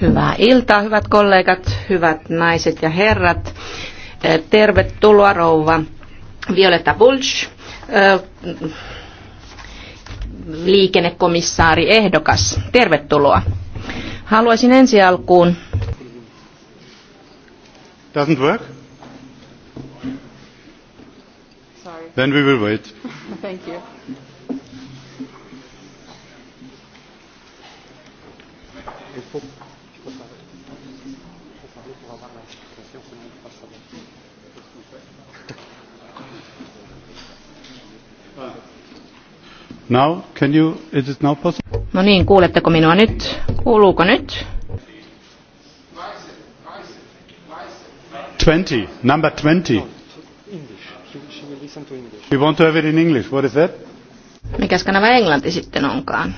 Hyvää iltaa, hyvät kollegat, hyvät naiset ja herrat. Eh, tervetuloa rouva Violeta Bulch, eh, liikennekomissaari ehdokas. Tervetuloa. Haluaisin ensi alkuun... Doesn't work? Sorry. Then we will wait. Thank you. Il faut, parler, parler pour avoir Now, can you, is it now possible? No niin, kuuletteko minua nyt? Kuuluuko nyt? 20, number 20. No, English. She, she will listen to English. want to have it in English, what is that? Mikäs kanava englanti sitten onkaan?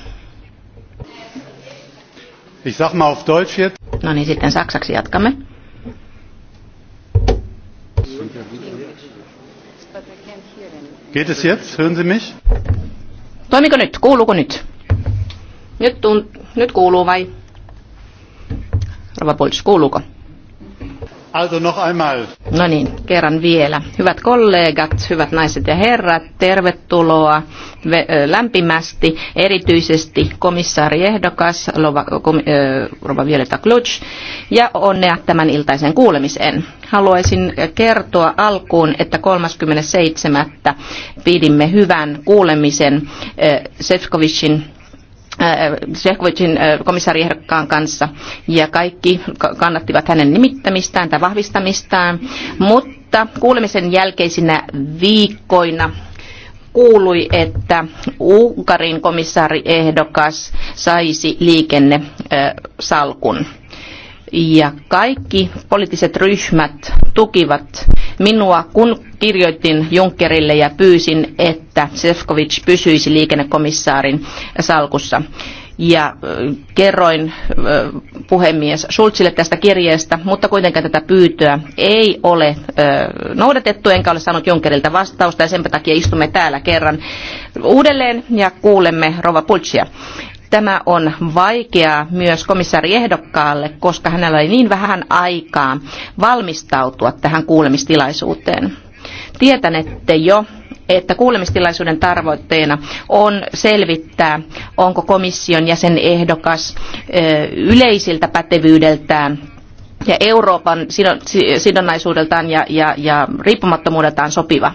Ich sag mal auf Deutsch jetzt. No niin, sitten saksaksi jatkamme. Geht es jetzt? Hören Sie mich? Toimiko nyt? Kuuluuko nyt? Nyt, tunt, nyt kuuluu vai? Rova Pulch, kuuluuko? Also noch einmal. No niin, kerran vielä. Hyvät kollegat, hyvät naiset ja herrat, tervetuloa lämpimästi, erityisesti komissaari ehdokas Rova Violeta Klutsch ja onnea tämän iltaisen kuulemiseen. Haluaisin kertoa alkuun, että 37. pidimme hyvän kuulemisen Sefcovicin Sehkovicin äh, äh, komissaariehdokkaan kanssa ja kaikki kannattivat hänen nimittämistään tai vahvistamistaan, mutta kuulemisen jälkeisinä viikkoina kuului, että Unkarin komissaariehdokas saisi liikennesalkun. Äh, ja kaikki poliittiset ryhmät tukivat minua, kun kirjoitin Junckerille ja pyysin, että Sefcovic pysyisi liikennekomissaarin salkussa. Ja kerroin puhemies Schulzille tästä kirjeestä, mutta kuitenkaan tätä pyytöä ei ole noudatettu, enkä ole saanut Junckerilta vastausta ja sen takia istumme täällä kerran uudelleen ja kuulemme Rova Pultsia. Tämä on vaikeaa myös komissaariehdokkaalle, koska hänellä oli niin vähän aikaa valmistautua tähän kuulemistilaisuuteen. Tietänette jo, että kuulemistilaisuuden tavoitteena on selvittää, onko komission jäsenehdokas yleisiltä pätevyydeltään ja Euroopan sidonnaisuudeltaan ja, ja, ja riippumattomuudeltaan sopiva.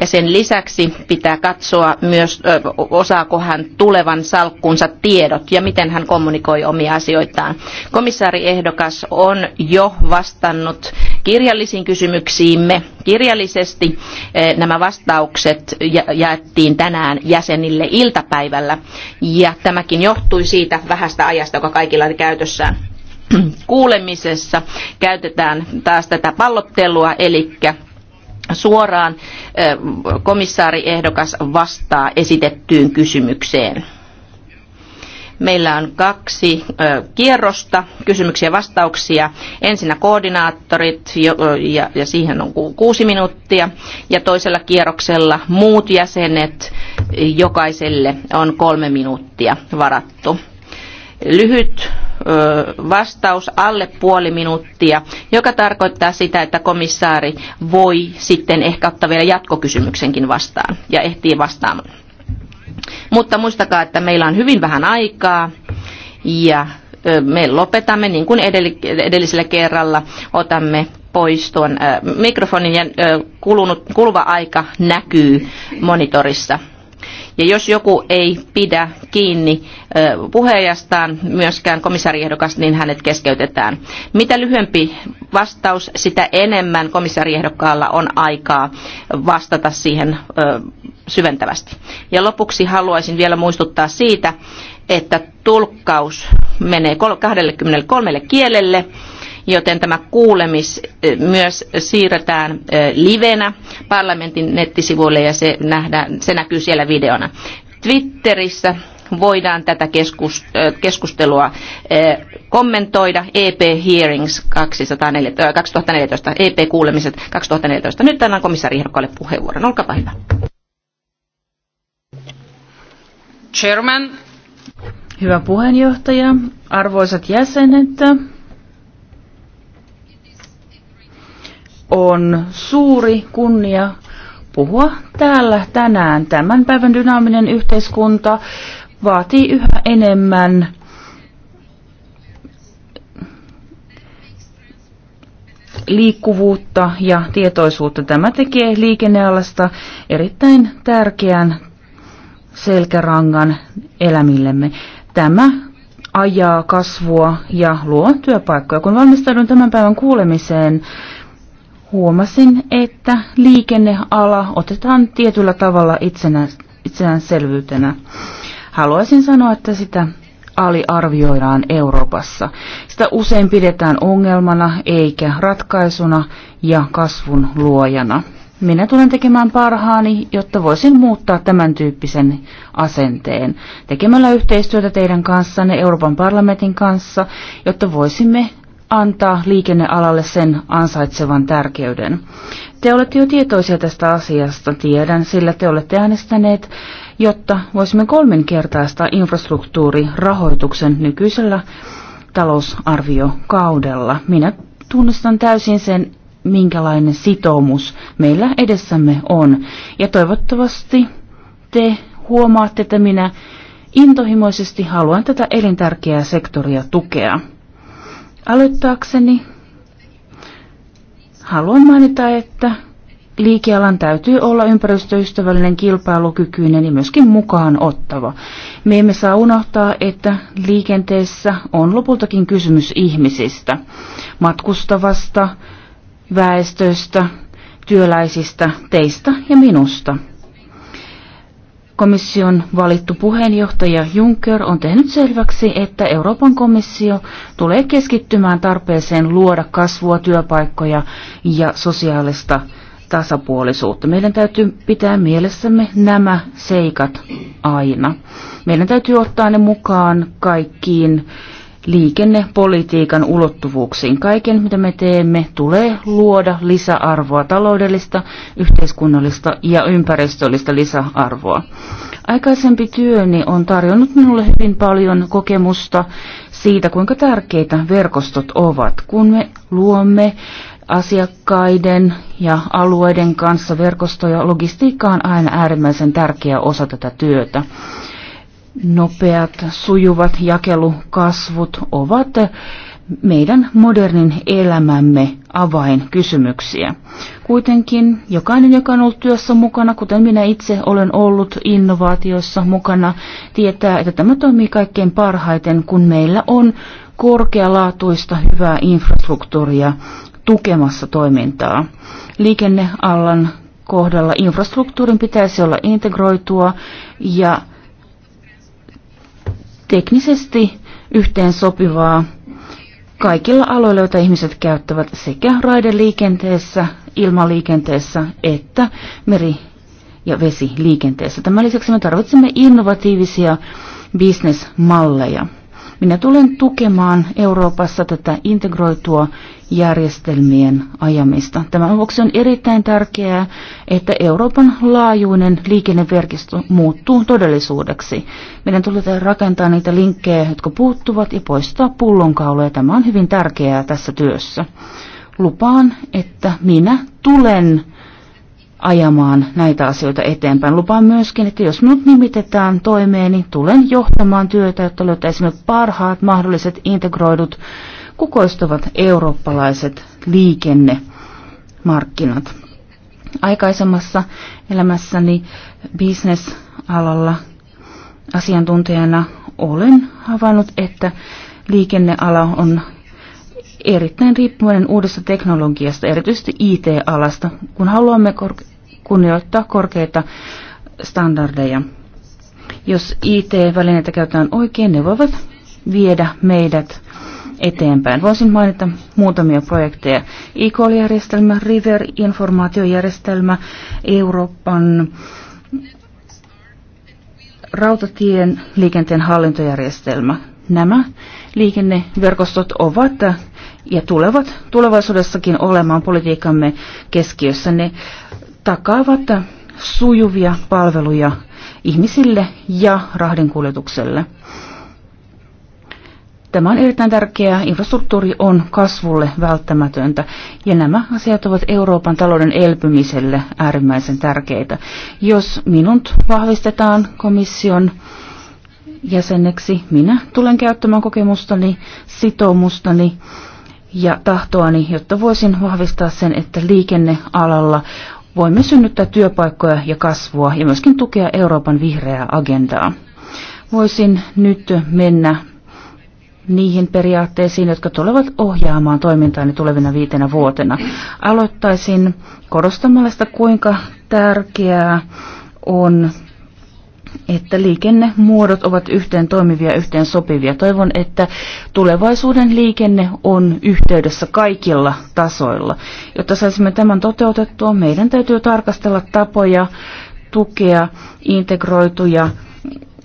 Ja sen lisäksi pitää katsoa myös, osaako hän tulevan salkkunsa tiedot ja miten hän kommunikoi omia asioitaan. Komissaariehdokas on jo vastannut kirjallisiin kysymyksiimme kirjallisesti. Nämä vastaukset jaettiin tänään jäsenille iltapäivällä ja tämäkin johtui siitä vähästä ajasta, joka kaikilla oli käytössään kuulemisessa käytetään taas tätä pallottelua, eli suoraan komissaariehdokas vastaa esitettyyn kysymykseen. Meillä on kaksi kierrosta, kysymyksiä ja vastauksia. Ensinnä koordinaattorit, ja siihen on kuusi minuuttia. Ja toisella kierroksella muut jäsenet, jokaiselle on kolme minuuttia varattu lyhyt vastaus alle puoli minuuttia, joka tarkoittaa sitä, että komissaari voi sitten ehkä ottaa vielä jatkokysymyksenkin vastaan ja ehtii vastaamaan. Mutta muistakaa, että meillä on hyvin vähän aikaa ja me lopetamme niin kuin edellisellä kerralla. Otamme pois tuon mikrofonin ja kulunut, kuluva aika näkyy monitorissa. Ja jos joku ei pidä kiinni puheenjastaan, myöskään komissaariehdokas, niin hänet keskeytetään. Mitä lyhyempi vastaus, sitä enemmän komissaariehdokkaalla on aikaa vastata siihen syventävästi. Ja lopuksi haluaisin vielä muistuttaa siitä, että tulkkaus menee 23 kielelle joten tämä kuulemis eh, myös siirretään eh, livenä parlamentin nettisivuille ja se, nähdään, se näkyy siellä videona. Twitterissä voidaan tätä eh, keskustelua kommentoida EP Hearings 2014, EP-kuulemiset 2014. Nyt annan komissaari Herkkolle puheenvuoron. Olkaa hyvä. Chairman. Hyvä puheenjohtaja, arvoisat jäsenet, on suuri kunnia puhua täällä tänään. Tämän päivän dynaaminen yhteiskunta vaatii yhä enemmän liikkuvuutta ja tietoisuutta. Tämä tekee liikennealasta erittäin tärkeän selkärangan elämillemme. Tämä ajaa kasvua ja luo työpaikkoja. Kun valmistaudun tämän päivän kuulemiseen, huomasin, että liikenneala otetaan tietyllä tavalla itsenä, Haluaisin sanoa, että sitä aliarvioidaan Euroopassa. Sitä usein pidetään ongelmana eikä ratkaisuna ja kasvun luojana. Minä tulen tekemään parhaani, jotta voisin muuttaa tämän tyyppisen asenteen. Tekemällä yhteistyötä teidän kanssanne, Euroopan parlamentin kanssa, jotta voisimme antaa liikennealalle sen ansaitsevan tärkeyden. Te olette jo tietoisia tästä asiasta, tiedän, sillä te olette äänestäneet, jotta voisimme kolminkertaistaa infrastruktuurirahoituksen nykyisellä talousarviokaudella. Minä tunnistan täysin sen, minkälainen sitoumus meillä edessämme on. Ja toivottavasti te huomaatte, että minä intohimoisesti haluan tätä elintärkeää sektoria tukea. Aloittaakseni haluan mainita, että liikealan täytyy olla ympäristöystävällinen, kilpailukykyinen ja myöskin mukaan ottava. Me emme saa unohtaa, että liikenteessä on lopultakin kysymys ihmisistä, matkustavasta, väestöstä, työläisistä, teistä ja minusta. Komission valittu puheenjohtaja Juncker on tehnyt selväksi, että Euroopan komissio tulee keskittymään tarpeeseen luoda kasvua, työpaikkoja ja sosiaalista tasapuolisuutta. Meidän täytyy pitää mielessämme nämä seikat aina. Meidän täytyy ottaa ne mukaan kaikkiin liikennepolitiikan ulottuvuuksiin. Kaiken, mitä me teemme, tulee luoda lisäarvoa taloudellista, yhteiskunnallista ja ympäristöllistä lisäarvoa. Aikaisempi työni on tarjonnut minulle hyvin paljon kokemusta siitä, kuinka tärkeitä verkostot ovat, kun me luomme asiakkaiden ja alueiden kanssa verkostoja. Logistiikka on aina äärimmäisen tärkeä osa tätä työtä nopeat, sujuvat jakelukasvut ovat meidän modernin elämämme avainkysymyksiä. Kuitenkin jokainen, joka on ollut työssä mukana, kuten minä itse olen ollut innovaatioissa mukana, tietää, että tämä toimii kaikkein parhaiten, kun meillä on korkealaatuista hyvää infrastruktuuria tukemassa toimintaa. Liikennealan kohdalla infrastruktuurin pitäisi olla integroitua ja teknisesti yhteen sopivaa kaikilla aloilla, joita ihmiset käyttävät sekä raideliikenteessä, ilmaliikenteessä että meri- ja vesiliikenteessä. Tämän lisäksi me tarvitsemme innovatiivisia bisnesmalleja. Minä tulen tukemaan Euroopassa tätä integroitua järjestelmien ajamista. Tämän vuoksi on erittäin tärkeää, että Euroopan laajuinen liikenneverkisto muuttuu todellisuudeksi. Meidän tulee rakentaa niitä linkkejä, jotka puuttuvat ja poistaa pullonkauloja. Tämä on hyvin tärkeää tässä työssä. Lupaan, että minä tulen ajamaan näitä asioita eteenpäin. Lupaan myöskin, että jos minut nimitetään toimeeni, niin tulen johtamaan työtä, jotta löytäisimme parhaat mahdolliset integroidut kukoistuvat eurooppalaiset liikennemarkkinat. Aikaisemmassa elämässäni bisnesalalla asiantuntijana olen havainnut, että liikenneala on erittäin riippuvainen uudesta teknologiasta, erityisesti IT-alasta, kun haluamme kor- kunnioittaa korkeita standardeja. Jos IT-välineitä käytetään oikein, ne voivat viedä meidät eteenpäin. Voisin mainita muutamia projekteja. ICOL-järjestelmä, River-informaatiojärjestelmä, Euroopan rautatien liikenteen hallintojärjestelmä. Nämä liikenneverkostot ovat ja tulevat tulevaisuudessakin olemaan politiikamme keskiössä. Ne takaavat sujuvia palveluja ihmisille ja rahdinkuljetukselle. Tämä on erittäin tärkeää. Infrastruktuuri on kasvulle välttämätöntä ja nämä asiat ovat Euroopan talouden elpymiselle äärimmäisen tärkeitä. Jos minut vahvistetaan komission jäseneksi, minä tulen käyttämään kokemustani, sitoumustani ja tahtoani, jotta voisin vahvistaa sen, että liikennealalla voimme synnyttää työpaikkoja ja kasvua ja myöskin tukea Euroopan vihreää agendaa. Voisin nyt mennä niihin periaatteisiin, jotka tulevat ohjaamaan toimintaani tulevina viitenä vuotena. Aloittaisin korostamalla sitä, kuinka tärkeää on että liikennemuodot ovat yhteen toimivia, yhteen sopivia. Toivon, että tulevaisuuden liikenne on yhteydessä kaikilla tasoilla. Jotta saisimme tämän toteutettua, meidän täytyy tarkastella tapoja tukea integroituja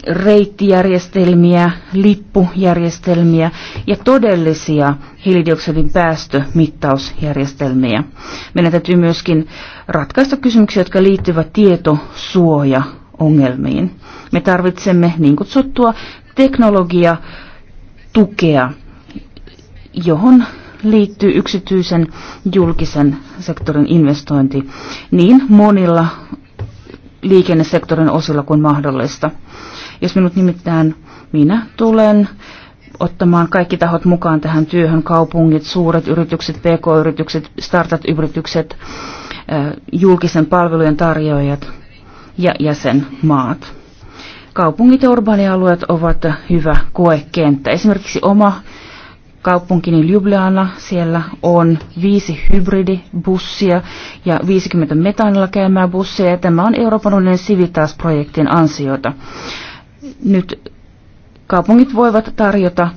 reittijärjestelmiä, lippujärjestelmiä ja todellisia hiilidioksidin päästömittausjärjestelmiä. Meidän täytyy myöskin ratkaista kysymyksiä, jotka liittyvät tietosuoja ongelmiin. Me tarvitsemme niin kutsuttua teknologia tukea, johon liittyy yksityisen julkisen sektorin investointi niin monilla liikennesektorin osilla kuin mahdollista. Jos minut nimittäin minä tulen ottamaan kaikki tahot mukaan tähän työhön, kaupungit, suuret yritykset, pk-yritykset, startup-yritykset, julkisen palvelujen tarjoajat, ja jäsenmaat. Kaupungit ja urbaanialueet ovat hyvä koekenttä. Esimerkiksi oma kaupunkini Ljubljana, siellä on viisi hybridibussia ja 50 metanilla käymää busseja. Ja tämä on Euroopan unionin Civitas-projektin ansiota. Nyt kaupungit voivat tarjota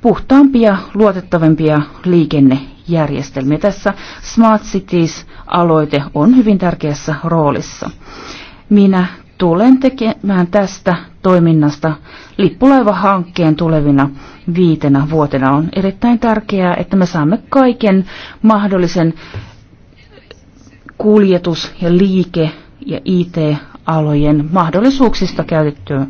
puhtaampia, luotettavampia liikenne järjestelmiä. Tässä Smart Cities-aloite on hyvin tärkeässä roolissa. Minä tulen tekemään tästä toiminnasta lippulaivahankkeen tulevina viitenä vuotena. On erittäin tärkeää, että me saamme kaiken mahdollisen kuljetus- ja liike- ja IT alojen mahdollisuuksista käytettyä,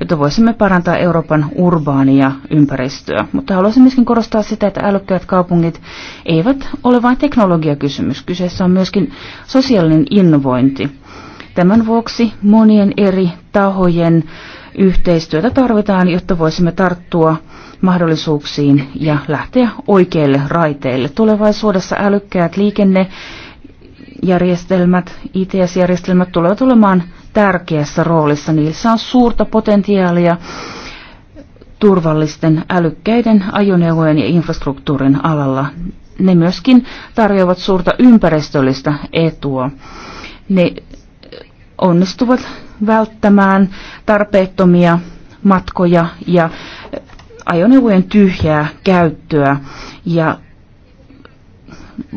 jotta voisimme parantaa Euroopan urbaania ympäristöä. Mutta haluaisin myöskin korostaa sitä, että älykkäät kaupungit eivät ole vain teknologiakysymys. Kyseessä on myöskin sosiaalinen innovointi. Tämän vuoksi monien eri tahojen yhteistyötä tarvitaan, jotta voisimme tarttua mahdollisuuksiin ja lähteä oikeille raiteille. Tulevaisuudessa älykkäät liikenne- järjestelmät, ITS-järjestelmät tulevat olemaan tärkeässä roolissa. Niissä on suurta potentiaalia turvallisten älykkäiden ajoneuvojen ja infrastruktuurin alalla. Ne myöskin tarjoavat suurta ympäristöllistä etua. Ne onnistuvat välttämään tarpeettomia matkoja ja ajoneuvojen tyhjää käyttöä ja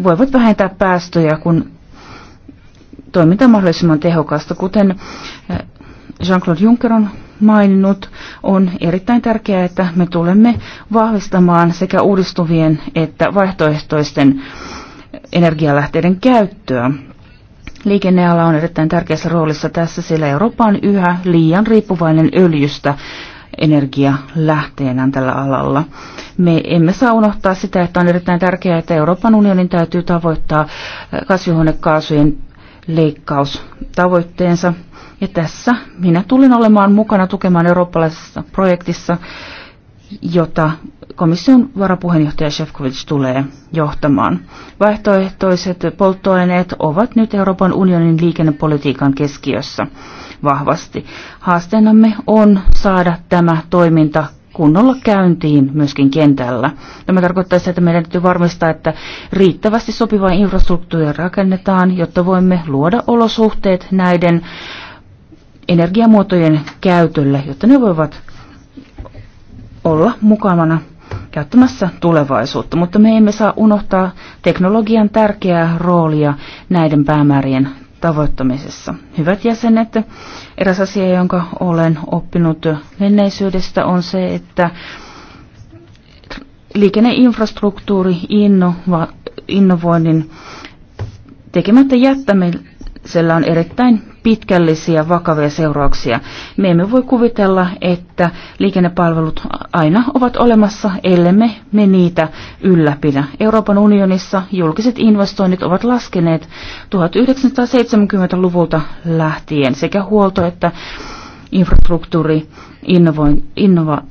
voivat vähentää päästöjä, kun toiminta mahdollisimman tehokasta. Kuten eh, Jean-Claude Juncker on maininnut, on erittäin tärkeää, että me tulemme vahvistamaan sekä uudistuvien että vaihtoehtoisten energialähteiden käyttöä. Liikenneala on erittäin tärkeässä roolissa tässä, sillä Eurooppa on yhä liian riippuvainen öljystä energialähteenä tällä alalla. Me emme saa unohtaa sitä, että on erittäin tärkeää, että Euroopan unionin täytyy tavoittaa eh, kasvihuonekaasujen leikkaustavoitteensa. Ja tässä minä tulin olemaan mukana tukemaan eurooppalaisessa projektissa, jota komission varapuheenjohtaja Shevkovic tulee johtamaan. Vaihtoehtoiset polttoaineet ovat nyt Euroopan unionin liikennepolitiikan keskiössä vahvasti. Haasteenamme on saada tämä toiminta kunnolla käyntiin myöskin kentällä. Tämä tarkoittaa sitä, että meidän täytyy varmistaa, että riittävästi sopivaa infrastruktuuria rakennetaan, jotta voimme luoda olosuhteet näiden energiamuotojen käytölle, jotta ne voivat olla mukana käyttämässä tulevaisuutta, mutta me emme saa unohtaa teknologian tärkeää roolia näiden päämäärien tavoittamisessa. Hyvät jäsenet, eräs asia, jonka olen oppinut menneisyydestä, on se, että liikenneinfrastruktuuri innovoinnin tekemättä jättäminen sillä on erittäin pitkällisiä vakavia seurauksia. Me emme voi kuvitella, että liikennepalvelut aina ovat olemassa, ellemme me niitä ylläpidä. Euroopan unionissa julkiset investoinnit ovat laskeneet 1970-luvulta lähtien sekä huolto että infrastruktuuri, innova, innova,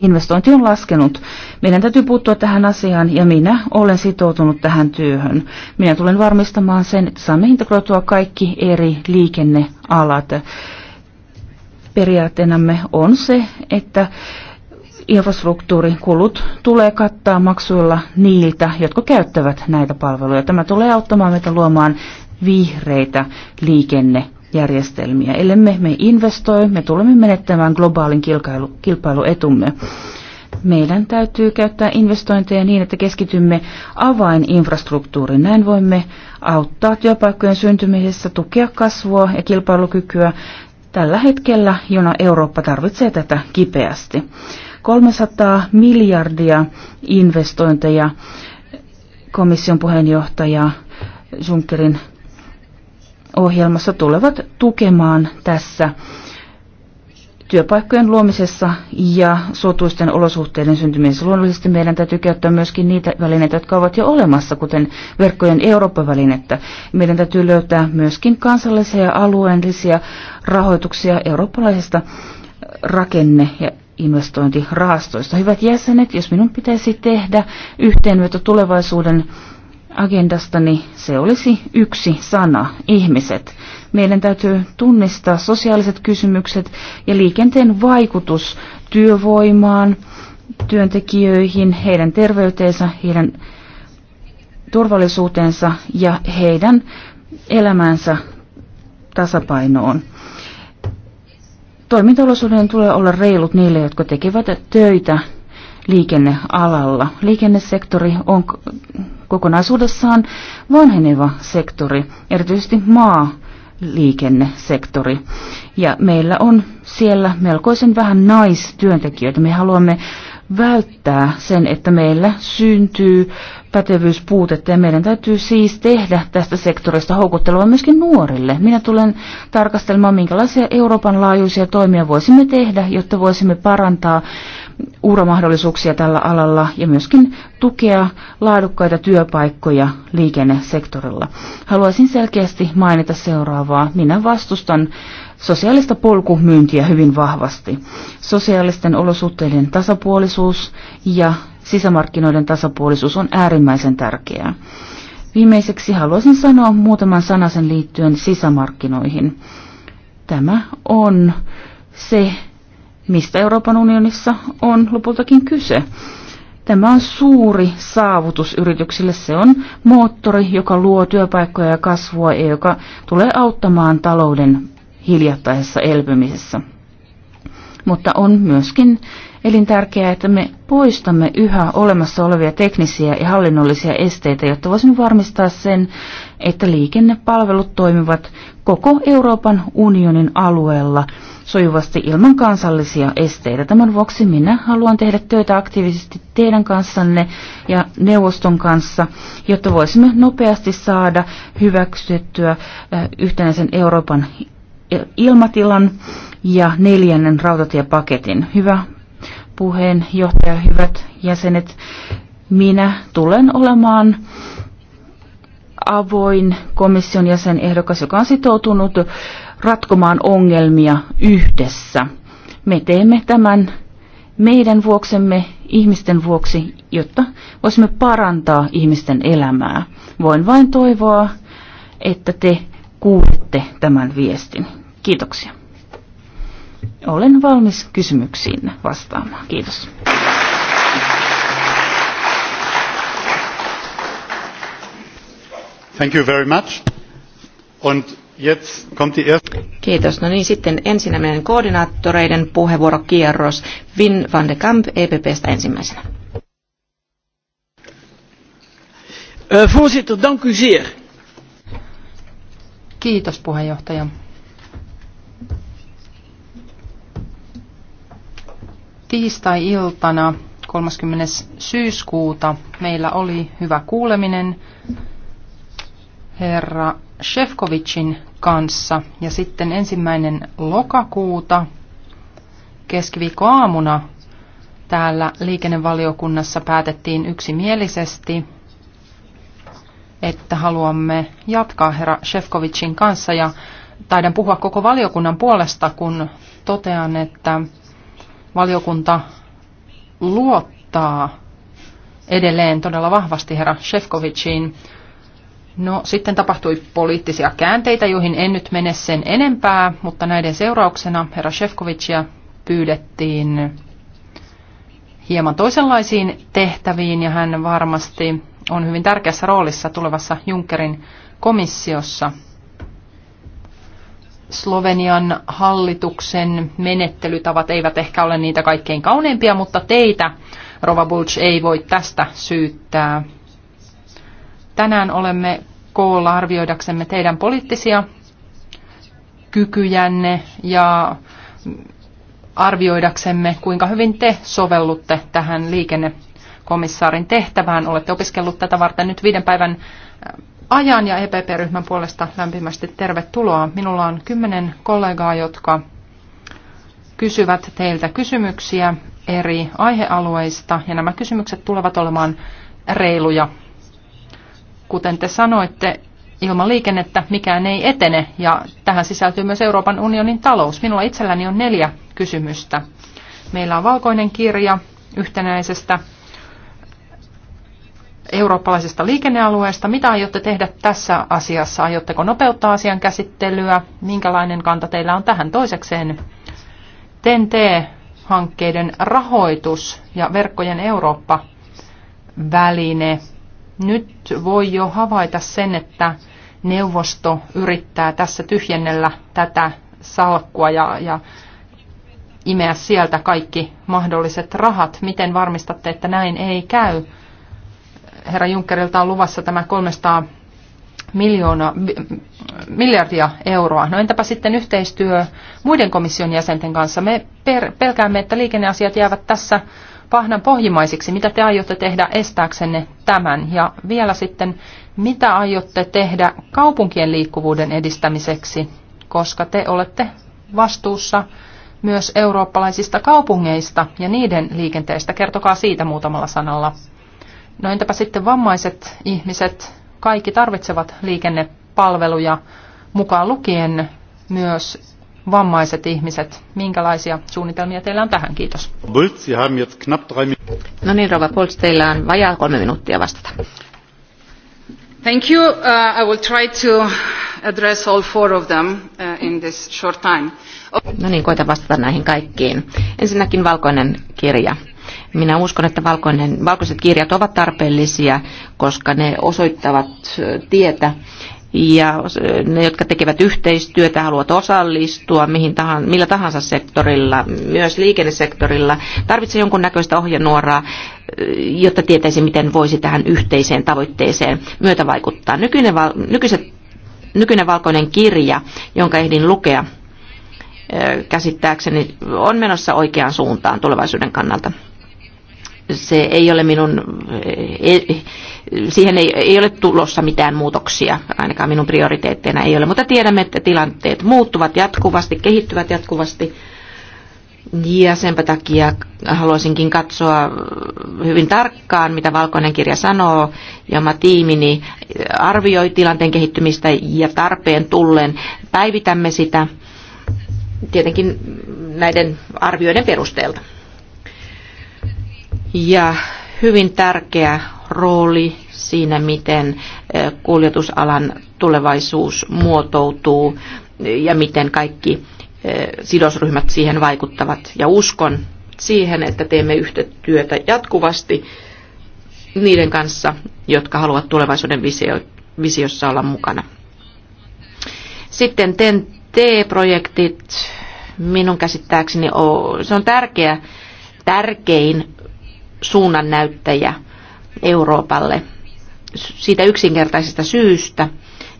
Investointi on laskenut. Meidän täytyy puuttua tähän asiaan ja minä olen sitoutunut tähän työhön. Minä tulen varmistamaan sen, että saamme integroitua kaikki eri liikennealat. Periaatteenamme on se, että infrastruktuurikulut tulee kattaa maksuilla niiltä, jotka käyttävät näitä palveluja. Tämä tulee auttamaan meitä luomaan vihreitä liikenne järjestelmiä. Ellemme me investoi, me tulemme menettämään globaalin kilpailu, kilpailuetumme. Meidän täytyy käyttää investointeja niin, että keskitymme avaininfrastruktuuriin. Näin voimme auttaa työpaikkojen syntymisessä, tukea kasvua ja kilpailukykyä tällä hetkellä, jona Eurooppa tarvitsee tätä kipeästi. 300 miljardia investointeja komission puheenjohtaja Junckerin ohjelmassa tulevat tukemaan tässä työpaikkojen luomisessa ja suotuisten olosuhteiden syntymisessä. Luonnollisesti meidän täytyy käyttää myöskin niitä välineitä, jotka ovat jo olemassa, kuten verkkojen Eurooppa-välinettä. Meidän täytyy löytää myöskin kansallisia ja alueellisia rahoituksia eurooppalaisista rakenne- ja investointirahastoista. Hyvät jäsenet, jos minun pitäisi tehdä yhteenveto tulevaisuuden agendastani se olisi yksi sana, ihmiset. Meidän täytyy tunnistaa sosiaaliset kysymykset ja liikenteen vaikutus työvoimaan, työntekijöihin, heidän terveyteensä, heidän turvallisuutensa ja heidän elämänsä tasapainoon. Toimintaolosuuden tulee olla reilut niille, jotka tekevät töitä liikennealalla. Liikennesektori on kokonaisuudessaan vanheneva sektori, erityisesti maa liikennesektori. Ja meillä on siellä melkoisen vähän naistyöntekijöitä. Me haluamme välttää sen, että meillä syntyy pätevyyspuutetta ja meidän täytyy siis tehdä tästä sektorista houkuttelua myöskin nuorille. Minä tulen tarkastelemaan, minkälaisia Euroopan laajuisia toimia voisimme tehdä, jotta voisimme parantaa uuramahdollisuuksia tällä alalla ja myöskin tukea laadukkaita työpaikkoja liikennesektorilla. Haluaisin selkeästi mainita seuraavaa. Minä vastustan sosiaalista polkumyyntiä hyvin vahvasti. Sosiaalisten olosuhteiden tasapuolisuus ja sisämarkkinoiden tasapuolisuus on äärimmäisen tärkeää. Viimeiseksi haluaisin sanoa muutaman sanasen liittyen sisämarkkinoihin. Tämä on se mistä Euroopan unionissa on lopultakin kyse. Tämä on suuri saavutus yrityksille. Se on moottori, joka luo työpaikkoja ja kasvua ja joka tulee auttamaan talouden hiljattaisessa elpymisessä. Mutta on myöskin elintärkeää, että me poistamme yhä olemassa olevia teknisiä ja hallinnollisia esteitä, jotta voisimme varmistaa sen, että liikennepalvelut toimivat koko Euroopan unionin alueella sujuvasti ilman kansallisia esteitä. Tämän vuoksi minä haluan tehdä työtä aktiivisesti teidän kanssanne ja neuvoston kanssa, jotta voisimme nopeasti saada hyväksyttyä eh, yhtenäisen Euroopan ilmatilan ja neljännen rautatiepaketin. Hyvä puheenjohtaja, hyvät jäsenet, minä tulen olemaan avoin komission jäsenehdokas, joka on sitoutunut ratkomaan ongelmia yhdessä. Me teemme tämän meidän vuoksemme, ihmisten vuoksi, jotta voisimme parantaa ihmisten elämää. Voin vain toivoa, että te kuulette tämän viestin. Kiitoksia. Olen valmis kysymyksiin vastaamaan. Kiitos. Thank you very much. Und Kiitos. No niin, sitten ensimmäinen koordinaattoreiden puheenvuorokierros. Vin van de Kamp EPPstä ensimmäisenä. Eh, voorzitter, dank u zeer. Kiitos puheenjohtaja. Tiistai-iltana 30. syyskuuta meillä oli hyvä kuuleminen herra Shevkovicin kanssa. Ja sitten ensimmäinen lokakuuta keskiviikkoaamuna täällä liikennevaliokunnassa päätettiin yksimielisesti, että haluamme jatkaa herra Shevkovicin kanssa ja taidan puhua koko valiokunnan puolesta, kun totean, että valiokunta luottaa edelleen todella vahvasti herra Shevkovicin. No sitten tapahtui poliittisia käänteitä, joihin en nyt mene sen enempää, mutta näiden seurauksena herra Shevkovicia pyydettiin hieman toisenlaisiin tehtäviin ja hän varmasti on hyvin tärkeässä roolissa tulevassa Junckerin komissiossa. Slovenian hallituksen menettelytavat eivät ehkä ole niitä kaikkein kauneimpia, mutta teitä, Rova Bulch, ei voi tästä syyttää. Tänään olemme koolla arvioidaksemme teidän poliittisia kykyjänne ja arvioidaksemme, kuinka hyvin te sovellutte tähän liikennekomissaarin tehtävään. Olette opiskellut tätä varten nyt viiden päivän äh, ajan ja EPP-ryhmän puolesta lämpimästi tervetuloa. Minulla on kymmenen kollegaa, jotka kysyvät teiltä kysymyksiä eri aihealueista ja nämä kysymykset tulevat olemaan reiluja Kuten te sanoitte, ilman liikennettä mikään ei etene ja tähän sisältyy myös Euroopan unionin talous. Minulla itselläni on neljä kysymystä. Meillä on valkoinen kirja yhtenäisestä eurooppalaisesta liikennealueesta. Mitä aiotte tehdä tässä asiassa? Aiotteko nopeuttaa asian käsittelyä? Minkälainen kanta teillä on tähän toisekseen? tnt hankkeiden rahoitus ja verkkojen Eurooppa-väline nyt voi jo havaita sen, että neuvosto yrittää tässä tyhjennellä tätä salkkua ja, ja imeä sieltä kaikki mahdolliset rahat. Miten varmistatte, että näin ei käy? Herra Junckerilta on luvassa tämä 300 miljoona, miljardia euroa. No entäpä sitten yhteistyö muiden komission jäsenten kanssa? Me per, pelkäämme, että liikenneasiat jäävät tässä pahnan pohjimaisiksi. Mitä te aiotte tehdä estääksenne tämän? Ja vielä sitten, mitä aiotte tehdä kaupunkien liikkuvuuden edistämiseksi, koska te olette vastuussa myös eurooppalaisista kaupungeista ja niiden liikenteestä. Kertokaa siitä muutamalla sanalla. No entäpä sitten vammaiset ihmiset? Kaikki tarvitsevat liikennepalveluja, mukaan lukien myös vammaiset ihmiset. Minkälaisia suunnitelmia teillä on tähän? Kiitos. No niin, Rova Pultz, teillä on vajaa kolme minuuttia vastata. Thank you. Uh, I will try to address all four of them uh, in this short time. No niin, koitan vastata näihin kaikkiin. Ensinnäkin valkoinen kirja. Minä uskon, että valkoinen, valkoiset kirjat ovat tarpeellisia, koska ne osoittavat tietä ja ne, jotka tekevät yhteistyötä, haluavat osallistua mihin tahan, millä tahansa sektorilla, myös liikennesektorilla, tarvitsee jonkunnäköistä ohjenuoraa, jotta tietäisi, miten voisi tähän yhteiseen tavoitteeseen vaikuttaa. Nykyinen, val, nykyiset, nykyinen valkoinen kirja, jonka ehdin lukea, käsittääkseni on menossa oikeaan suuntaan tulevaisuuden kannalta. Se ei ole minun e, e, siihen ei, ei ole tulossa mitään muutoksia, ainakaan minun prioriteetteina ei ole, mutta tiedämme, että tilanteet muuttuvat jatkuvasti, kehittyvät jatkuvasti. Ja senpä takia haluaisinkin katsoa hyvin tarkkaan, mitä Valkoinen kirja sanoo, ja oma tiimini arvioi tilanteen kehittymistä ja tarpeen tullen päivitämme sitä tietenkin näiden arvioiden perusteelta. Ja hyvin tärkeä rooli siinä, miten kuljetusalan tulevaisuus muotoutuu ja miten kaikki sidosryhmät siihen vaikuttavat. Ja uskon siihen, että teemme yhtä työtä jatkuvasti niiden kanssa, jotka haluavat tulevaisuuden visio, visiossa olla mukana. Sitten TEN-T-projektit, minun käsittääkseni, on, se on tärkeä, tärkein suunnannäyttäjä Euroopalle siitä yksinkertaisesta syystä,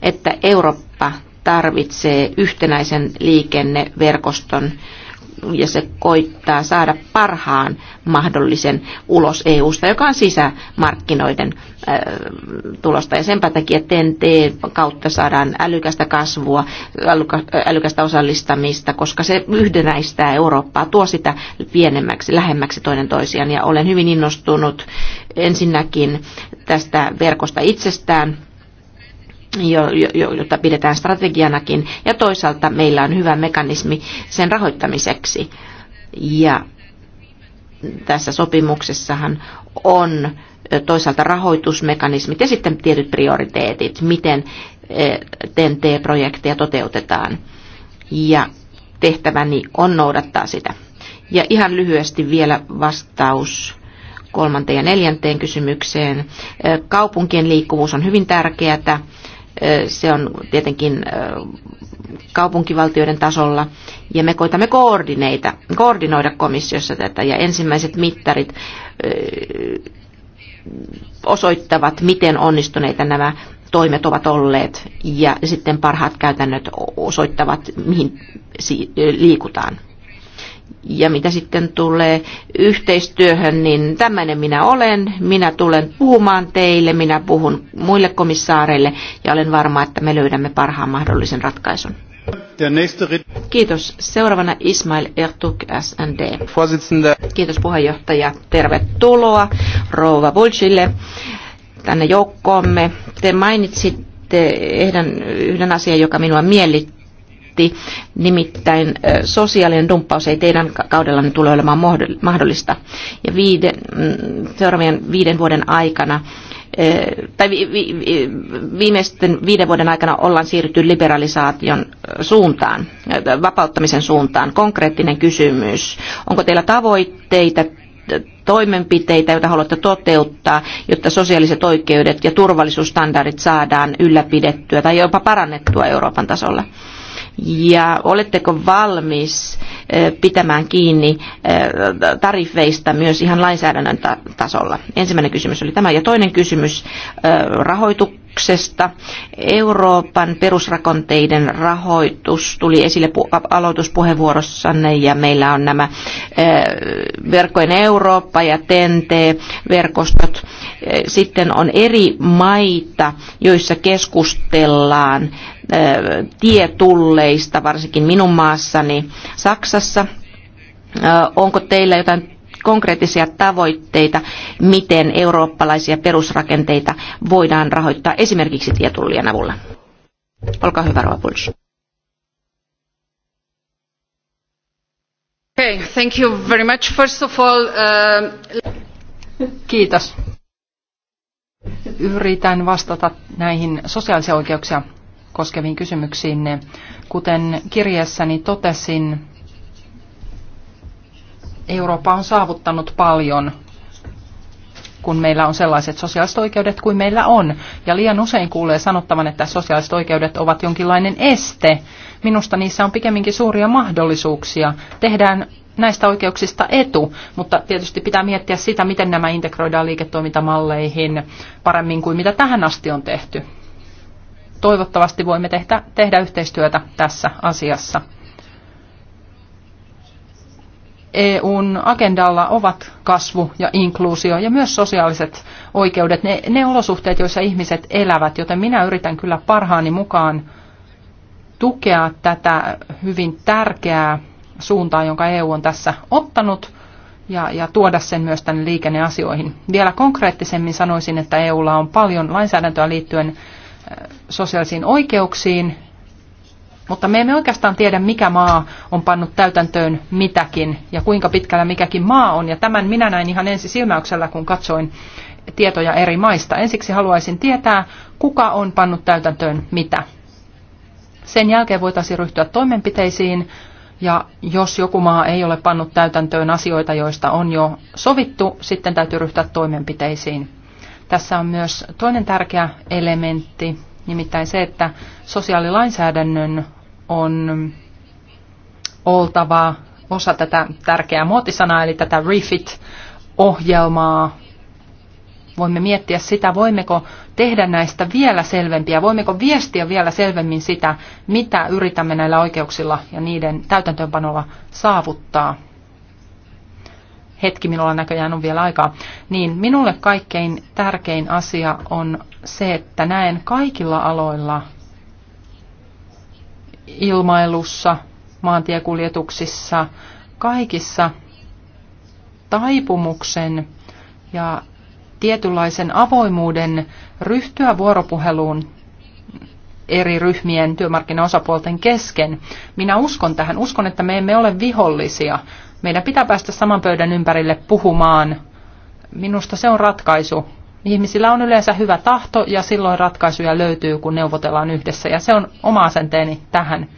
että Eurooppa tarvitsee yhtenäisen liikenneverkoston, ja se koittaa saada parhaan mahdollisen ulos EUsta, joka on sisämarkkinoiden tulosta. Ja senpä takia TNT kautta saadaan älykästä kasvua, älykästä osallistamista, koska se yhdenäistää Eurooppaa, tuo sitä pienemmäksi, lähemmäksi toinen toisiaan. Ja olen hyvin innostunut ensinnäkin tästä verkosta itsestään, jota pidetään strategianakin, ja toisaalta meillä on hyvä mekanismi sen rahoittamiseksi. Ja tässä sopimuksessahan on toisaalta rahoitusmekanismit ja sitten tietyt prioriteetit, miten TNT-projekteja toteutetaan. Ja tehtäväni on noudattaa sitä. Ja ihan lyhyesti vielä vastaus kolmanteen ja neljänteen kysymykseen. Kaupunkien liikkuvuus on hyvin tärkeää se on tietenkin kaupunkivaltioiden tasolla, ja me koitamme koordineita, koordinoida komissiossa tätä, ja ensimmäiset mittarit osoittavat, miten onnistuneita nämä toimet ovat olleet, ja sitten parhaat käytännöt osoittavat, mihin liikutaan. Ja mitä sitten tulee yhteistyöhön, niin tämmöinen minä olen. Minä tulen puhumaan teille, minä puhun muille komissaareille ja olen varma, että me löydämme parhaan mahdollisen ratkaisun. Kiitos. Seuraavana Ismail Ertuk, SND. Kiitos puheenjohtaja. Tervetuloa Rouva Bulcille tänne joukkoomme. Te mainitsitte yhden, yhden asian, joka minua miellytti kommentti. Nimittäin sosiaalinen dumppaus ei teidän kaudella tule olemaan mahdollista. Ja viiden, mm, seuraavien viiden vuoden aikana tai vi, vi, viimeisten viiden vuoden aikana ollaan siirrytty liberalisaation suuntaan, vapauttamisen suuntaan. Konkreettinen kysymys. Onko teillä tavoitteita toimenpiteitä, joita haluatte toteuttaa, jotta sosiaaliset oikeudet ja turvallisuusstandardit saadaan ylläpidettyä tai jopa parannettua Euroopan tasolla? ja oletteko valmis eh, pitämään kiinni eh, tariffeista myös ihan lainsäädännön tasolla? Ensimmäinen kysymys oli tämä. Ja toinen kysymys eh, rahoitu, rahoituksesta. Euroopan perusrakenteiden rahoitus tuli esille aloituspuheenvuorossanne ja meillä on nämä eh, verkkojen Eurooppa ja TNT-verkostot. Eh, sitten on eri maita, joissa keskustellaan eh, tietulleista, varsinkin minun maassani Saksassa. Onko teillä jotain konkreettisia tavoitteita, miten eurooppalaisia perusrakenteita voidaan rahoittaa esimerkiksi tietullien avulla. Olkaa hyvä, Rova Bulls. Okay, thank you very much. First of all, uh... Kiitos. Yritän vastata näihin sosiaalisia oikeuksia koskeviin kysymyksiin. Kuten kirjassani totesin, Eurooppa on saavuttanut paljon, kun meillä on sellaiset sosiaaliset oikeudet kuin meillä on. Ja liian usein kuulee sanottavan, että sosiaaliset oikeudet ovat jonkinlainen este. Minusta niissä on pikemminkin suuria mahdollisuuksia. Tehdään näistä oikeuksista etu, mutta tietysti pitää miettiä sitä, miten nämä integroidaan liiketoimintamalleihin paremmin kuin mitä tähän asti on tehty. Toivottavasti voimme tehdä, tehdä yhteistyötä tässä asiassa. EUn agendalla ovat kasvu ja inkluusio ja myös sosiaaliset oikeudet, ne, ne olosuhteet, joissa ihmiset elävät, joten minä yritän kyllä parhaani mukaan tukea tätä hyvin tärkeää suuntaa, jonka EU on tässä ottanut, ja, ja tuoda sen myös tänne liikenneasioihin. Vielä konkreettisemmin sanoisin, että EUlla on paljon lainsäädäntöä liittyen sosiaalisiin oikeuksiin, mutta me emme oikeastaan tiedä, mikä maa on pannut täytäntöön mitäkin ja kuinka pitkällä mikäkin maa on. Ja tämän minä näin ihan ensisilmäyksellä, kun katsoin tietoja eri maista. Ensiksi haluaisin tietää, kuka on pannut täytäntöön mitä. Sen jälkeen voitaisiin ryhtyä toimenpiteisiin, ja jos joku maa ei ole pannut täytäntöön asioita, joista on jo sovittu, sitten täytyy ryhtyä toimenpiteisiin. Tässä on myös toinen tärkeä elementti, nimittäin se, että sosiaalilainsäädännön on oltava osa tätä tärkeää muotisanaa, eli tätä refit-ohjelmaa. Voimme miettiä sitä, voimmeko tehdä näistä vielä selvempiä, voimmeko viestiä vielä selvemmin sitä, mitä yritämme näillä oikeuksilla ja niiden täytäntöönpanolla saavuttaa. Hetki, minulla näköjään on vielä aikaa. Niin, minulle kaikkein tärkein asia on se, että näen kaikilla aloilla – ilmailussa, maantiekuljetuksissa, kaikissa taipumuksen ja tietynlaisen avoimuuden ryhtyä vuoropuheluun eri ryhmien työmarkkinaosapuolten kesken. Minä uskon tähän. Uskon, että me emme ole vihollisia. Meidän pitää päästä saman pöydän ympärille puhumaan. Minusta se on ratkaisu Ihmisillä on yleensä hyvä tahto ja silloin ratkaisuja löytyy, kun neuvotellaan yhdessä. Ja se on oma asenteeni tähän.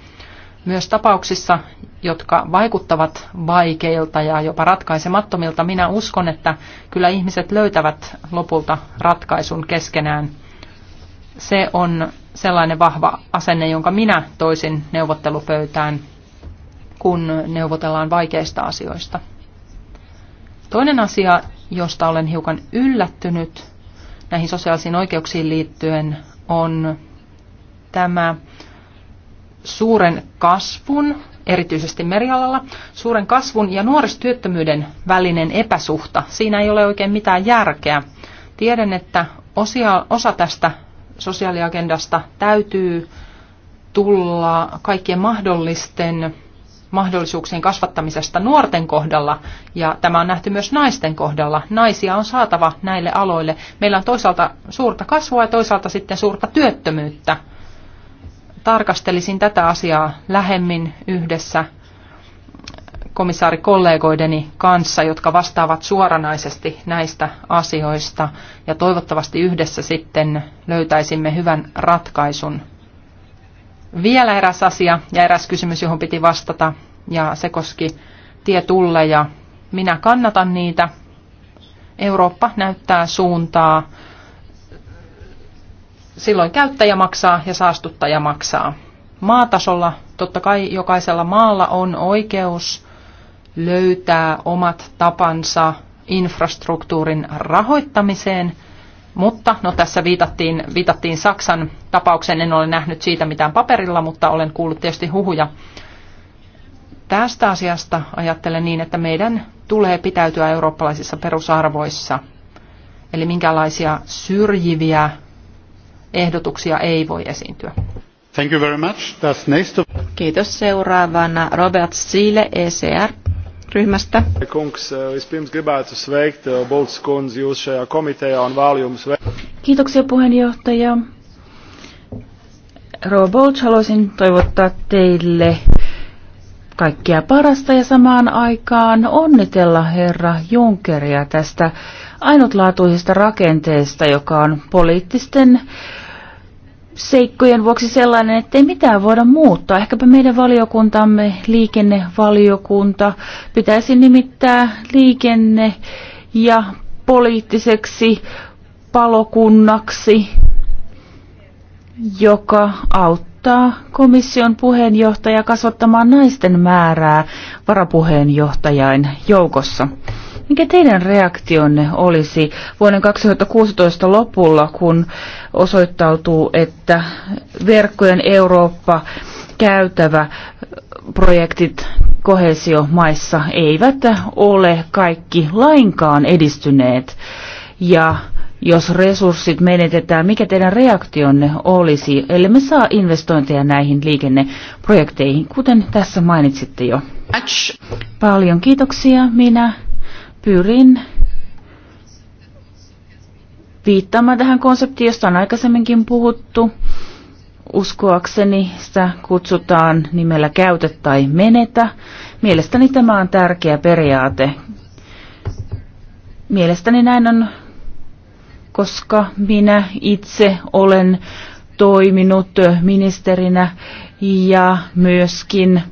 Myös tapauksissa, jotka vaikuttavat vaikeilta ja jopa ratkaisemattomilta, minä uskon, että kyllä ihmiset löytävät lopulta ratkaisun keskenään. Se on sellainen vahva asenne, jonka minä toisin neuvottelupöytään, kun neuvotellaan vaikeista asioista. Toinen asia, josta olen hiukan yllättynyt, näihin sosiaalisiin oikeuksiin liittyen on tämä suuren kasvun, erityisesti merialalla, suuren kasvun ja nuorisotyöttömyyden välinen epäsuhta. Siinä ei ole oikein mitään järkeä. Tiedän, että osia, osa tästä sosiaaliagendasta täytyy tulla kaikkien mahdollisten mahdollisuuksien kasvattamisesta nuorten kohdalla ja tämä on nähty myös naisten kohdalla. Naisia on saatava näille aloille. Meillä on toisaalta suurta kasvua ja toisaalta sitten suurta työttömyyttä. Tarkastelisin tätä asiaa lähemmin yhdessä komissaarikollegoideni kanssa, jotka vastaavat suoranaisesti näistä asioista ja toivottavasti yhdessä sitten löytäisimme hyvän ratkaisun vielä eräs asia ja eräs kysymys, johon piti vastata, ja se koski tietulleja. Minä kannatan niitä. Eurooppa näyttää suuntaa. Silloin käyttäjä maksaa ja saastuttaja maksaa. Maatasolla totta kai jokaisella maalla on oikeus löytää omat tapansa infrastruktuurin rahoittamiseen – mutta no, tässä viitattiin, viitattiin Saksan tapauksen, en ole nähnyt siitä mitään paperilla, mutta olen kuullut tietysti huhuja. Tästä asiasta ajattelen niin, että meidän tulee pitäytyä eurooppalaisissa perusarvoissa. Eli minkälaisia syrjiviä ehdotuksia ei voi esiintyä. Thank you very much. nice to... Kiitos seuraavana Robert Siile, ECR ryhmästä. Eh, eh, Kiitoksia puheenjohtaja. Rova Bolts, haluaisin toivottaa teille kaikkea parasta ja samaan aikaan onnitella herra Junckeria tästä ainutlaatuisesta rakenteesta, joka on poliittisten seikkojen vuoksi sellainen, että ei mitään voida muuttaa. Ehkäpä meidän valiokuntamme, liikennevaliokunta, pitäisi nimittää liikenne- ja poliittiseksi palokunnaksi, joka auttaa komission puheenjohtaja kasvattamaan naisten määrää varapuheenjohtajain joukossa. Mikä teidän reaktionne olisi vuoden 2016 lopulla, kun osoittautuu, että verkkojen Eurooppa käytävä projektit kohesiomaissa eivät ole kaikki lainkaan edistyneet ja jos resurssit menetetään, mikä teidän reaktionne olisi, eli me saa investointeja näihin liikenneprojekteihin, kuten tässä mainitsitte jo. Paljon kiitoksia. Minä pyrin viittaamaan tähän konseptiin, josta on aikaisemminkin puhuttu. Uskoakseni sitä kutsutaan nimellä käytä tai menetä. Mielestäni tämä on tärkeä periaate. Mielestäni näin on, koska minä itse olen toiminut ministerinä ja myöskin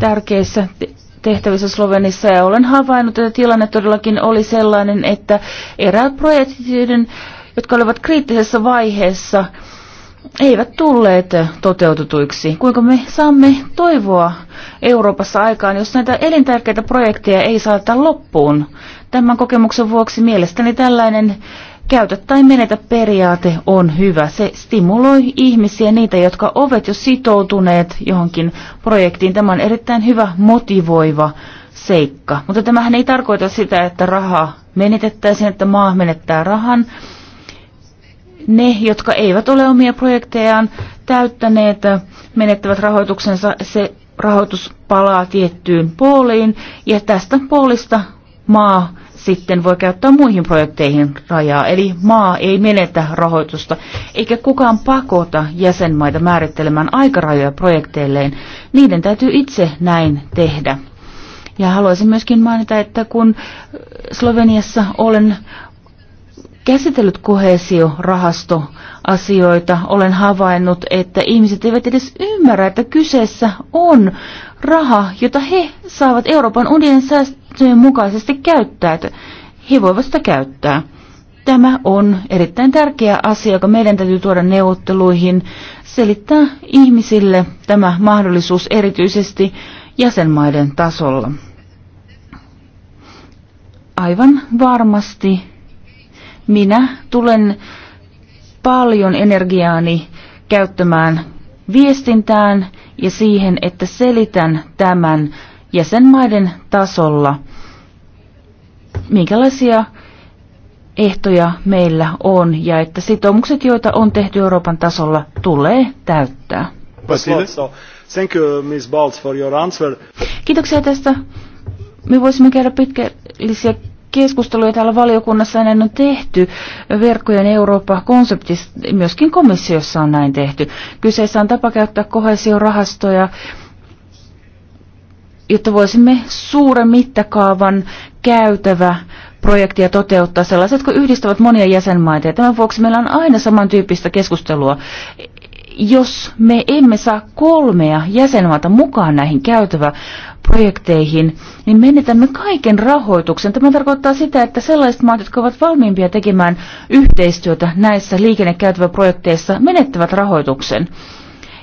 tärkeissä tehtävissä Slovenissa ja olen havainnut, että tilanne todellakin oli sellainen, että eräät projektit, jotka olivat kriittisessä vaiheessa, eivät tulleet toteutetuiksi. Kuinka me saamme toivoa Euroopassa aikaan, jos näitä elintärkeitä projekteja ei saata loppuun? Tämän kokemuksen vuoksi mielestäni tällainen käytä tai menetä periaate on hyvä. Se stimuloi ihmisiä, niitä, jotka ovat jo sitoutuneet johonkin projektiin. Tämä on erittäin hyvä motivoiva seikka. Mutta tämähän ei tarkoita sitä, että raha menetettäisiin, että maa menettää rahan. Ne, jotka eivät ole omia projektejaan täyttäneet, menettävät rahoituksensa. Se rahoitus palaa tiettyyn pooliin ja tästä poolista maa sitten voi käyttää muihin projekteihin rajaa. Eli maa ei menetä rahoitusta, eikä kukaan pakota jäsenmaita määrittelemään aikarajoja projekteilleen. Niiden täytyy itse näin tehdä. Ja haluaisin myöskin mainita, että kun Sloveniassa olen käsitellyt kohesiorahastoasioita, olen havainnut, että ihmiset eivät edes ymmärrä, että kyseessä on raha, jota he saavat Euroopan unionin sääntöjen mukaisesti käyttää. He voivat sitä käyttää. Tämä on erittäin tärkeä asia, joka meidän täytyy tuoda neuvotteluihin, selittää ihmisille tämä mahdollisuus erityisesti jäsenmaiden tasolla. Aivan varmasti minä tulen paljon energiaani käyttämään viestintään ja siihen, että selitän tämän jäsenmaiden tasolla, minkälaisia ehtoja meillä on ja että sitoumukset, joita on tehty Euroopan tasolla, tulee täyttää. Thank you, Ms. Baltz, for your answer. Kiitoksia tästä. Me voisimme käydä pitkällisiä keskusteluja täällä valiokunnassa näin on tehty. Verkkojen eurooppa konseptista myöskin komissiossa on näin tehty. Kyseessä on tapa käyttää kohesiorahastoja rahastoja jotta voisimme suuren mittakaavan käytävä projektia toteuttaa, sellaiset, jotka yhdistävät monia jäsenmaita. Ja tämän vuoksi meillä on aina samantyyppistä keskustelua. Jos me emme saa kolmea jäsenmaata mukaan näihin käytävä projekteihin, niin menetämme kaiken rahoituksen. Tämä tarkoittaa sitä, että sellaiset maat, jotka ovat valmiimpia tekemään yhteistyötä näissä liikennekäytäväprojekteissa, menettävät rahoituksen.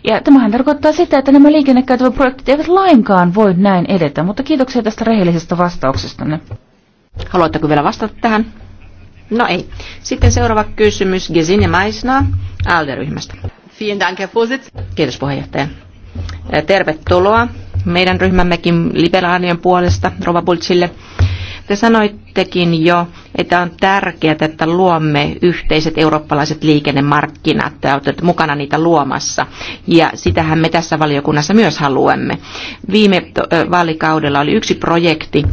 Ja tämähän tarkoittaa sitä, että nämä liikennekäytävät projektit eivät lainkaan voi näin edetä, mutta kiitoksia tästä rehellisestä vastauksestanne. Haluatteko vielä vastata tähän? No ei. Sitten seuraava kysymys Gesine Maisna ALDE-ryhmästä. Kiitos puheenjohtaja. Tervetuloa meidän ryhmämmekin liberaalien puolesta Rova Bultsille. Te sanoittekin jo, että on tärkeää, että luomme yhteiset eurooppalaiset liikennemarkkinat, että mukana niitä luomassa. Ja sitähän me tässä valiokunnassa myös haluamme. Viime vaalikaudella oli yksi projekti,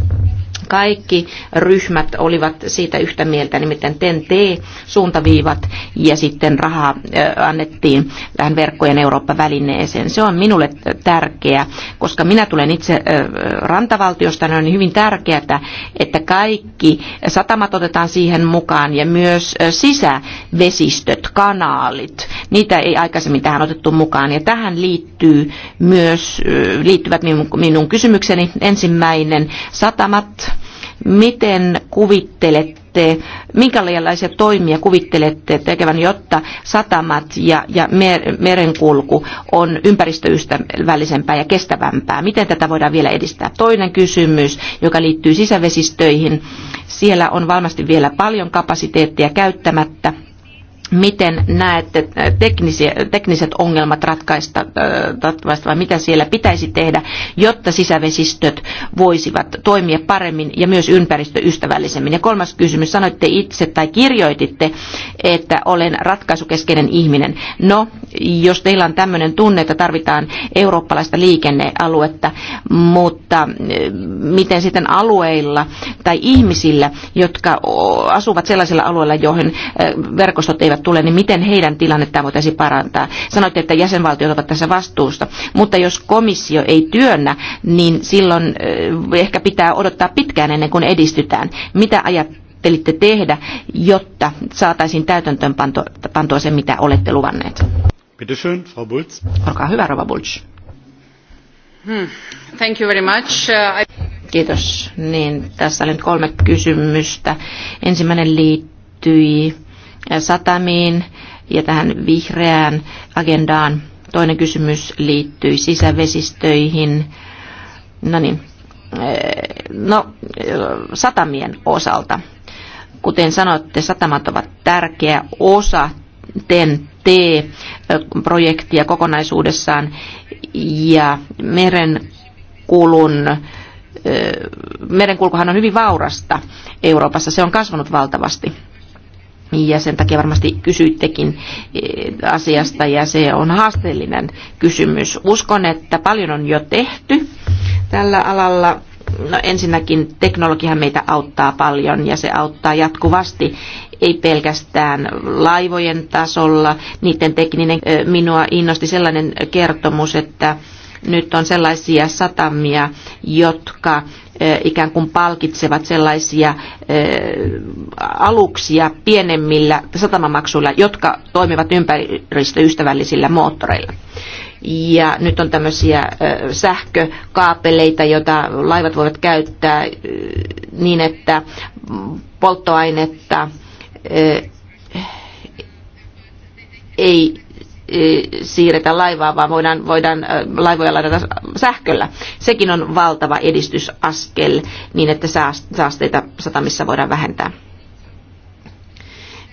kaikki ryhmät olivat siitä yhtä mieltä, nimittäin TEN-T-suuntaviivat ja sitten rahaa annettiin tähän verkkojen Eurooppa-välineeseen. Se on minulle tärkeä, koska minä tulen itse rantavaltiosta, niin on hyvin tärkeää, että kaikki satamat otetaan siihen mukaan ja myös sisävesistöt, kanaalit, niitä ei aikaisemmin tähän otettu mukaan. Ja tähän liittyy myös, liittyvät minun kysymykseni ensimmäinen, satamat, Miten kuvittelette, minkälaisia toimia kuvittelette tekevän, jotta satamat ja, ja merenkulku on ympäristöystävällisempää ja kestävämpää? Miten tätä voidaan vielä edistää? Toinen kysymys, joka liittyy sisävesistöihin. Siellä on varmasti vielä paljon kapasiteettia käyttämättä miten näette äh, teknisiä, tekniset ongelmat ratkaista, äh, ratkaista vai mitä siellä pitäisi tehdä, jotta sisävesistöt voisivat toimia paremmin ja myös ympäristöystävällisemmin. Ja kolmas kysymys, sanoitte itse tai kirjoititte, että olen ratkaisukeskeinen ihminen. No, jos teillä on tämmöinen tunne, että tarvitaan eurooppalaista liikennealuetta, mutta äh, miten sitten alueilla tai ihmisillä, jotka asuvat sellaisilla alueilla, joihin verkostot eivät tulee, niin miten heidän tilannetta voitaisiin parantaa? Sanoitte, että jäsenvaltiot ovat tässä vastuusta, mutta jos komissio ei työnnä, niin silloin ehkä pitää odottaa pitkään ennen kuin edistytään. Mitä ajattelitte tehdä, jotta saataisiin täytäntöön pantua se, mitä olette luvanneet? Bitte schön, Frau Bulz. Olkaa hyvä, Rova Bulz. Hmm. Thank you very much. Uh, I... Kiitos. Niin, tässä oli nyt kolme kysymystä. Ensimmäinen liittyi satamiin ja tähän vihreään agendaan. Toinen kysymys liittyy sisävesistöihin. No niin, no, satamien osalta. Kuten sanoitte, satamat ovat tärkeä osa TEN-T-projektia kokonaisuudessaan ja merenkulun merenkulkuhan on hyvin vaurasta Euroopassa. Se on kasvanut valtavasti ja sen takia varmasti kysyittekin eh, asiasta ja se on haasteellinen kysymys. Uskon, että paljon on jo tehty tällä alalla. No ensinnäkin teknologia meitä auttaa paljon ja se auttaa jatkuvasti, ei pelkästään laivojen tasolla. Niiden tekninen eh, minua innosti sellainen kertomus, että nyt on sellaisia satamia, jotka ikään kuin palkitsevat sellaisia aluksia pienemmillä satamamaksuilla, jotka toimivat ympäristöystävällisillä moottoreilla. Ja nyt on tämmöisiä sähkökaapeleita, joita laivat voivat käyttää niin, että polttoainetta ei E, siirretä laivaa, vaan voidaan, voidaan laivoja ladata sähköllä. Sekin on valtava edistysaskel niin, että saasteita satamissa voidaan vähentää.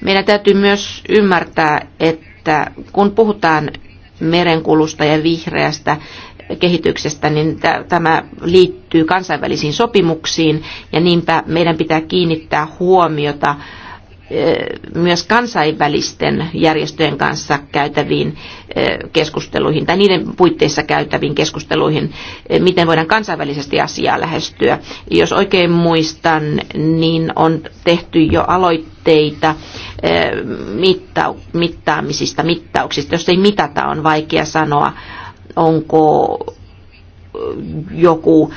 Meidän täytyy myös ymmärtää, että kun puhutaan merenkulusta ja vihreästä kehityksestä, niin tämä liittyy kansainvälisiin sopimuksiin ja niinpä meidän pitää kiinnittää huomiota äh, Eh, myös kansainvälisten järjestöjen kanssa käytäviin eh, keskusteluihin tai niiden puitteissa käytäviin keskusteluihin, eh, miten voidaan kansainvälisesti asiaa lähestyä. Jos oikein muistan, niin on tehty jo aloitteita mitta- mittaamisista, mittauksista. Jos ei mitata, on vaikea sanoa, onko joku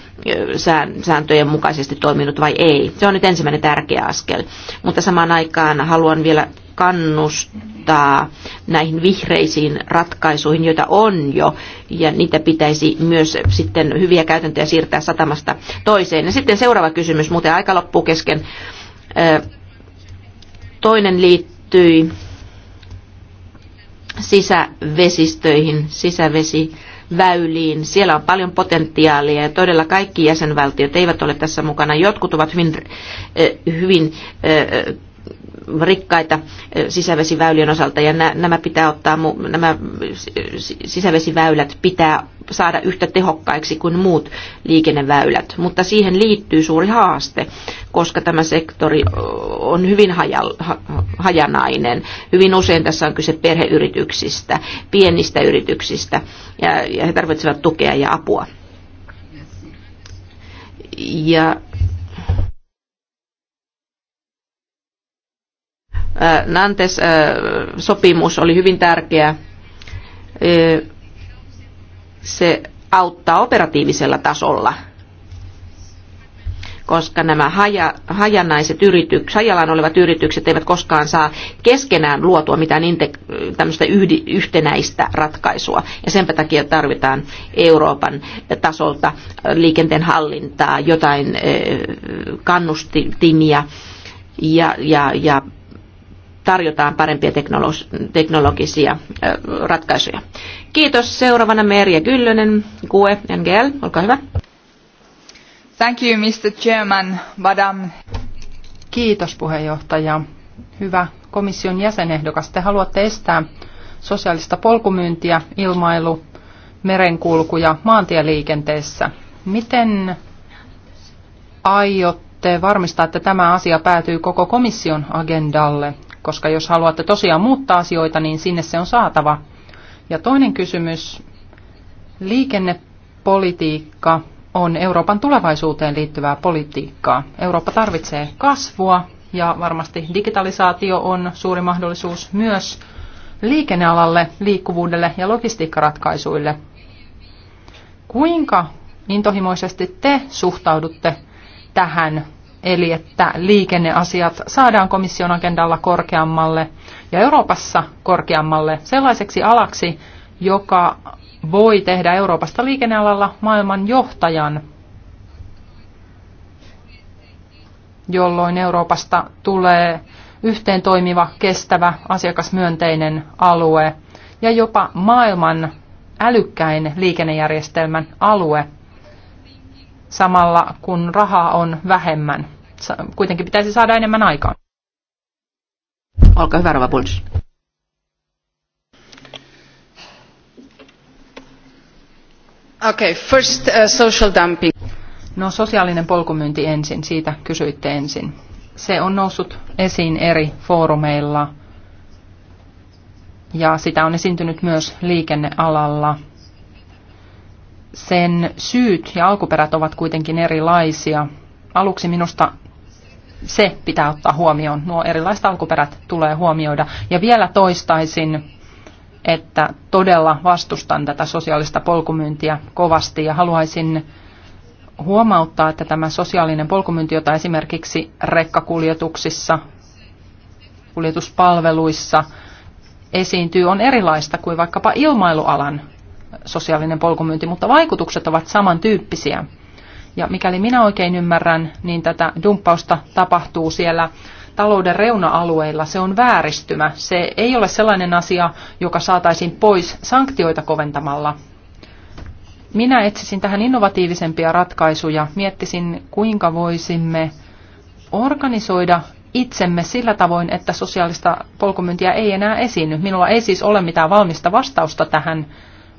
sääntöjen mukaisesti toiminut vai ei. Se on nyt ensimmäinen tärkeä askel. Mutta samaan aikaan haluan vielä kannustaa näihin vihreisiin ratkaisuihin, joita on jo, ja niitä pitäisi myös sitten hyviä käytäntöjä siirtää satamasta toiseen. Ja sitten seuraava kysymys, muuten aika loppuu kesken. Toinen liittyy sisävesistöihin, sisävesi väyliin. Siellä on paljon potentiaalia ja todella kaikki jäsenvaltiot eivät ole tässä mukana. Jotkut ovat hyvin, eh, hyvin eh, rikkaita sisävesiväylien osalta ja nämä pitää ottaa, nämä sisävesiväylät pitää saada yhtä tehokkaiksi kuin muut liikenneväylät, mutta siihen liittyy suuri haaste, koska tämä sektori on hyvin hajanainen. Hyvin usein tässä on kyse perheyrityksistä, pienistä yrityksistä ja, ja he tarvitsevat tukea ja apua. Ja Äh, Nantes-sopimus äh, oli hyvin tärkeä. Äh, se auttaa operatiivisella tasolla, koska nämä haja, hajanaiset yritykset, hajallaan olevat yritykset eivät koskaan saa keskenään luotua mitään inte, tämmöistä yhdi, yhtenäistä ratkaisua. Ja sen takia tarvitaan Euroopan tasolta liikenteen hallintaa, jotain kannustimia ja, ja, ja tarjotaan parempia teknologisia ratkaisuja. Kiitos. Seuraavana Merja Kyllönen, QE, NGL, olkaa hyvä. Thank you, Mr. Chairman, Madam. Kiitos puheenjohtaja. Hyvä komission jäsenehdokas, te haluatte estää sosiaalista polkumyyntiä, ilmailu, merenkulku ja maantieliikenteessä. Miten aiotte varmistaa, että tämä asia päätyy koko komission agendalle? koska jos haluatte tosiaan muuttaa asioita, niin sinne se on saatava. Ja toinen kysymys, liikennepolitiikka on Euroopan tulevaisuuteen liittyvää politiikkaa. Eurooppa tarvitsee kasvua ja varmasti digitalisaatio on suuri mahdollisuus myös liikennealalle, liikkuvuudelle ja logistiikkaratkaisuille. Kuinka intohimoisesti te suhtaudutte tähän eli että liikenneasiat saadaan komission agendalla korkeammalle ja Euroopassa korkeammalle sellaiseksi alaksi, joka voi tehdä Euroopasta liikennealalla maailman johtajan, jolloin Euroopasta tulee yhteen toimiva, kestävä, asiakasmyönteinen alue ja jopa maailman älykkäin liikennejärjestelmän alue – samalla kun rahaa on vähemmän. Kuitenkin pitäisi saada enemmän aikaan. Olkaa hyvä, Rova Bulge. Okay, first uh, social dumping. No sosiaalinen polkumyynti ensin, siitä kysyitte ensin. Se on noussut esiin eri foorumeilla ja sitä on esiintynyt myös liikennealalla – sen syyt ja alkuperät ovat kuitenkin erilaisia. Aluksi minusta se pitää ottaa huomioon. Nuo erilaiset alkuperät tulee huomioida. Ja vielä toistaisin, että todella vastustan tätä sosiaalista polkumyyntiä kovasti ja haluaisin huomauttaa, että tämä sosiaalinen polkumyynti, jota esimerkiksi rekkakuljetuksissa, kuljetuspalveluissa esiintyy, on erilaista kuin vaikkapa ilmailualan sosiaalinen polkumyynti, mutta vaikutukset ovat samantyyppisiä. Ja mikäli minä oikein ymmärrän, niin tätä dumppausta tapahtuu siellä talouden reuna-alueilla. Se on vääristymä. Se ei ole sellainen asia, joka saataisiin pois sanktioita koventamalla. Minä etsisin tähän innovatiivisempia ratkaisuja. Miettisin, kuinka voisimme organisoida itsemme sillä tavoin, että sosiaalista polkumyyntiä ei enää esiinny. Minulla ei siis ole mitään valmista vastausta tähän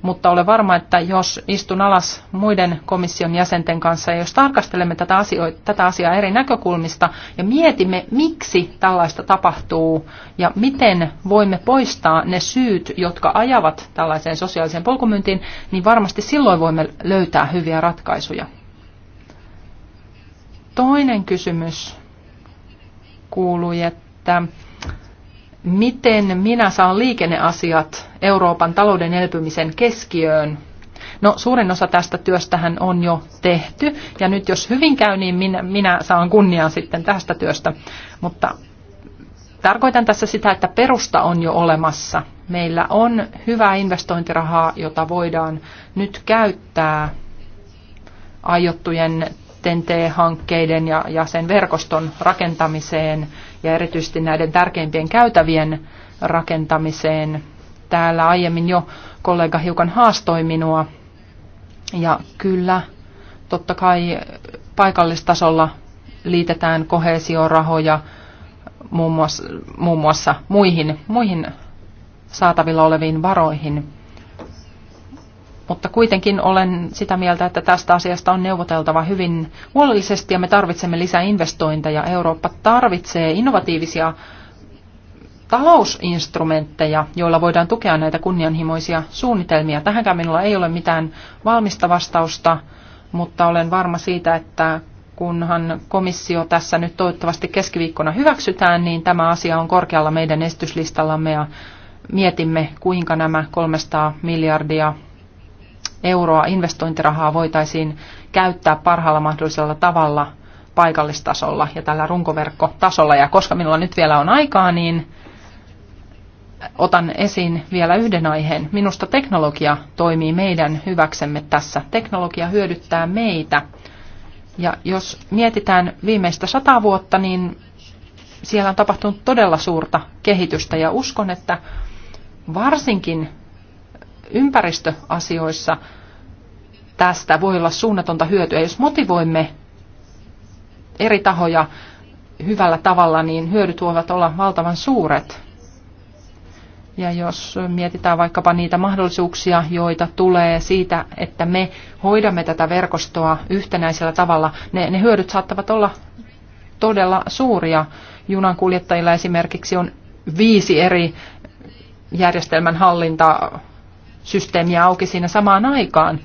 mutta olen varma, että jos istun alas muiden komission jäsenten kanssa ja jos tarkastelemme tätä, asio- tätä asiaa eri näkökulmista ja mietimme, miksi tällaista tapahtuu ja miten voimme poistaa ne syyt, jotka ajavat tällaiseen sosiaaliseen polkumyyntiin, niin varmasti silloin voimme löytää hyviä ratkaisuja. Toinen kysymys kuului, että miten minä saan liikenneasiat Euroopan talouden elpymisen keskiöön? No suurin osa tästä työstähän on jo tehty ja nyt jos hyvin käy, niin minä, minä saan kunnian sitten tästä työstä. Mutta tarkoitan tässä sitä, että perusta on jo olemassa. Meillä on hyvää investointirahaa, jota voidaan nyt käyttää aiottujen tnt hankkeiden ja, ja sen verkoston rakentamiseen – ja erityisesti näiden tärkeimpien käytävien rakentamiseen. Täällä aiemmin jo kollega hiukan haastoi minua. Ja kyllä, totta kai paikallistasolla liitetään kohesiorahoja muun muassa, muun muassa muihin, muihin saatavilla oleviin varoihin mutta kuitenkin olen sitä mieltä, että tästä asiasta on neuvoteltava hyvin huolellisesti ja me tarvitsemme lisää investointeja. Eurooppa tarvitsee innovatiivisia talousinstrumentteja, joilla voidaan tukea näitä kunnianhimoisia suunnitelmia. Tähänkään minulla ei ole mitään valmista vastausta, mutta olen varma siitä, että kunhan komissio tässä nyt toivottavasti keskiviikkona hyväksytään, niin tämä asia on korkealla meidän estyslistallamme ja mietimme, kuinka nämä 300 miljardia euroa investointirahaa voitaisiin käyttää parhaalla mahdollisella tavalla paikallistasolla ja tällä runkoverkkotasolla. Ja koska minulla nyt vielä on aikaa, niin otan esiin vielä yhden aiheen. Minusta teknologia toimii meidän hyväksemme tässä. Teknologia hyödyttää meitä. Ja jos mietitään viimeistä sata vuotta, niin siellä on tapahtunut todella suurta kehitystä ja uskon, että varsinkin ympäristöasioissa tästä voi olla suunnatonta hyötyä. Jos motivoimme eri tahoja hyvällä tavalla, niin hyödyt voivat olla valtavan suuret. Ja jos mietitään vaikkapa niitä mahdollisuuksia, joita tulee siitä, että me hoidamme tätä verkostoa yhtenäisellä tavalla, ne, ne hyödyt saattavat olla todella suuria. junan kuljettajilla esimerkiksi on viisi eri järjestelmän hallinta systeemiä auki siinä samaan aikaan.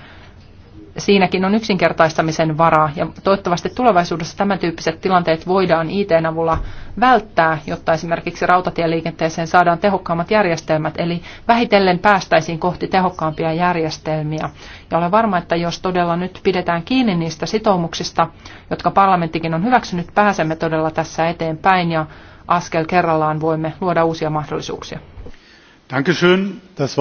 Siinäkin on yksinkertaistamisen varaa ja toivottavasti tulevaisuudessa tämän tyyppiset tilanteet voidaan IT-avulla välttää, jotta esimerkiksi rautatieliikenteeseen saadaan tehokkaammat järjestelmät, eli vähitellen päästäisiin kohti tehokkaampia järjestelmiä. Ja olen varma, että jos todella nyt pidetään kiinni niistä sitoumuksista, jotka parlamenttikin on hyväksynyt, pääsemme todella tässä eteenpäin ja askel kerrallaan voimme luoda uusia mahdollisuuksia. Dankeschön. Das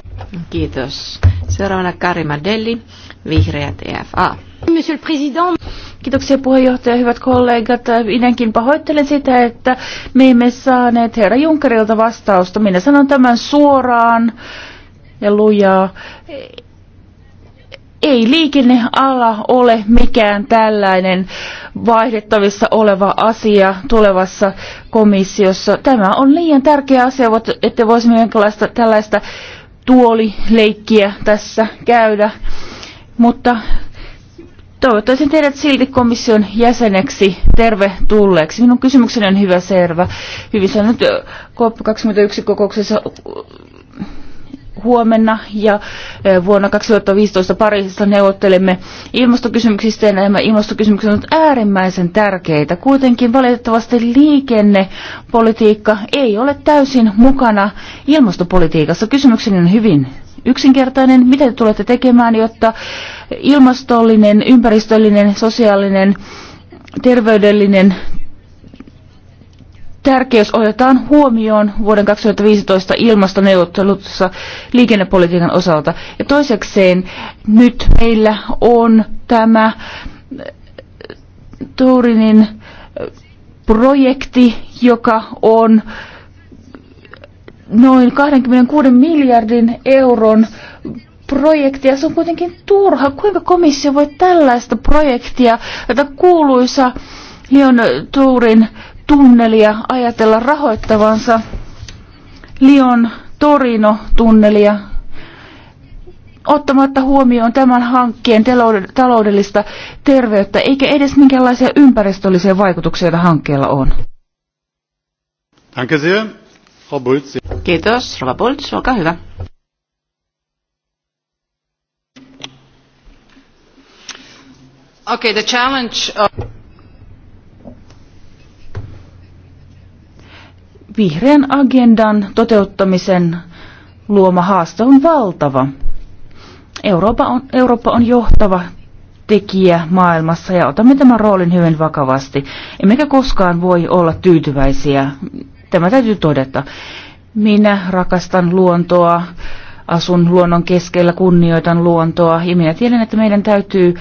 Kiitos. Seuraavana Kari Madelli, Vihreät EFA. Monsieur le Président. Kiitoksia puheenjohtaja, hyvät kollegat. Minäkin pahoittelen sitä, että me emme saaneet herra Junckerilta vastausta. Minä sanon tämän suoraan ja lujaa ei liikenneala ole mikään tällainen vaihdettavissa oleva asia tulevassa komissiossa. Tämä on liian tärkeä asia, että voisimme jonkinlaista tällaista tuolileikkiä tässä käydä, mutta toivottaisin teidät silti komission jäseneksi tervetulleeksi. Minun kysymykseni on hyvä selvä. Hyvin nyt COP21 kokouksessa huomenna ja vuonna 2015 Pariisissa neuvottelemme ilmastokysymyksistä ja nämä ilmastokysymykset ovat äärimmäisen tärkeitä. Kuitenkin valitettavasti liikennepolitiikka ei ole täysin mukana ilmastopolitiikassa. Kysymykseni on hyvin yksinkertainen. Mitä te tulette tekemään, jotta ilmastollinen, ympäristöllinen, sosiaalinen, terveydellinen tärkeys otetaan huomioon vuoden 2015 ilmastoneuvottelussa liikennepolitiikan osalta. Ja toisekseen nyt meillä on tämä eh, Turinin eh, projekti, joka on eh, noin 26 miljardin euron projekti, ja se on kuitenkin turha. Kuinka komissio voi tällaista projektia, jota kuuluisa Leon Turin äh, tunnelia ajatella rahoittavansa Lion Torino tunnelia ottamatta huomioon tämän hankkeen taloudellista terveyttä, eikä edes minkälaisia ympäristöllisiä vaikutuksia tällä hankkeella on. Kiitos, Rova Bultz, olkaa hyvä. Okay, the challenge of... vihreän agendan toteuttamisen luoma haaste on valtava. Eurooppa on, Eurooppa on johtava tekijä maailmassa ja otamme tämän roolin hyvin vakavasti. Emmekä koskaan voi olla tyytyväisiä. Tämä täytyy todeta. Minä rakastan luontoa, asun luonnon keskellä, kunnioitan luontoa ja minä tiedän, että meidän täytyy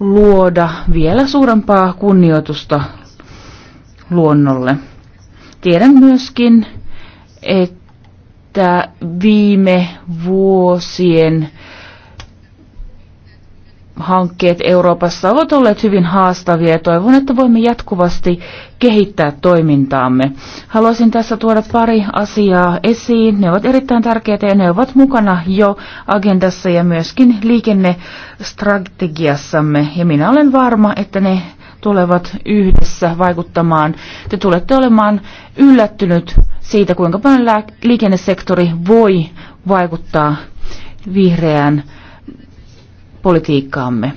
luoda vielä suurempaa kunnioitusta luonnolle. Tiedän myöskin, että viime vuosien hankkeet Euroopassa ovat olleet hyvin haastavia ja toivon, että voimme jatkuvasti kehittää toimintaamme. Haluaisin tässä tuoda pari asiaa esiin. Ne ovat erittäin tärkeitä ja ne ovat mukana jo agendassa ja myöskin liikennestrategiassamme. Ja minä olen varma, että ne tulevat yhdessä vaikuttamaan. Te tulette olemaan yllättynyt siitä, kuinka paljon liikennesektori voi vaikuttaa vihreään politiikkaamme.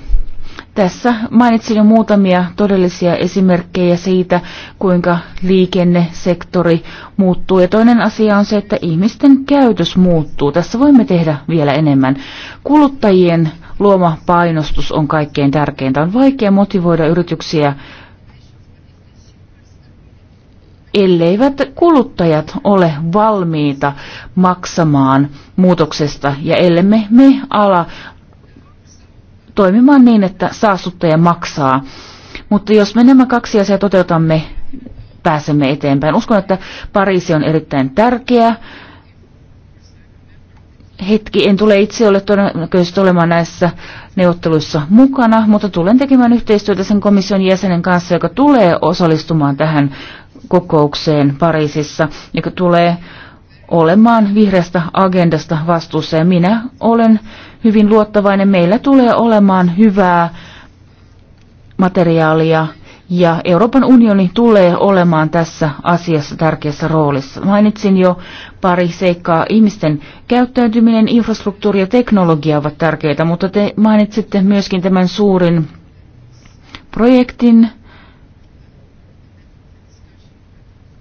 Tässä mainitsin jo muutamia todellisia esimerkkejä siitä, kuinka liikennesektori muuttuu. Ja toinen asia on se, että ihmisten käytös muuttuu. Tässä voimme tehdä vielä enemmän. Kuluttajien luoma painostus on kaikkein tärkeintä. On vaikea motivoida yrityksiä, elleivät kuluttajat ole valmiita maksamaan muutoksesta ja ellemme me ala toimimaan niin, että saastuttaja maksaa. Mutta jos me nämä kaksi asiaa toteutamme, pääsemme eteenpäin. Uskon, että Pariisi on erittäin tärkeä hetki. En tule itse ole todennäköisesti olemaan näissä neuvotteluissa mukana, mutta tulen tekemään yhteistyötä sen komission jäsenen kanssa, joka tulee osallistumaan tähän kokoukseen Pariisissa, joka tulee olemaan vihreästä agendasta vastuussa. Ja minä olen hyvin luottavainen. Meillä tulee olemaan hyvää materiaalia ja Euroopan unioni tulee olemaan tässä asiassa tärkeässä roolissa. Mainitsin jo pari seikkaa. Ihmisten käyttäytyminen, infrastruktuuri ja teknologia ovat tärkeitä, mutta te mainitsitte myöskin tämän suurin projektin.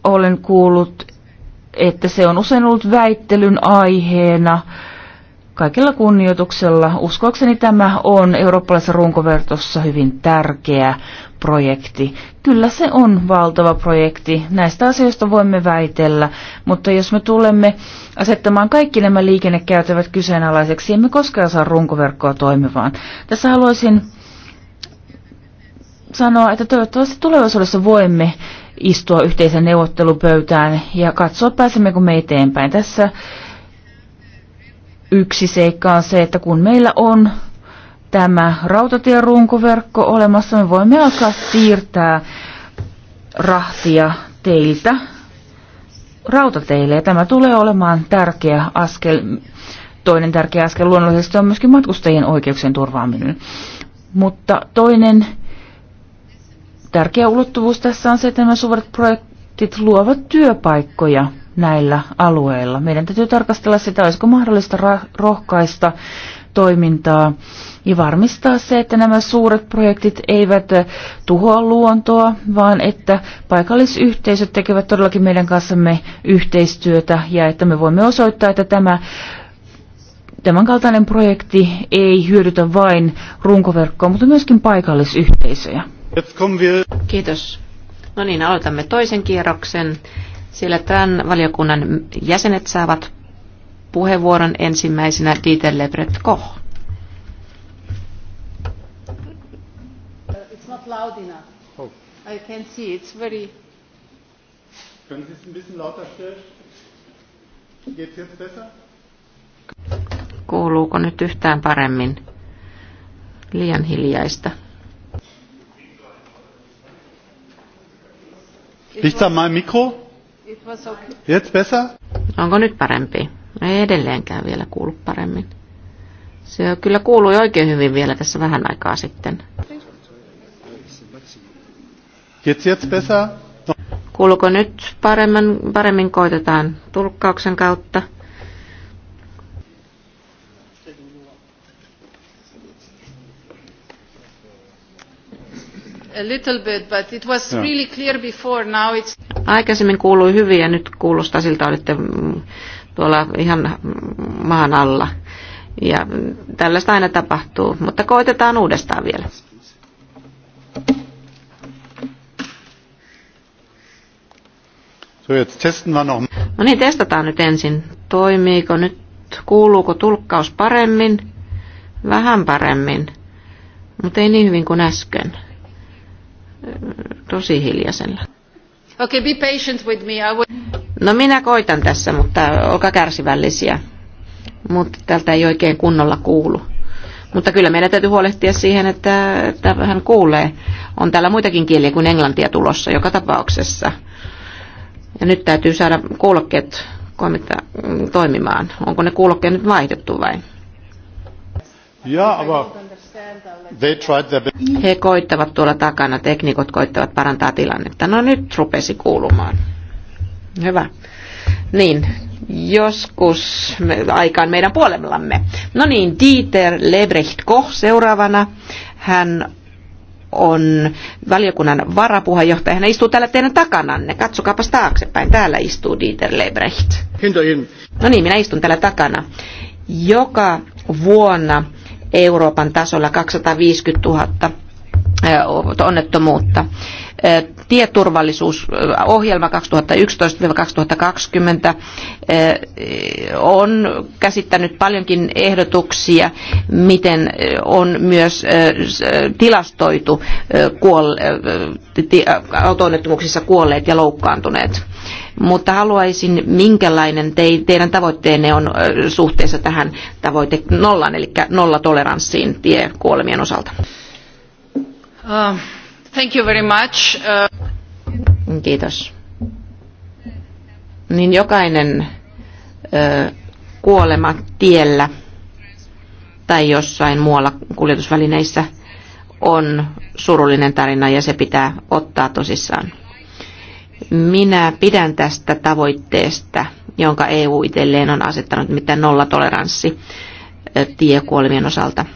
Olen kuullut, että se on usein ollut väittelyn aiheena kaikella kunnioituksella. Uskoakseni tämä on eurooppalaisessa runkovertossa hyvin tärkeä projekti. Kyllä se on valtava projekti. Näistä asioista voimme väitellä, mutta jos me tulemme asettamaan kaikki nämä liikennekäytävät kyseenalaiseksi, emme koskaan saa runkoverkkoa toimivaan. Tässä haluaisin sanoa, että toivottavasti tulevaisuudessa voimme istua yhteisen neuvottelupöytään ja katsoa pääsemmekö me eteenpäin. Tässä Yksi seikka on se, että kun meillä on tämä rautatierunkoverkko olemassa, me voimme alkaa siirtää rahtia teiltä rautateille. Ja tämä tulee olemaan tärkeä askel. Toinen tärkeä askel luonnollisesti on myöskin matkustajien oikeuksien turvaaminen. Mutta toinen tärkeä ulottuvuus tässä on se, että nämä suuret projektit luovat työpaikkoja – näillä alueilla. Meidän täytyy tarkastella sitä, olisiko mahdollista rohkaista toimintaa ja varmistaa se, että nämä suuret projektit eivät tuhoa luontoa, vaan että paikallisyhteisöt tekevät todellakin meidän kanssamme yhteistyötä ja että me voimme osoittaa, että tämä tämänkaltainen projekti ei hyödytä vain runkoverkkoa, mutta myöskin paikallisyhteisöjä. Kiitos. No niin, aloitamme toisen kierroksen. Sillä tämän valiokunnan jäsenet saavat puheenvuoron ensimmäisenä Dieter Lebret Koch. It's not loud enough. Oh. I can see it's very Können Sie es ein bisschen lauter stellen? jetzt besser? Kuuluuko nyt yhtään paremmin? Liian hiljaista. Ich an meinem Mikro? Jetzt besser? Onko nyt parempi? Ei edelleenkään vielä kuulu paremmin. Se kyllä kuului oikein hyvin vielä tässä vähän aikaa sitten. Jetzt, jetzt besser? Kuuluuko nyt paremmin, paremmin koitetaan tulkkauksen kautta? a little bit, but it was really clear before, now it's... Aikaisemmin kuului hyvin ja nyt kuulostaa siltä, olitte mm, tuolla ihan mm, maan alla. Ja mm, tällaista aina tapahtuu, mutta koitetaan uudestaan vielä. So, testen noch. No niin, testataan nyt ensin. Toimiiko nyt, kuuluuko tulkkaus paremmin? Vähän paremmin, mutta ei niin hyvin kuin äsken tosi hiljaisella. Okay, be patient with me. I will... No minä koitan tässä, mutta olkaa kärsivällisiä. Mutta tältä ei oikein kunnolla kuulu. Mutta kyllä meidän täytyy huolehtia siihen, että, että hän kuulee. On täällä muitakin kieliä kuin englantia tulossa joka tapauksessa. Ja nyt täytyy saada kuulokkeet toimimaan. Onko ne kuulokkeet nyt vaihdettu vai? Ja, aber he koittavat tuolla takana, teknikot koittavat parantaa tilannetta. No nyt rupesi kuulumaan. Hyvä. Niin, joskus me, aikaan meidän puolellamme. No niin, Dieter Lebrecht Koch seuraavana. Hän on valiokunnan varapuheenjohtaja. Hän istuu täällä teidän takananne. Katsokaapas taaksepäin. Täällä istuu Dieter Lebrecht. No niin, minä istun täällä takana. Joka vuonna Euroopan tasolla 250 000 onnettomuutta tieturvallisuusohjelma 2011-2020 on käsittänyt paljonkin ehdotuksia, miten on myös tilastoitu autoonnettomuuksissa kuolleet ja loukkaantuneet. Mutta haluaisin, minkälainen teidän tavoitteenne on suhteessa tähän tavoite nollaan, eli nollatoleranssiin toleranssiin tiekuolemien osalta? Uh, Thank you very much. Uh... Kiitos. Niin jokainen ö, kuolema tiellä tai jossain muualla kuljetusvälineissä on surullinen tarina ja se pitää ottaa tosissaan. Minä pidän tästä tavoitteesta, jonka EU itselleen on asettanut, mitä nollatoleranssi tiekuolemien osalta –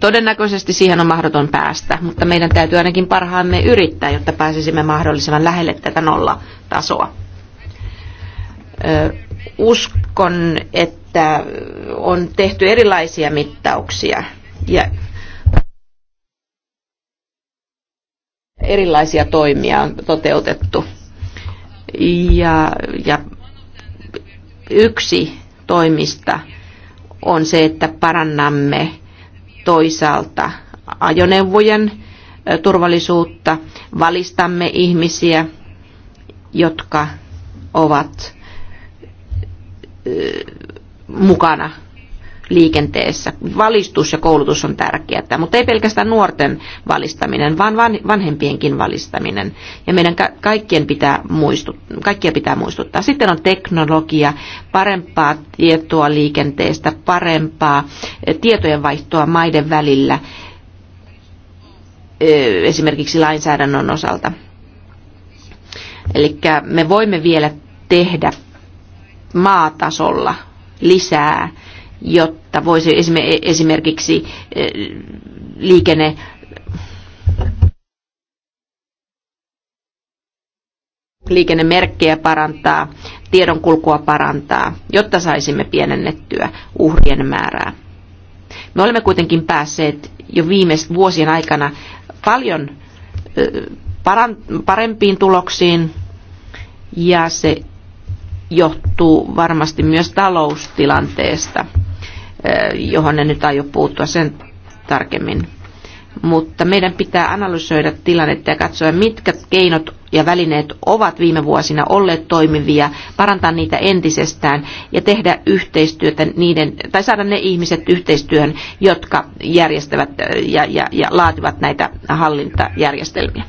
Todennäköisesti siihen on mahdoton päästä, mutta meidän täytyy ainakin parhaamme yrittää, jotta pääsisimme mahdollisimman lähelle tätä nolla tasoa. Uskon, että on tehty erilaisia mittauksia ja erilaisia toimia on toteutettu. Ja, ja yksi toimista on se, että parannamme toisaalta ajoneuvojen turvallisuutta, valistamme ihmisiä, jotka ovat mukana liikenteessä. Valistus ja koulutus on tärkeää, mutta ei pelkästään nuorten valistaminen, vaan vanhempienkin valistaminen. Ja meidän kaikkien pitää muistuttaa, kaikkia pitää muistuttaa. Sitten on teknologia, parempaa tietoa liikenteestä, parempaa eh, tietojen vaihtoa maiden välillä, eh, esimerkiksi lainsäädännön osalta. Eli me voimme vielä tehdä maatasolla lisää jotta voisi esimerkiksi eh, liikenne liikennemerkkejä parantaa, tiedonkulkua parantaa, jotta saisimme pienennettyä uhrien määrää. Me olemme kuitenkin päässeet jo viimeisten vuosien aikana paljon parempiin tuloksiin ja se johtuu varmasti myös taloustilanteesta. Eh, johon en nyt aio puuttua sen tarkemmin. Mutta meidän pitää analysoida tilannetta ja katsoa, mitkä keinot ja välineet ovat viime vuosina olleet toimivia, parantaa niitä entisestään ja tehdä yhteistyötä niiden, tai saada ne ihmiset yhteistyöhön, jotka järjestävät eh, ja, ja, ja laativat näitä hallintajärjestelmiä.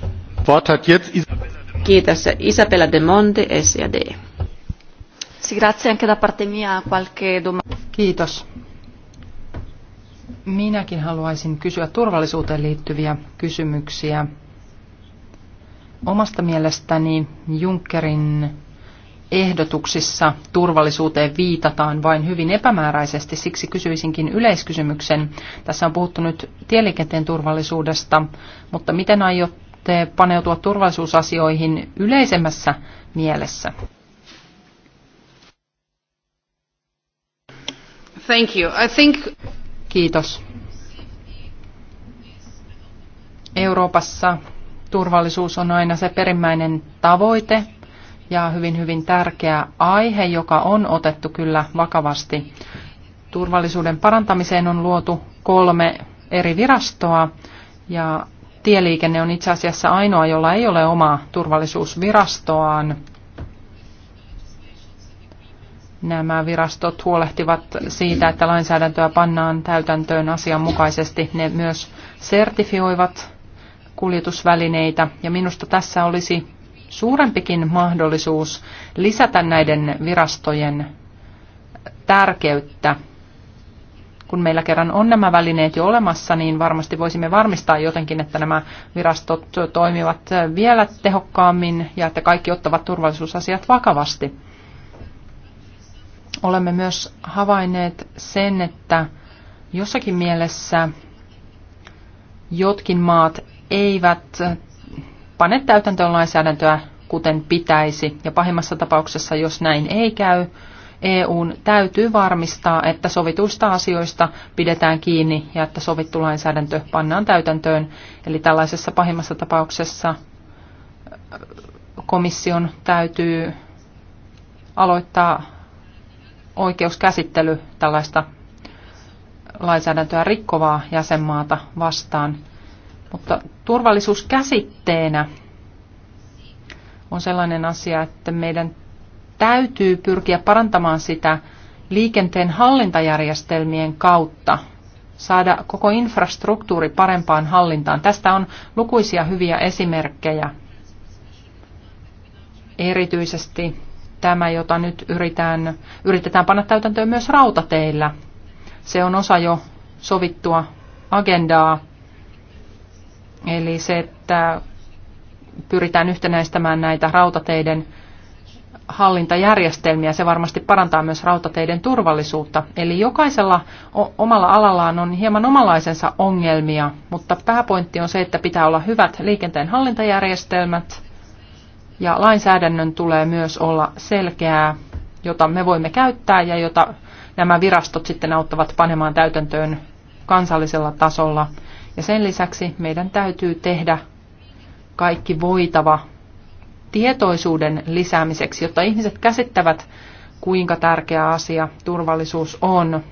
Kiitos. Isabella de Monte, S&D. Kiitos. Minäkin haluaisin kysyä turvallisuuteen liittyviä kysymyksiä. Omasta mielestäni Junckerin ehdotuksissa turvallisuuteen viitataan vain hyvin epämääräisesti, siksi kysyisinkin yleiskysymyksen. Tässä on puhuttu nyt tieliikenteen turvallisuudesta, mutta miten aiotte paneutua turvallisuusasioihin yleisemmässä mielessä? Thank you. I think... Kiitos. Euroopassa turvallisuus on aina se perimmäinen tavoite ja hyvin hyvin tärkeä aihe, joka on otettu kyllä vakavasti. Turvallisuuden parantamiseen on luotu kolme eri virastoa ja tieliikenne on itse asiassa ainoa, jolla ei ole omaa turvallisuusvirastoaan nämä virastot huolehtivat siitä, että lainsäädäntöä pannaan täytäntöön asianmukaisesti. Ne myös sertifioivat kuljetusvälineitä ja minusta tässä olisi suurempikin mahdollisuus lisätä näiden virastojen tärkeyttä. Kun meillä kerran on nämä välineet jo olemassa, niin varmasti voisimme varmistaa jotenkin, että nämä virastot toimivat vielä tehokkaammin ja että kaikki ottavat turvallisuusasiat vakavasti. Olemme myös havainneet sen, että jossakin mielessä jotkin maat eivät pane täytäntöön lainsäädäntöä kuten pitäisi, ja pahimmassa tapauksessa, jos näin ei käy, EUn täytyy varmistaa, että sovituista asioista pidetään kiinni ja että sovittu lainsäädäntö pannaan täytäntöön. Eli tällaisessa pahimmassa tapauksessa komission täytyy aloittaa oikeuskäsittely tällaista lainsäädäntöä rikkovaa jäsenmaata vastaan. Mutta turvallisuuskäsitteenä on sellainen asia, että meidän täytyy pyrkiä parantamaan sitä liikenteen hallintajärjestelmien kautta, saada koko infrastruktuuri parempaan hallintaan. Tästä on lukuisia hyviä esimerkkejä, erityisesti tämä, jota nyt yritetään, yritetään panna täytäntöön myös rautateillä. Se on osa jo sovittua agendaa. Eli se, että pyritään yhtenäistämään näitä rautateiden hallintajärjestelmiä. Se varmasti parantaa myös rautateiden turvallisuutta. Eli jokaisella omalla alallaan on hieman omalaisensa ongelmia, mutta pääpointti on se, että pitää olla hyvät liikenteen hallintajärjestelmät ja lainsäädännön tulee myös olla selkeää, jota me voimme käyttää ja jota nämä virastot sitten auttavat panemaan täytäntöön kansallisella tasolla. Ja sen lisäksi meidän täytyy tehdä kaikki voitava tietoisuuden lisäämiseksi, jotta ihmiset käsittävät, kuinka tärkeä asia turvallisuus on.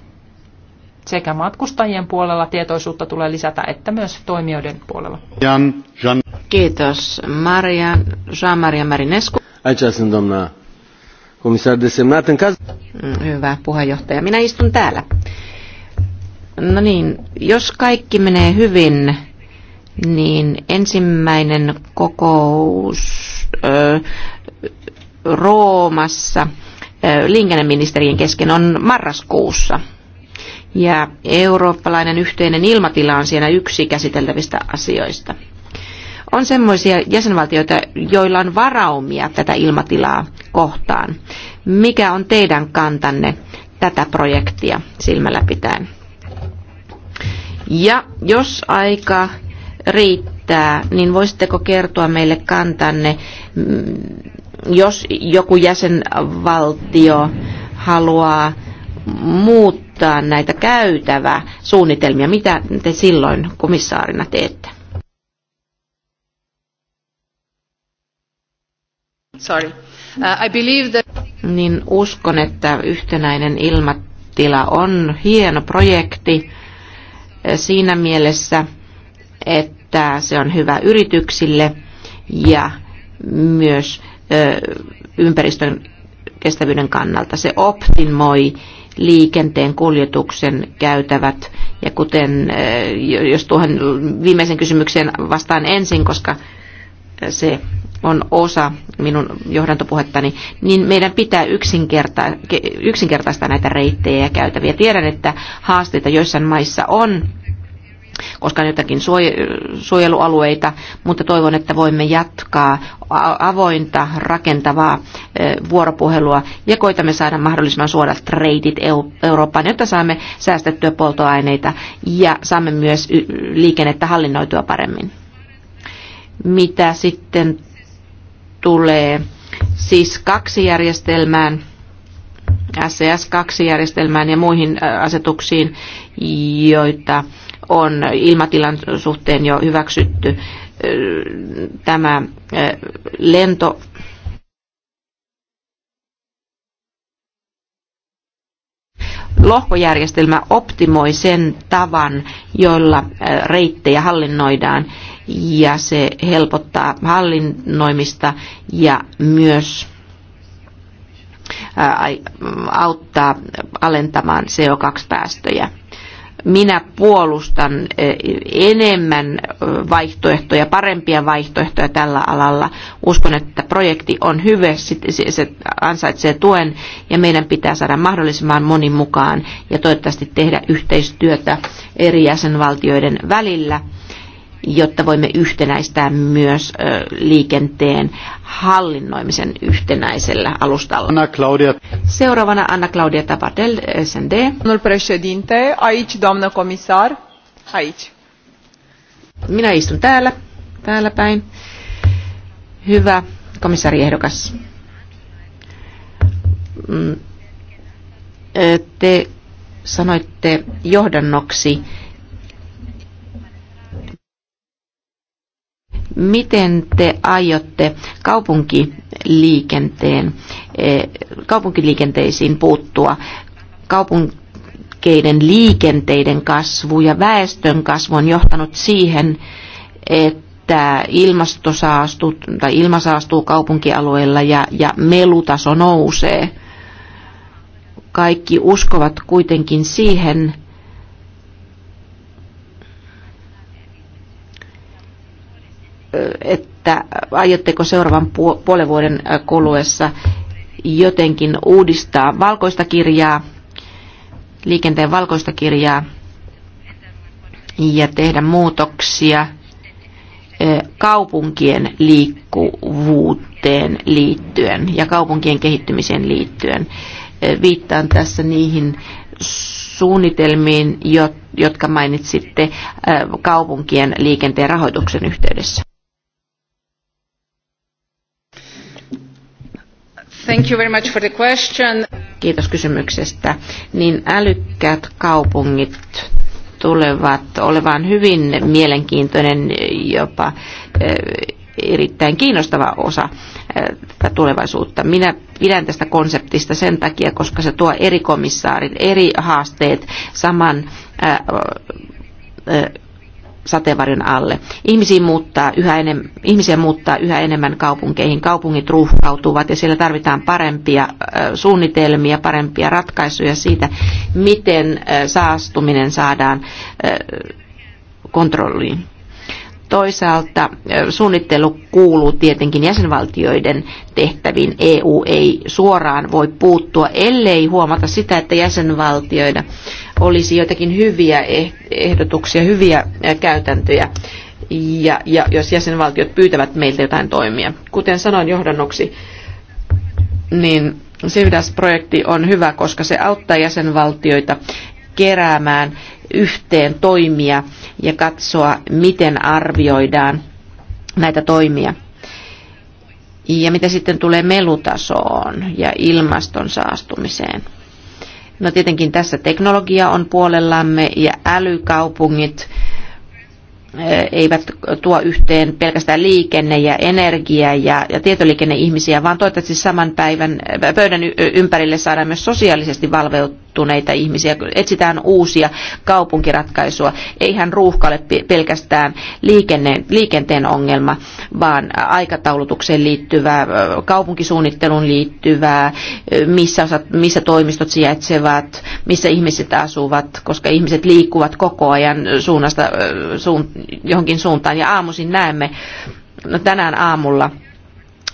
Sekä matkustajien puolella tietoisuutta tulee lisätä, että myös toimijoiden puolella. Jan, Jan. Kiitos Maria, Jean-Maria Marinescu. Aici doamna comisar desemnat. În caz... Mm, hyvä puheenjohtaja, minä istun täällä. No niin, jos kaikki menee hyvin, niin ensimmäinen kokous ö, Roomassa ö, liikenneministerien kesken on marraskuussa. Ja eurooppalainen yhteinen ilmatila on siinä yksi käsiteltävistä asioista. On sellaisia jäsenvaltioita, joilla on varaumia tätä ilmatilaa kohtaan. Mikä on teidän kantanne tätä projektia silmällä pitäen? Ja jos aika riittää, niin voisitteko kertoa meille kantanne, mm, jos joku jäsenvaltio haluaa muuttaa näitä käytävä suunnitelmia, mitä te silloin komissaarina teette? Sorry. Uh, I believe that... Niin uskon, että yhtenäinen ilmatila on hieno projekti eh, siinä mielessä, että se on hyvä yrityksille ja myös eh, ympäristön kestävyyden kannalta. Se optimoi liikenteen kuljetuksen käytävät. Ja kuten, eh, jos tuohon viimeisen kysymykseen vastaan ensin, koska se on osa minun johdantopuhettani, niin meidän pitää yksinkerta, yksinkertaistaa näitä reittejä ja käytäviä. Tiedän, että haasteita joissain maissa on, koska on jotakin suojelualueita, mutta toivon, että voimme jatkaa avointa, rakentavaa vuoropuhelua ja koitamme saada mahdollisimman suorat reitit Eurooppaan, jotta saamme säästettyä polttoaineita ja saamme myös liikennettä hallinnoitua paremmin mitä sitten tulee siis kaksi järjestelmään, scs kaksi järjestelmään ja muihin asetuksiin, joita on ilmatilan suhteen jo hyväksytty. Tämä lento lohkojärjestelmä optimoi sen tavan, jolla reittejä hallinnoidaan ja se helpottaa hallinnoimista ja myös auttaa alentamaan CO2-päästöjä. Minä puolustan enemmän vaihtoehtoja, parempia vaihtoehtoja tällä alalla. Uskon, että projekti on hyvä, se ansaitsee tuen ja meidän pitää saada mahdollisimman moni mukaan ja toivottavasti tehdä yhteistyötä eri jäsenvaltioiden välillä jotta voimme yhtenäistää myös liikenteen hallinnoimisen yhtenäisellä alustalla. Anna Claudia. Seuraavana Anna Claudia Tapatel, SND. Domnul președinte, aici, doamnă comisar, aici. Minä istun täällä, täällä päin. Hyvä komissariehdokas. Mm, te sanoitte johdannoksi, Miten te aiotte kaupunkiliikenteen, eh, kaupunkiliikenteisiin puuttua? Kaupunkeiden liikenteiden kasvu ja väestön kasvu on johtanut siihen, että ilmasto saastuu, tai ilma saastuu kaupunkialueilla ja, ja melutaso nousee. Kaikki uskovat kuitenkin siihen, että aiotteko seuraavan puolen vuoden kuluessa jotenkin uudistaa valkoista kirjaa, liikenteen valkoista kirjaa ja tehdä muutoksia kaupunkien liikkuvuuteen liittyen ja kaupunkien kehittymiseen liittyen. Viittaan tässä niihin suunnitelmiin, jotka mainitsitte kaupunkien liikenteen rahoituksen yhteydessä. Thank you very much for the question. Kiitos kysymyksestä. Niin älykkäät kaupungit tulevat olevan hyvin mielenkiintoinen, jopa eh, erittäin kiinnostava osa eh, tätä tulevaisuutta. Minä pidän tästä konseptista sen takia, koska se tuo eri komissaarin eri haasteet saman eh, sateenvarjon alle. Ihmisiä muuttaa yhä enemmän, ihmisiä muuttaa yhä enemmän kaupunkeihin. Kaupungit ruuhkautuvat ja siellä tarvitaan parempia suunnitelmia, parempia ratkaisuja siitä, miten saastuminen saadaan kontrolliin. Toisaalta suunnittelu kuuluu tietenkin jäsenvaltioiden tehtäviin. EU ei suoraan voi puuttua, ellei huomata sitä, että jäsenvaltioida olisi jotakin hyviä eh-, ehdotuksia, hyviä käytäntöjä, ja, ja jos jäsenvaltiot pyytävät meiltä jotain toimia. Kuten sanoin johdannoksi, niin Sivdas-projekti on hyvä, koska se auttaa jäsenvaltioita keräämään yhteen toimia ja katsoa, miten arvioidaan näitä toimia. Ja mitä sitten tulee melutasoon ja ilmaston saastumiseen? No tietenkin tässä teknologia on puolellamme ja älykaupungit eh, eivät tuo yhteen pelkästään liikenne ja energia ja, ja tietoliikenne ihmisiä, vaan toivottavasti saman päivän eh, pöydän ympärille saadaan myös sosiaalisesti valveut, muuttuneita ihmisiä, etsitään uusia kaupunkiratkaisua. Eihän ruuhka ole pelkästään liikenne, liikenteen ongelma, vaan aikataulutukseen liittyvää, kaupunkisuunnitteluun liittyvää, missä, osat, missä toimistot sijaitsevat, missä ihmiset asuvat, koska ihmiset liikkuvat koko ajan suunnasta suun, johonkin suuntaan. Ja aamuisin näemme, no tänään aamulla,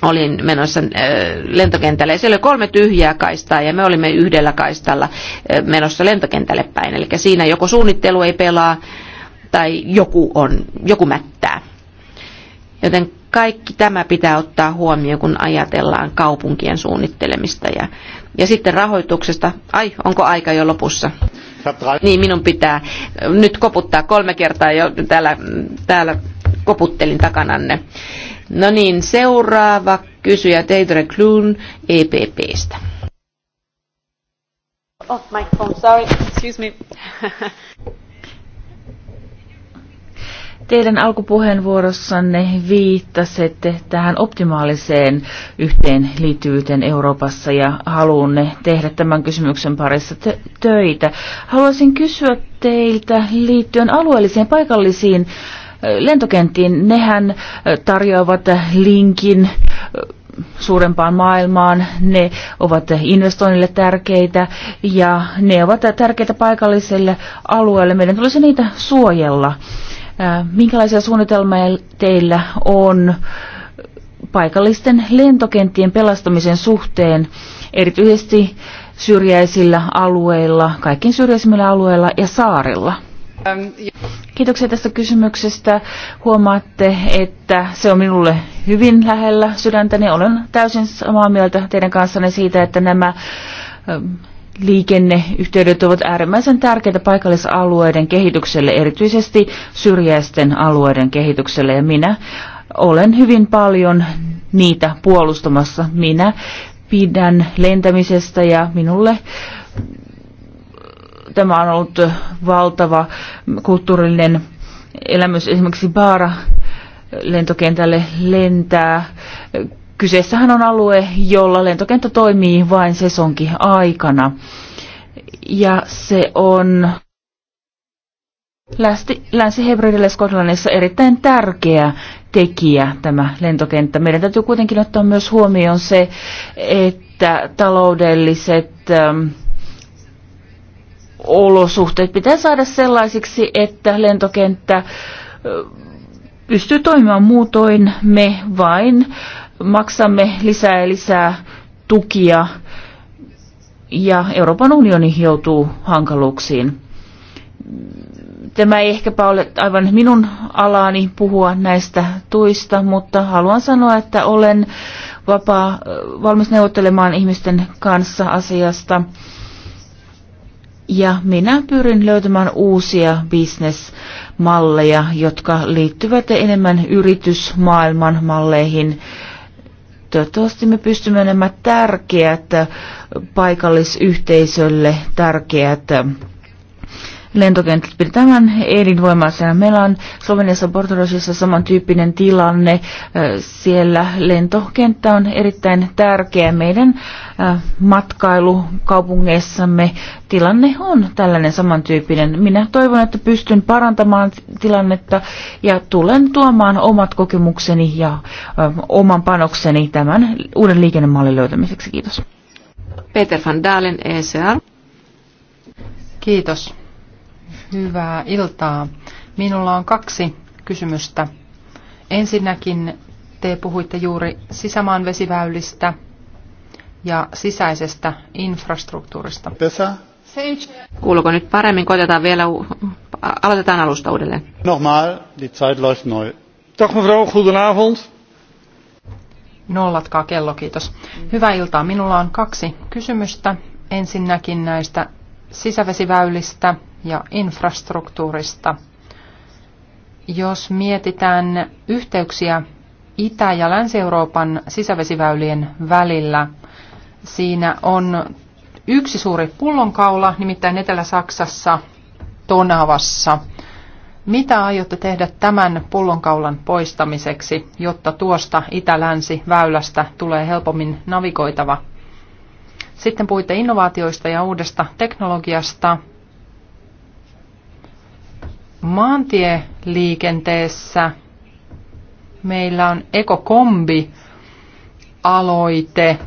olin menossa äh, lentokentälle ja siellä oli kolme tyhjää kaistaa ja me olimme yhdellä kaistalla äh, menossa lentokentälle päin. Eli siinä joko suunnittelu ei pelaa tai joku, on, joku mättää. Joten kaikki tämä pitää ottaa huomioon, kun ajatellaan kaupunkien suunnittelemista. Ja, ja sitten rahoituksesta. Ai, onko aika jo lopussa? Niin, minun pitää nyt koputtaa kolme kertaa jo täällä, täällä koputtelin takananne. No niin, seuraava kysyjä Deidre Kluun EPPstä. Oh, my phone, sorry, excuse me. Teidän alkupuheenvuorossanne viittasitte tähän optimaaliseen yhteenliittyvyyteen Euroopassa ja haluunne tehdä tämän kysymyksen parissa töitä. Haluaisin kysyä teiltä liittyen alueellisiin paikallisiin äh, lentokenttiin. Nehän tarjoavat linkin suurempaan maailmaan, ne ovat investoinnille tärkeitä ja ne ovat tärkeitä paikalliselle alueelle. Meidän tulisi niitä suojella. Minkälaisia suunnitelmia teillä on paikallisten lentokenttien pelastamisen suhteen, erityisesti syrjäisillä alueilla, kaikkien syrjäisimmillä alueilla ja saarilla? Kiitoksia tästä kysymyksestä. Huomaatte, että se on minulle hyvin lähellä sydäntäni. Olen täysin samaa mieltä teidän kanssanne siitä, että nämä ähm, liikenneyhteydet ovat äärimmäisen tärkeitä paikallisalueiden kehitykselle, erityisesti syrjäisten alueiden kehitykselle. Ja minä olen hyvin paljon niitä puolustamassa. Minä pidän lentämisestä ja minulle Tämä on ollut valtava kulttuurillinen elämys. Esimerkiksi Baara lentokentälle lentää. Kyseessähän on alue, jolla lentokenttä toimii vain sesonkin aikana. Ja se on Länsi-Hebridille Skotlannissa erittäin tärkeä tekijä tämä lentokenttä. Meidän täytyy kuitenkin ottaa myös huomioon se, että taloudelliset ähm, olosuhteet pitää saada sellaisiksi, että lentokenttä pystyy toimimaan muutoin. Me vain maksamme lisää ja lisää tukia ja Euroopan unioni joutuu hankaluuksiin. Tämä ei ehkäpä ole aivan minun alaani puhua näistä tuista, mutta haluan sanoa, että olen vapaa, valmis neuvottelemaan ihmisten kanssa asiasta. Ja minä pyrin löytämään uusia bisnesmalleja, jotka liittyvät enemmän yritysmaailman malleihin. Toivottavasti me pystymme nämä tärkeät paikallisyhteisölle tärkeät lentokentät tämän elinvoimaisena. Meillä on Sloveniassa Portorosissa samantyyppinen tilanne. Siellä lentokenttä on erittäin tärkeä meidän matkailukaupungeissamme. Tilanne on tällainen samantyyppinen. Minä toivon, että pystyn parantamaan tilannetta ja tulen tuomaan omat kokemukseni ja oman panokseni tämän uuden liikennemallin löytämiseksi. Kiitos. Peter van Dalen, ECR. Kiitos. Hyvää iltaa. Minulla on kaksi kysymystä. Ensinnäkin te puhuitte juuri sisämaan vesiväylistä ja sisäisestä infrastruktuurista. Pesä. Kuuluuko nyt paremmin? Koitetaan vielä, aloitetaan alusta uudelleen. Nogmaal, die Zeit läuft neu. Dag mevrouw, goedenavond. Nollatkaa kello, kiitos. Hyvää iltaa. Minulla on kaksi kysymystä. Ensinnäkin näistä sisävesiväylistä ja infrastruktuurista. Jos mietitään yhteyksiä Itä- ja Länsi-Euroopan sisävesiväylien välillä, siinä on yksi suuri pullonkaula, nimittäin Etelä-Saksassa Tonavassa. Mitä aiotte tehdä tämän pullonkaulan poistamiseksi, jotta tuosta itä-länsi-väylästä tulee helpommin navigoitava? Sitten puhuitte innovaatioista ja uudesta teknologiasta maantieliikenteessä meillä on ekokombi-aloite,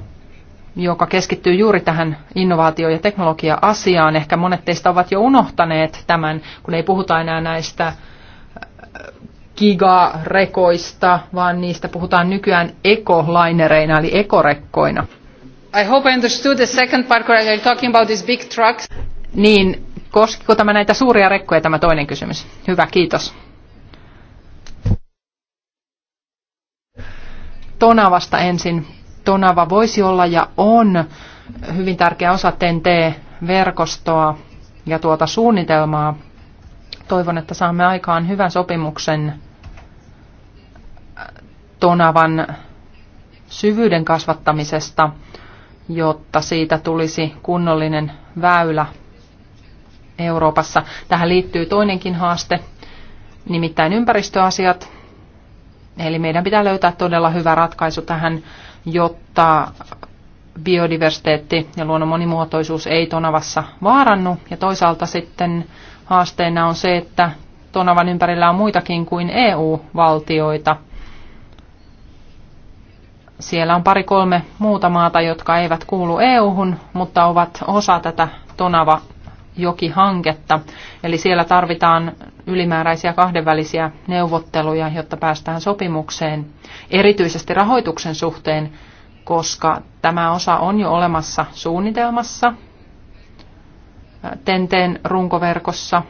joka keskittyy juuri tähän innovaatio- ja teknologia-asiaan. Ehkä monet teistä ovat jo unohtaneet tämän, kun ei puhuta enää näistä äh, gigarekoista, vaan niistä puhutaan nykyään ekolainereina eli ekorekkoina. I hope I understood the second part correctly. talking about these big trucks. Niin Koskiko tämä näitä suuria rekkoja tämä toinen kysymys? Hyvä, kiitos. Tonavasta ensin. Tonava voisi olla ja on hyvin tärkeä osa TNT-verkostoa ja tuota suunnitelmaa. Toivon, että saamme aikaan hyvän sopimuksen Tonavan syvyyden kasvattamisesta, jotta siitä tulisi kunnollinen väylä Euroopassa. Tähän liittyy toinenkin haaste, nimittäin ympäristöasiat. Eli meidän pitää löytää todella hyvä ratkaisu tähän, jotta biodiversiteetti ja luonnon monimuotoisuus ei Tonavassa vaarannu. Ja toisaalta sitten haasteena on se, että Tonavan ympärillä on muitakin kuin EU-valtioita. Siellä on pari kolme muuta maata, jotka eivät kuulu EU-hun, mutta ovat osa tätä Tonava, Joki-hanketta. Eli siellä tarvitaan ylimääräisiä kahdenvälisiä neuvotteluja, jotta päästään sopimukseen, erityisesti rahoituksen suhteen, koska tämä osa on jo olemassa suunnitelmassa, tenteen runkoverkossa,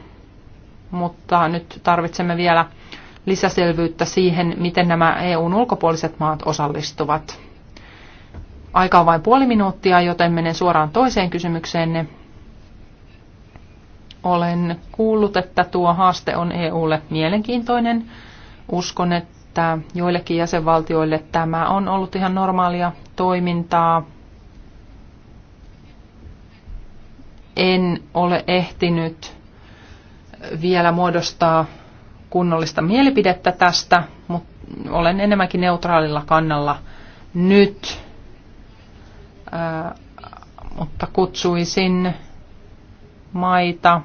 mutta nyt tarvitsemme vielä lisäselvyyttä siihen, miten nämä EUn ulkopuoliset maat osallistuvat. Aika on vain puoli minuuttia, joten menen suoraan toiseen kysymykseenne, olen kuullut, että tuo haaste on EUlle mielenkiintoinen. Uskon, että joillekin jäsenvaltioille tämä on ollut ihan normaalia toimintaa. En ole ehtinyt vielä muodostaa kunnollista mielipidettä tästä, mutta olen enemmänkin neutraalilla kannalla nyt. Ää, mutta kutsuisin maita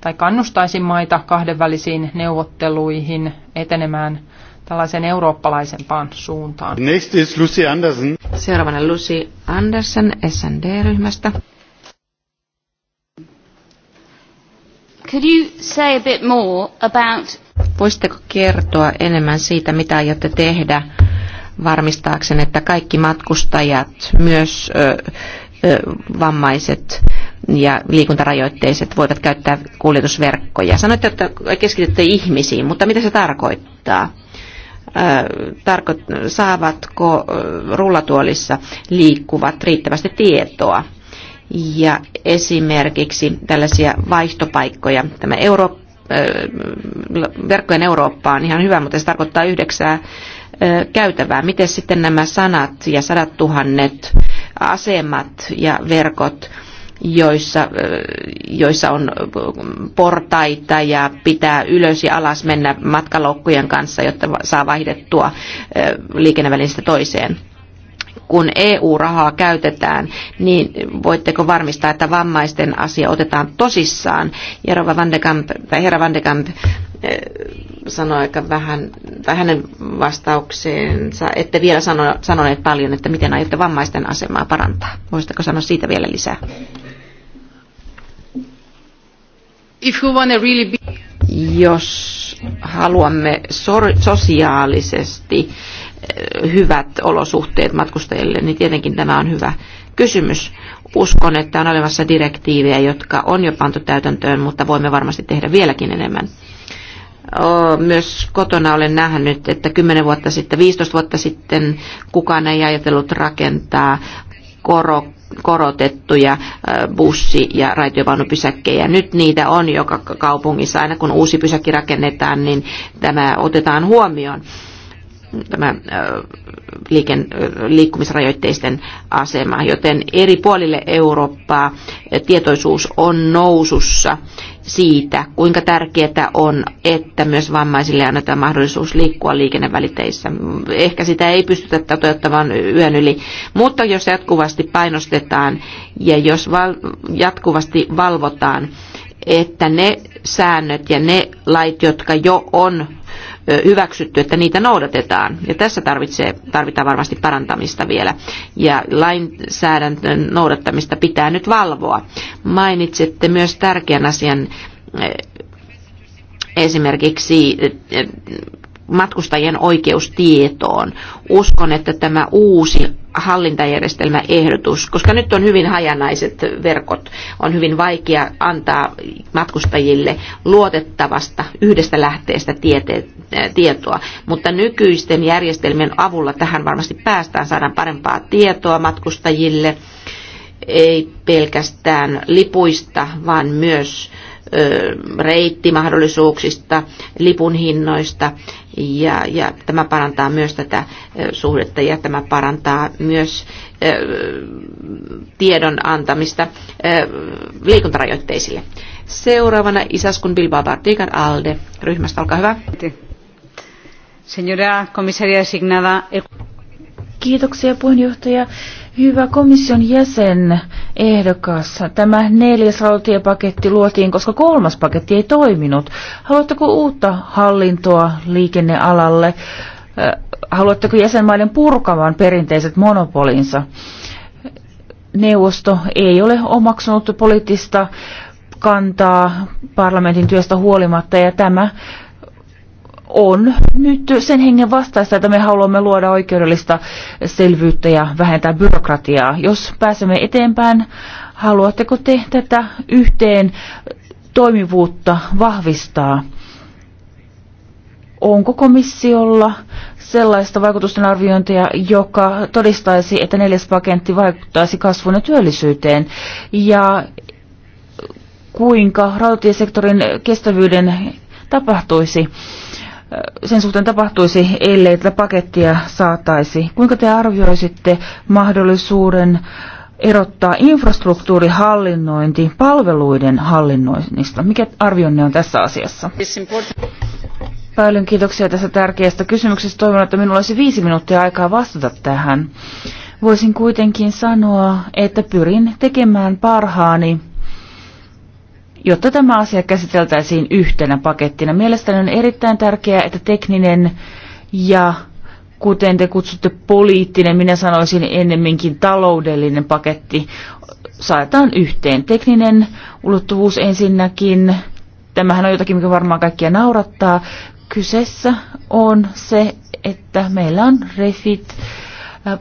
tai kannustaisin maita kahdenvälisiin neuvotteluihin etenemään tällaisen eurooppalaisempaan suuntaan. Next is Lucy Anderson. Seuraavana Lucy Anderson SND-ryhmästä. Could you say a bit more about... Voisitteko kertoa enemmän siitä, mitä aiotte tehdä varmistaakseen, että kaikki matkustajat, myös vammaiset ja liikuntarajoitteiset voivat käyttää kuljetusverkkoja. Sanoitte, että keskitytte ihmisiin, mutta mitä se tarkoittaa? Tarko- saavatko rullatuolissa liikkuvat riittävästi tietoa? Ja esimerkiksi tällaisia vaihtopaikkoja. Tämä Euro- verkkojen Eurooppa on ihan hyvä, mutta se tarkoittaa yhdeksää käytävää. Miten sitten nämä sanat ja sadat tuhannet asemat ja verkot, joissa, joissa on portaita ja pitää ylös ja alas mennä matkaloukkujen kanssa, jotta saa vaihdettua liikennevälineestä toiseen kun EU-rahaa käytetään, niin voitteko varmistaa, että vammaisten asia otetaan tosissaan? Jerova Van de Kamp, herra Van de Kamp eh, sanoi aika vähän, hänen vastaukseensa, ette vielä sano, sanoneet paljon, että miten aiotte vammaisten asemaa parantaa. Voisitteko sanoa siitä vielä lisää? If you really be... Jos haluamme sosiaalisesti hyvät olosuhteet matkustajille, niin tietenkin tämä on hyvä kysymys. Uskon, että on olemassa direktiivejä, jotka on jo pantu täytäntöön, mutta voimme varmasti tehdä vieläkin enemmän. Myös kotona olen nähnyt, että 10 vuotta sitten, 15 vuotta sitten kukaan ei ajatellut rakentaa koro, korotettuja bussi- ja raitiovaunupysäkkejä. Nyt niitä on joka kaupungissa. Aina kun uusi pysäkki rakennetaan, niin tämä otetaan huomioon tämä liiken, liikkumisrajoitteisten asema, joten eri puolille Eurooppaa tietoisuus on nousussa siitä, kuinka tärkeää on, että myös vammaisille annetaan mahdollisuus liikkua liikennevälitteissä. Ehkä sitä ei pystytä toteuttamaan yön yli, mutta jos jatkuvasti painostetaan ja jos val- jatkuvasti valvotaan, että ne säännöt ja ne lait, jotka jo on hyväksytty, että niitä noudatetaan. Ja tässä tarvitsee, tarvitaan varmasti parantamista vielä. Ja lainsäädännön noudattamista pitää nyt valvoa. Mainitsette myös tärkeän asian esimerkiksi matkustajien oikeus tietoon. Uskon, että tämä uusi hallintajärjestelmäehdotus, koska nyt on hyvin hajanaiset verkot, on hyvin vaikea antaa matkustajille luotettavasta yhdestä lähteestä tiete, tietoa, mutta nykyisten järjestelmien avulla tähän varmasti päästään, saadaan parempaa tietoa matkustajille, ei pelkästään lipuista, vaan myös reittimahdollisuuksista, lipun hinnoista ja, ja tämä parantaa myös tätä suhdetta ja tämä parantaa myös tiedon antamista liikuntarajoitteisille. Seuraavana Isaskun Bilbao Bartikan ALDE. Ryhmästä, olkaa hyvä. Señora komissaria designada. Kiitoksia puheenjohtaja. Hyvä komission jäsen ehdokas. Tämä neljäs rautiepaketti luotiin, koska kolmas paketti ei toiminut. Haluatteko uutta hallintoa liikennealalle? Äh, haluatteko jäsenmaiden purkavan perinteiset monopolinsa? Neuvosto ei ole omaksunut poliittista kantaa parlamentin työstä huolimatta ja tämä on nyt sen hengen vastaista, että me haluamme luoda oikeudellista selvyyttä ja vähentää byrokratiaa. Jos pääsemme eteenpäin, haluatteko te tätä yhteen toimivuutta vahvistaa? Onko komissiolla sellaista vaikutusten arviointia, joka todistaisi, että neljäs paketti vaikuttaisi kasvuun ja työllisyyteen? Ja kuinka rautatiesektorin kestävyyden tapahtuisi? sen suhteen tapahtuisi, ellei tätä pakettia saataisi. Kuinka te arvioisitte mahdollisuuden erottaa infrastruktuurihallinnointi palveluiden hallinnoinnista? Mikä arvionne on tässä asiassa? Paljon kiitoksia tästä tärkeästä kysymyksestä. Toivon, että minulla olisi viisi minuuttia aikaa vastata tähän. Voisin kuitenkin sanoa, että pyrin tekemään parhaani jotta tämä asia käsiteltäisiin yhtenä pakettina. Mielestäni on erittäin tärkeää, että tekninen ja kuten te kutsutte poliittinen, minä sanoisin ennemminkin taloudellinen paketti, saetaan yhteen. Tekninen ulottuvuus ensinnäkin, tämähän on jotakin, mikä varmaan kaikkia naurattaa. Kyseessä on se, että meillä on refit, äh,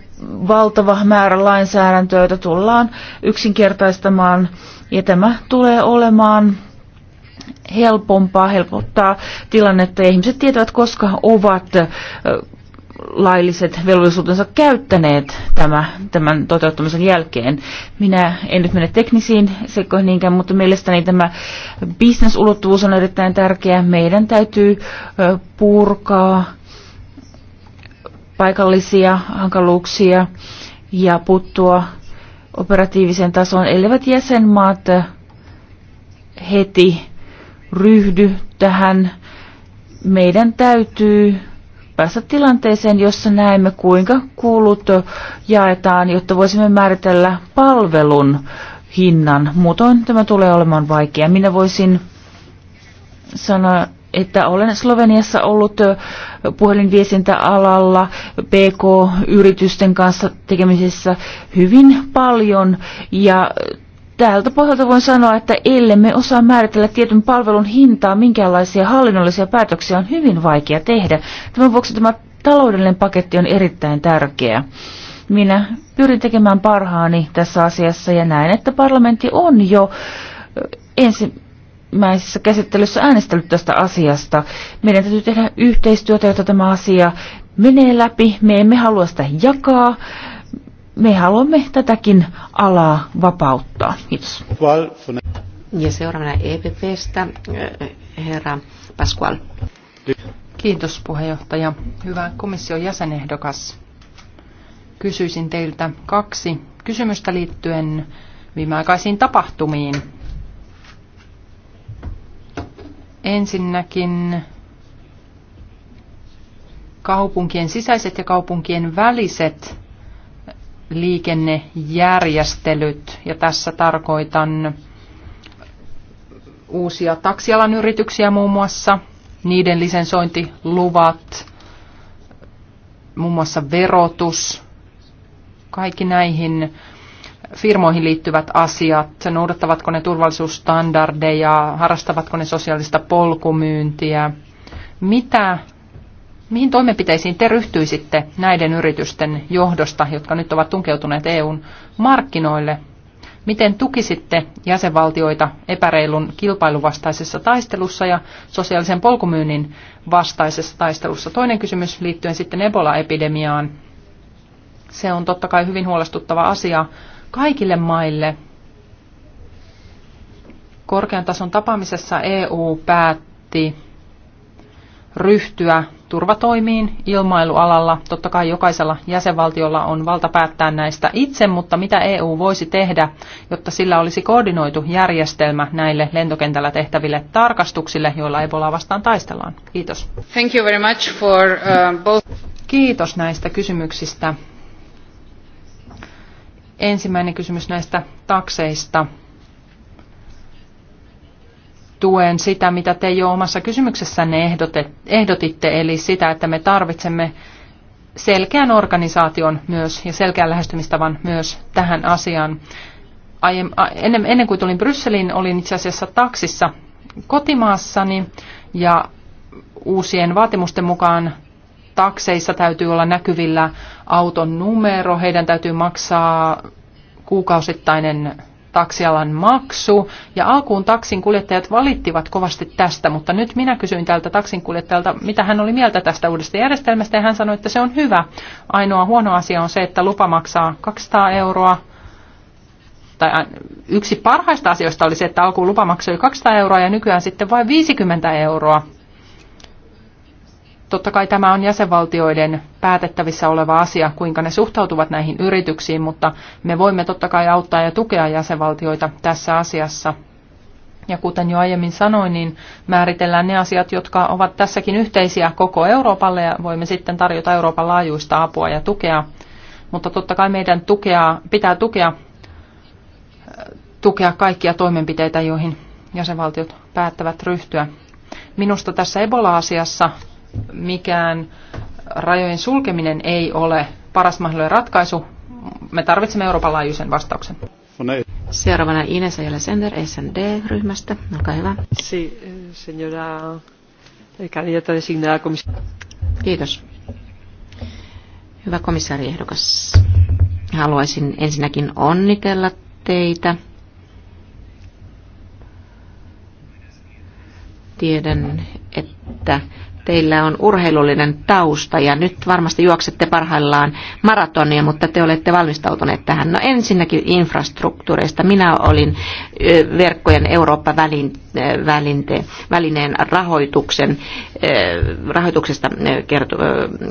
valtava määrä lainsäädäntöä, jota tullaan yksinkertaistamaan ja tämä tulee olemaan helpompaa, helpottaa tilannetta ja ihmiset tietävät, koska ovat lailliset velvollisuutensa käyttäneet tämä, tämän toteuttamisen jälkeen. Minä en nyt mene teknisiin seikkoihin niinkään, mutta mielestäni tämä bisnesulottuvuus on erittäin tärkeä. Meidän täytyy purkaa paikallisia hankaluuksia ja puuttua operatiivisen tason, elleivät jäsenmaat heti ryhdy tähän. Meidän täytyy päästä tilanteeseen, jossa näemme, kuinka kulut jaetaan, jotta voisimme määritellä palvelun hinnan. Muutoin tämä tulee olemaan vaikea. Minä voisin sanoa että olen Sloveniassa ollut puhelinviestintäalalla PK-yritysten kanssa tekemisissä hyvin paljon ja Täältä pohjalta voin sanoa, että ellemme osaa määritellä tietyn palvelun hintaa, minkälaisia hallinnollisia päätöksiä on hyvin vaikea tehdä. Tämän vuoksi tämä taloudellinen paketti on erittäin tärkeä. Minä pyrin tekemään parhaani tässä asiassa ja näen, että parlamentti on jo ensi ensimmäisessä käsittelyssä äänestänyt tästä asiasta. Meidän täytyy tehdä yhteistyötä, jotta tämä asia menee läpi. Me emme halua sitä jakaa. Me haluamme tätäkin alaa vapauttaa. Kiitos. Ja seuraavana EPPstä eh, herra Pasqual. Kiitos puheenjohtaja. Hyvä komission jäsenehdokas. Kysyisin teiltä kaksi kysymystä liittyen viimeaikaisiin tapahtumiin Ensinnäkin kaupunkien sisäiset ja kaupunkien väliset liikennejärjestelyt. Ja tässä tarkoitan uusia taksialan yrityksiä muun muassa, niiden lisensointiluvat, muun muassa verotus, kaikki näihin firmoihin liittyvät asiat, noudattavatko ne turvallisuusstandardeja, harrastavatko ne sosiaalista polkumyyntiä. Mitä, mihin toimenpiteisiin te ryhtyisitte näiden yritysten johdosta, jotka nyt ovat tunkeutuneet EUn markkinoille? Miten tukisitte jäsenvaltioita epäreilun kilpailuvastaisessa taistelussa ja sosiaalisen polkumyynnin vastaisessa taistelussa? Toinen kysymys liittyen sitten Ebola-epidemiaan. Se on totta kai hyvin huolestuttava asia kaikille maille. Korkean tason tapaamisessa EU päätti ryhtyä turvatoimiin ilmailualalla. Totta kai jokaisella jäsenvaltiolla on valta päättää näistä itse, mutta mitä EU voisi tehdä, jotta sillä olisi koordinoitu järjestelmä näille lentokentällä tehtäville tarkastuksille, joilla Ebolaa vastaan taistellaan? Kiitos. Thank you very much for, uh, both. Kiitos näistä kysymyksistä. Ensimmäinen kysymys näistä takseista. Tuen sitä, mitä te jo omassa kysymyksessänne ehdotitte, eli sitä, että me tarvitsemme selkeän organisaation myös ja selkeän lähestymistavan myös tähän asiaan. Aiem, ennen, ennen kuin tulin Brysseliin, olin itse asiassa taksissa kotimaassani ja uusien vaatimusten mukaan takseissa täytyy olla näkyvillä auton numero, heidän täytyy maksaa kuukausittainen taksialan maksu. Ja alkuun taksin kuljettajat valittivat kovasti tästä, mutta nyt minä kysyin tältä taksin kuljettajalta, mitä hän oli mieltä tästä uudesta järjestelmästä, ja hän sanoi, että se on hyvä. Ainoa huono asia on se, että lupa maksaa 200 euroa, tai äh, yksi parhaista asioista oli se, että alkuun lupa maksoi 200 euroa ja nykyään sitten vain 50 euroa. Totta kai tämä on jäsenvaltioiden päätettävissä oleva asia, kuinka ne suhtautuvat näihin yrityksiin, mutta me voimme totta kai auttaa ja tukea jäsenvaltioita tässä asiassa. Ja kuten jo aiemmin sanoin, niin määritellään ne asiat, jotka ovat tässäkin yhteisiä koko Euroopalle ja voimme sitten tarjota Euroopan laajuista apua ja tukea. Mutta totta kai meidän tukea, pitää tukea, tukea kaikkia toimenpiteitä, joihin jäsenvaltiot päättävät ryhtyä. Minusta tässä Ebola-asiassa mikään rajojen sulkeminen ei ole paras mahdollinen ratkaisu. Me tarvitsemme Euroopan laajuisen vastauksen. No niin. Seuraavana Ines Ajala-Sender SND-ryhmästä. Olkaa hyvä. Si, señora candidata designada Kiitos. Hyvä komissaariehdokas. Haluaisin ensinnäkin onnitella teitä. Tiedän, että Teillä on urheilullinen tausta ja nyt varmasti juoksette parhaillaan maratonia, mutta te olette valmistautuneet tähän. No ensinnäkin infrastruktuureista. Minä olin verkkojen Eurooppa-välineen rahoituksen, rahoituksesta,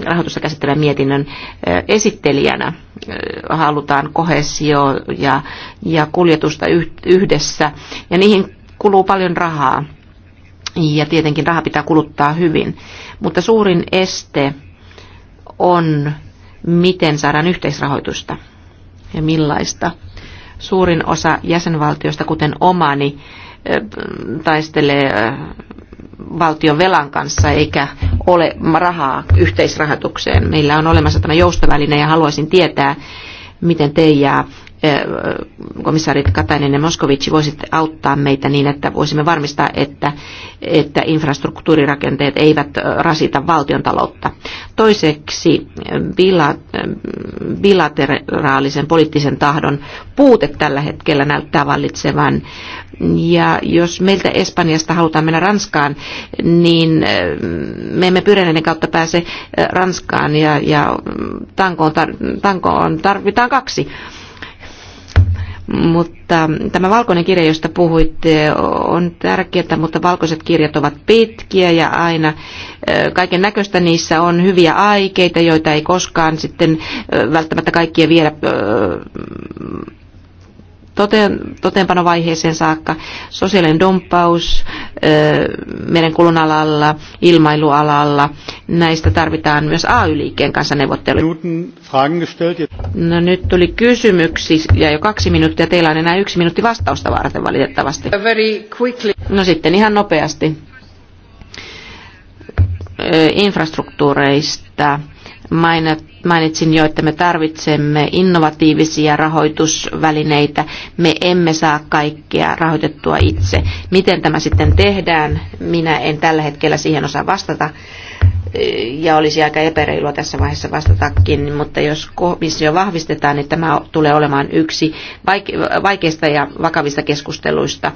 rahoitusta käsittelevän mietinnön esittelijänä. Halutaan kohesio ja, ja kuljetusta yhdessä ja niihin kuluu paljon rahaa ja tietenkin raha pitää kuluttaa hyvin. Mutta suurin este on, miten saadaan yhteisrahoitusta ja millaista. Suurin osa jäsenvaltioista, kuten omani, taistelee valtion velan kanssa eikä ole rahaa yhteisrahoitukseen. Meillä on olemassa tämä joustoväline ja haluaisin tietää, miten te ja Eh, komissaari Katainen ja Moskovici voisit auttaa meitä niin, että voisimme varmistaa, että, että infrastruktuurirakenteet eivät rasita valtion taloutta. Toiseksi bilateraalisen poliittisen tahdon puute tällä hetkellä näyttää vallitsevan. Ja jos meiltä Espanjasta halutaan mennä Ranskaan, niin me emme pyreneiden kautta pääse Ranskaan ja, ja tankoon, tar- tankoon tarvitaan kaksi mutta tämä valkoinen kirja, josta puhuitte, on tärkeää, mutta valkoiset kirjat ovat pitkiä ja aina kaiken näköistä niissä on hyviä aikeita, joita ei koskaan sitten välttämättä kaikkia vielä toteen, toteenpanovaiheeseen saakka. Sosiaalinen domppaus merenkulun alalla, ilmailualalla. Näistä tarvitaan myös AY-liikkeen kanssa neuvotteluja. No nyt tuli kysymyksiä jo kaksi minuuttia. Teillä on enää yksi minuutti vastausta varten valitettavasti. No sitten ihan nopeasti infrastruktuureista mainittu Mainitsin jo, että me tarvitsemme innovatiivisia rahoitusvälineitä. Me emme saa kaikkea rahoitettua itse. Miten tämä sitten tehdään? Minä en tällä hetkellä siihen osaa vastata ja olisi aika epäreilua tässä vaiheessa vastatakin, mutta jos komissio vahvistetaan, niin tämä tulee olemaan yksi vaikeista ja vakavista keskusteluista.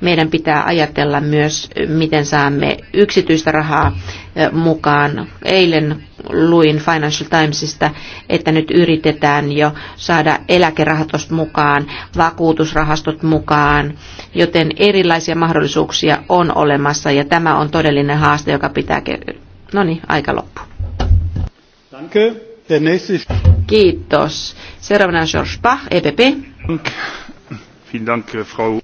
Meidän pitää ajatella myös, miten saamme yksityistä rahaa mukaan. Eilen luin Financial Timesista, että nyt yritetään jo saada eläkerahastot mukaan, vakuutusrahastot mukaan, joten erilaisia mahdollisuuksia on olemassa ja tämä on todellinen haaste, joka pitää... No niin, aika loppu. Danke. Der nächste... Kiitos. Seuraavana George Bach, EPP. Vielen Dank, Frau.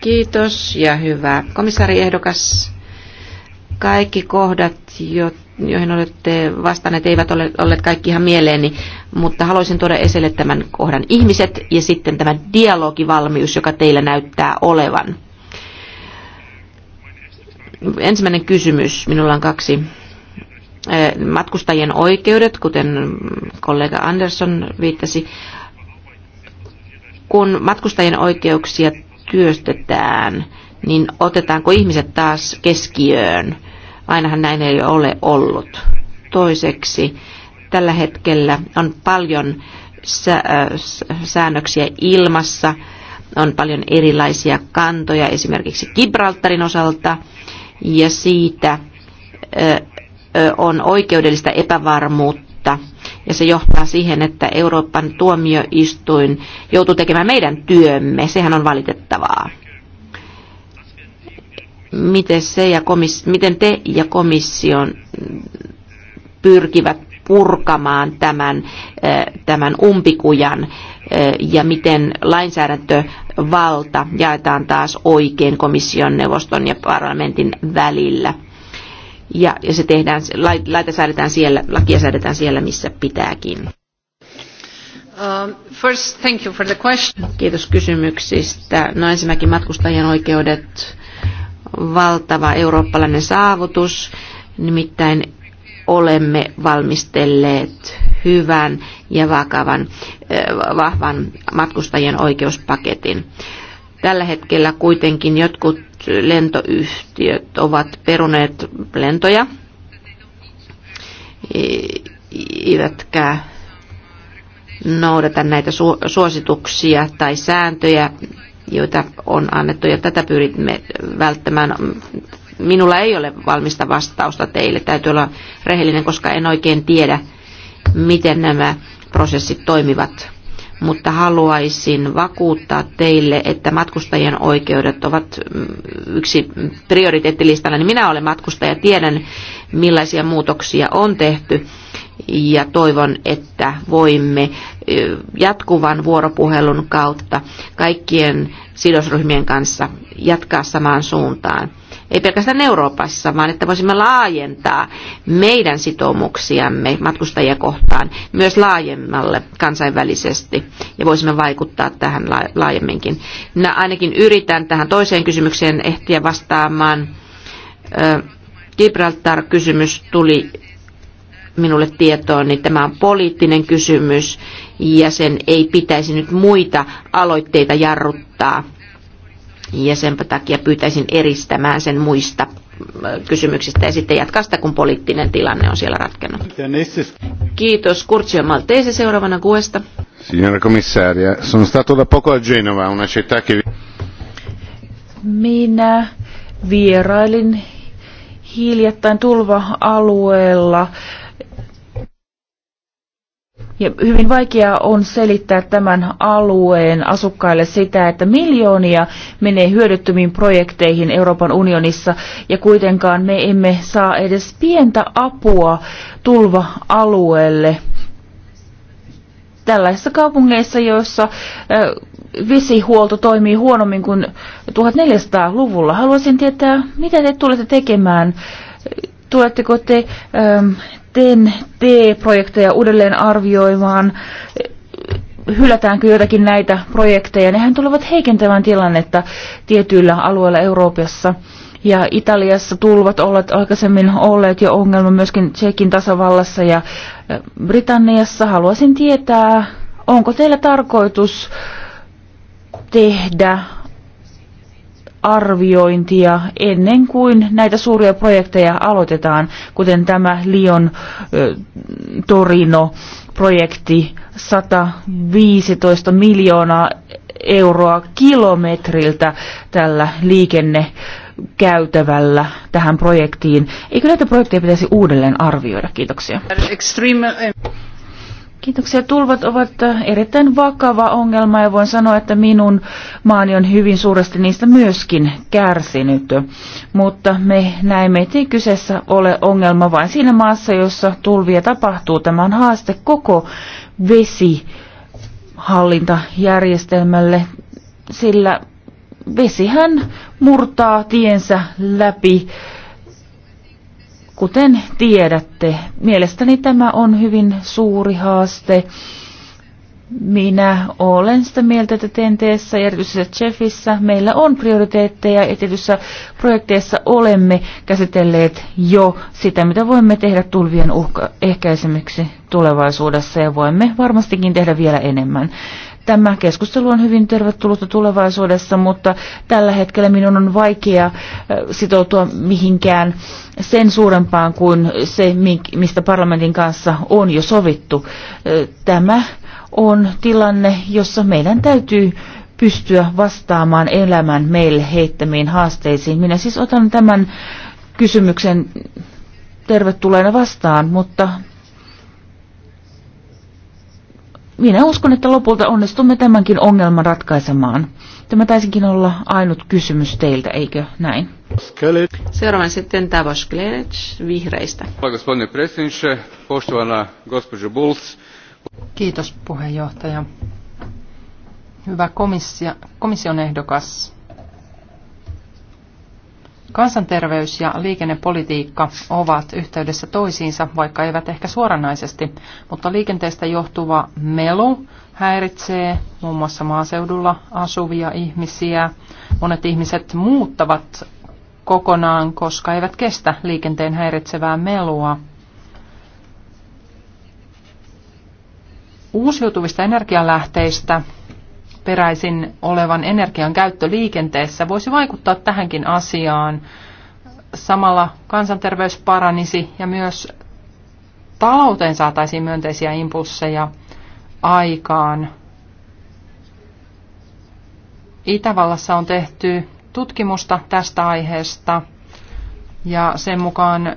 Kiitos ja hyvä komissaariehdokas. Kaikki kohdat, joihin olette vastanneet, eivät ole olleet kaikki ihan mieleeni, mutta haluaisin tuoda esille tämän kohdan ihmiset ja sitten tämä dialogivalmius, joka teillä näyttää olevan. Ensimmäinen kysymys, minulla on kaksi matkustajien oikeudet, kuten kollega Andersson viittasi, kun matkustajien oikeuksia työstetään, niin otetaanko ihmiset taas keskiöön? Ainahan näin ei ole ollut. Toiseksi, tällä hetkellä on paljon äh, säännöksiä ilmassa, on paljon erilaisia kantoja esimerkiksi Gibraltarin osalta, ja siitä on oikeudellista epävarmuutta. Ja se johtaa siihen, että Euroopan tuomioistuin joutuu tekemään meidän työmme. Sehän on valitettavaa miten, se ja komis, miten te ja komission pyrkivät purkamaan tämän, tämän umpikujan ja miten lainsäädäntövalta jaetaan taas oikein komission, neuvoston ja parlamentin välillä. Ja, ja se tehdään, laita säädetään siellä, lakia säädetään siellä, missä pitääkin. Uh, first, thank you for the question. Kiitos kysymyksistä. No ensinnäkin matkustajien oikeudet valtava eurooppalainen saavutus, nimittäin olemme valmistelleet hyvän ja vakavan, vahvan matkustajien oikeuspaketin. Tällä hetkellä kuitenkin jotkut lentoyhtiöt ovat peruneet lentoja, e, eivätkä noudata näitä suosituksia tai sääntöjä, joita on annettu, ja tätä pyrimme välttämään. Minulla ei ole valmista vastausta teille, täytyy olla rehellinen, koska en oikein tiedä, miten nämä prosessit toimivat. Mutta haluaisin vakuuttaa teille, että matkustajien oikeudet ovat mm, yksi prioriteettilistalla. Niin minä olen matkustaja, tiedän millaisia muutoksia on tehty ja toivon, että voimme jatkuvan vuoropuhelun kautta kaikkien sidosryhmien kanssa jatkaa samaan suuntaan. Ei pelkästään Euroopassa, vaan että voisimme laajentaa meidän sitoumuksiamme matkustajia kohtaan myös laajemmalle kansainvälisesti ja voisimme vaikuttaa tähän laajemminkin. Minä ainakin yritän tähän toiseen kysymykseen ehtiä vastaamaan. Gibraltar-kysymys tuli minulle tietoon, niin tämä on poliittinen kysymys ja sen ei pitäisi nyt muita aloitteita jarruttaa. Ja sen takia pyytäisin eristämään sen muista äh, kysymyksistä ja sitten jatkaa sitä, kun poliittinen tilanne on siellä ratkennut. Kiitos. Kurzio Maltese seuraavana kuesta. Signora commissaria, sono stato da poco a Genova, una città che... Minä vierailin hiljattain tulva-alueella ja hyvin vaikeaa on selittää tämän alueen asukkaille sitä, että miljoonia menee hyödyttömiin projekteihin Euroopan unionissa ja kuitenkaan me emme saa edes pientä apua tulva-alueelle. Tällaisissa kaupungeissa, joissa vesihuolto toimii huonommin kuin 1400-luvulla, haluaisin tietää, mitä te tulette tekemään tuletteko te ähm, TEN-T-projekteja uudelleen arvioimaan, hylätäänkö jotakin näitä projekteja. Nehän tulevat heikentämään tilannetta tietyillä alueilla Euroopassa. Ja Italiassa tulvat ovat aikaisemmin olleet jo ongelma myöskin Tsekin tasavallassa ja eh, Britanniassa. Haluaisin tietää, onko teillä tarkoitus tehdä arviointia ennen kuin näitä suuria projekteja aloitetaan, kuten tämä Lion Torino-projekti 115 miljoonaa euroa kilometriltä tällä liikennekäytävällä tähän projektiin. Eikö näitä projekteja pitäisi uudelleen arvioida? Kiitoksia. Kiitoksia. Tulvat ovat äh, erittäin vakava ongelma ja voin sanoa, että minun maani on hyvin suuresti niistä myöskin kärsinyt. Mutta me näemme, ei kyseessä ole ongelma vain siinä maassa, jossa tulvia tapahtuu. Tämä on haaste koko vesihallintajärjestelmälle, sillä vesihän murtaa tiensä läpi Kuten tiedätte, mielestäni tämä on hyvin suuri haaste. Minä olen sitä mieltä, että TNT-ssä ja erityisessä Chefissä meillä on prioriteetteja ja tietyissä projekteissa olemme käsitelleet jo sitä, mitä voimme tehdä tulvien uhka ehkäisemiksi tulevaisuudessa ja voimme varmastikin tehdä vielä enemmän. Tämä keskustelu on hyvin tervetullutta tulevaisuudessa, mutta tällä hetkellä minun on vaikea äh, sitoutua mihinkään sen suurempaan kuin se, mistä parlamentin kanssa on jo sovittu. Äh, tämä on tilanne, jossa meidän täytyy pystyä vastaamaan elämän meille heittämiin haasteisiin. Minä siis otan tämän kysymyksen tervetulleena vastaan, mutta minä uskon, että lopulta onnistumme tämänkin ongelman ratkaisemaan. Tämä taisinkin olla ainut kysymys teiltä, eikö näin? Seuraavan sitten Tavos Klenic vihreistä. Kiitos puheenjohtaja. Hyvä komissia, komission ehdokas. Kansanterveys ja liikennepolitiikka ovat yhteydessä toisiinsa, vaikka eivät ehkä suoranaisesti, mutta liikenteestä johtuva melu häiritsee muun muassa maaseudulla asuvia ihmisiä. Monet ihmiset muuttavat kokonaan, koska eivät kestä liikenteen häiritsevää melua. Uusiutuvista energialähteistä peräisin olevan energian käyttö liikenteessä voisi vaikuttaa tähänkin asiaan. Samalla kansanterveys paranisi ja myös talouteen saataisiin myönteisiä impulsseja aikaan. Itävallassa on tehty tutkimusta tästä aiheesta ja sen mukaan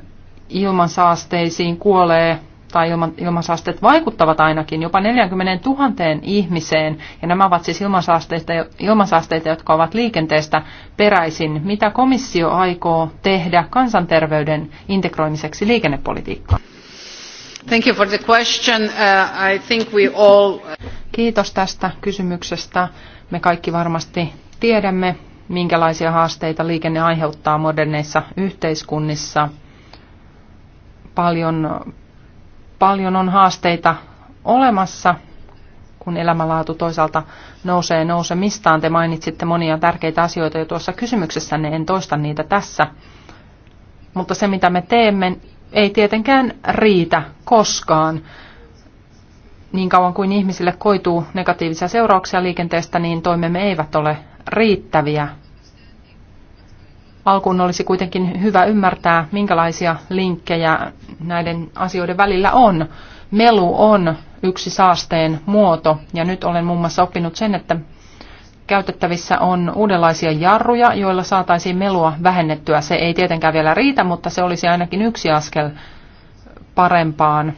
ilmansaasteisiin kuolee tai ilman, ilmansaasteet vaikuttavat ainakin jopa 40 000 ihmiseen, ja nämä ovat siis ilmansaasteita, ilmansaasteita, jotka ovat liikenteestä peräisin. Mitä komissio aikoo tehdä kansanterveyden integroimiseksi liikennepolitiikkaan? Thank you for the question. Uh, I think we all... Kiitos tästä kysymyksestä. Me kaikki varmasti tiedämme, minkälaisia haasteita liikenne aiheuttaa moderneissa yhteiskunnissa. Paljon Paljon on haasteita olemassa, kun elämänlaatu toisaalta nousee nousemistaan. Te mainitsitte monia tärkeitä asioita jo tuossa kysymyksessänne, en toista niitä tässä. Mutta se, mitä me teemme, ei tietenkään riitä koskaan. Niin kauan kuin ihmisille koituu negatiivisia seurauksia liikenteestä, niin toimemme eivät ole riittäviä. Alkuun olisi kuitenkin hyvä ymmärtää, minkälaisia linkkejä näiden asioiden välillä on. Melu on yksi saasteen muoto, ja nyt olen muun muassa oppinut sen, että käytettävissä on uudenlaisia jarruja, joilla saataisiin melua vähennettyä. Se ei tietenkään vielä riitä, mutta se olisi ainakin yksi askel parempaan.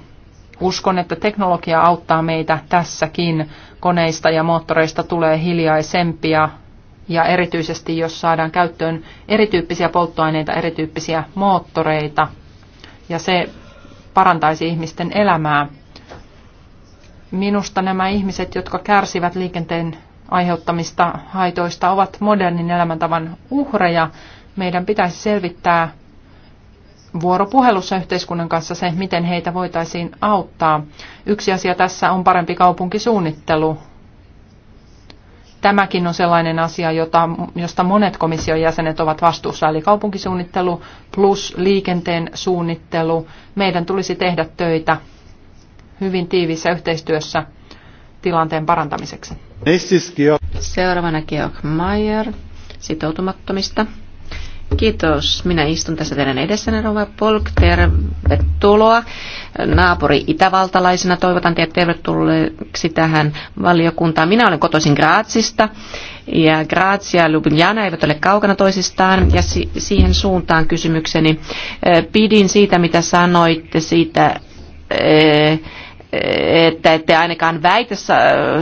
Uskon, että teknologia auttaa meitä tässäkin. Koneista ja moottoreista tulee hiljaisempia, ja erityisesti jos saadaan käyttöön erityyppisiä polttoaineita, erityyppisiä moottoreita ja se parantaisi ihmisten elämää. Minusta nämä ihmiset, jotka kärsivät liikenteen aiheuttamista haitoista, ovat modernin elämäntavan uhreja. Meidän pitäisi selvittää vuoropuhelussa yhteiskunnan kanssa se, miten heitä voitaisiin auttaa. Yksi asia tässä on parempi kaupunkisuunnittelu tämäkin on sellainen asia, jota, josta monet komission jäsenet ovat vastuussa, eli kaupunkisuunnittelu plus liikenteen suunnittelu. Meidän tulisi tehdä töitä hyvin tiiviissä yhteistyössä tilanteen parantamiseksi. Seuraavana Georg Mayer sitoutumattomista. Kiitos. Minä istun tässä teidän edessänne, Rova Polk. Tervetuloa. Naapuri itävaltalaisena toivotan teidät tervetulleeksi tähän valiokuntaan. Minä olen kotoisin Graatsista ja Graats ja Ljubljana eivät ole kaukana toisistaan ja si- siihen suuntaan kysymykseni. Pidin siitä, mitä sanoitte siitä. E- että ette ainakaan väitä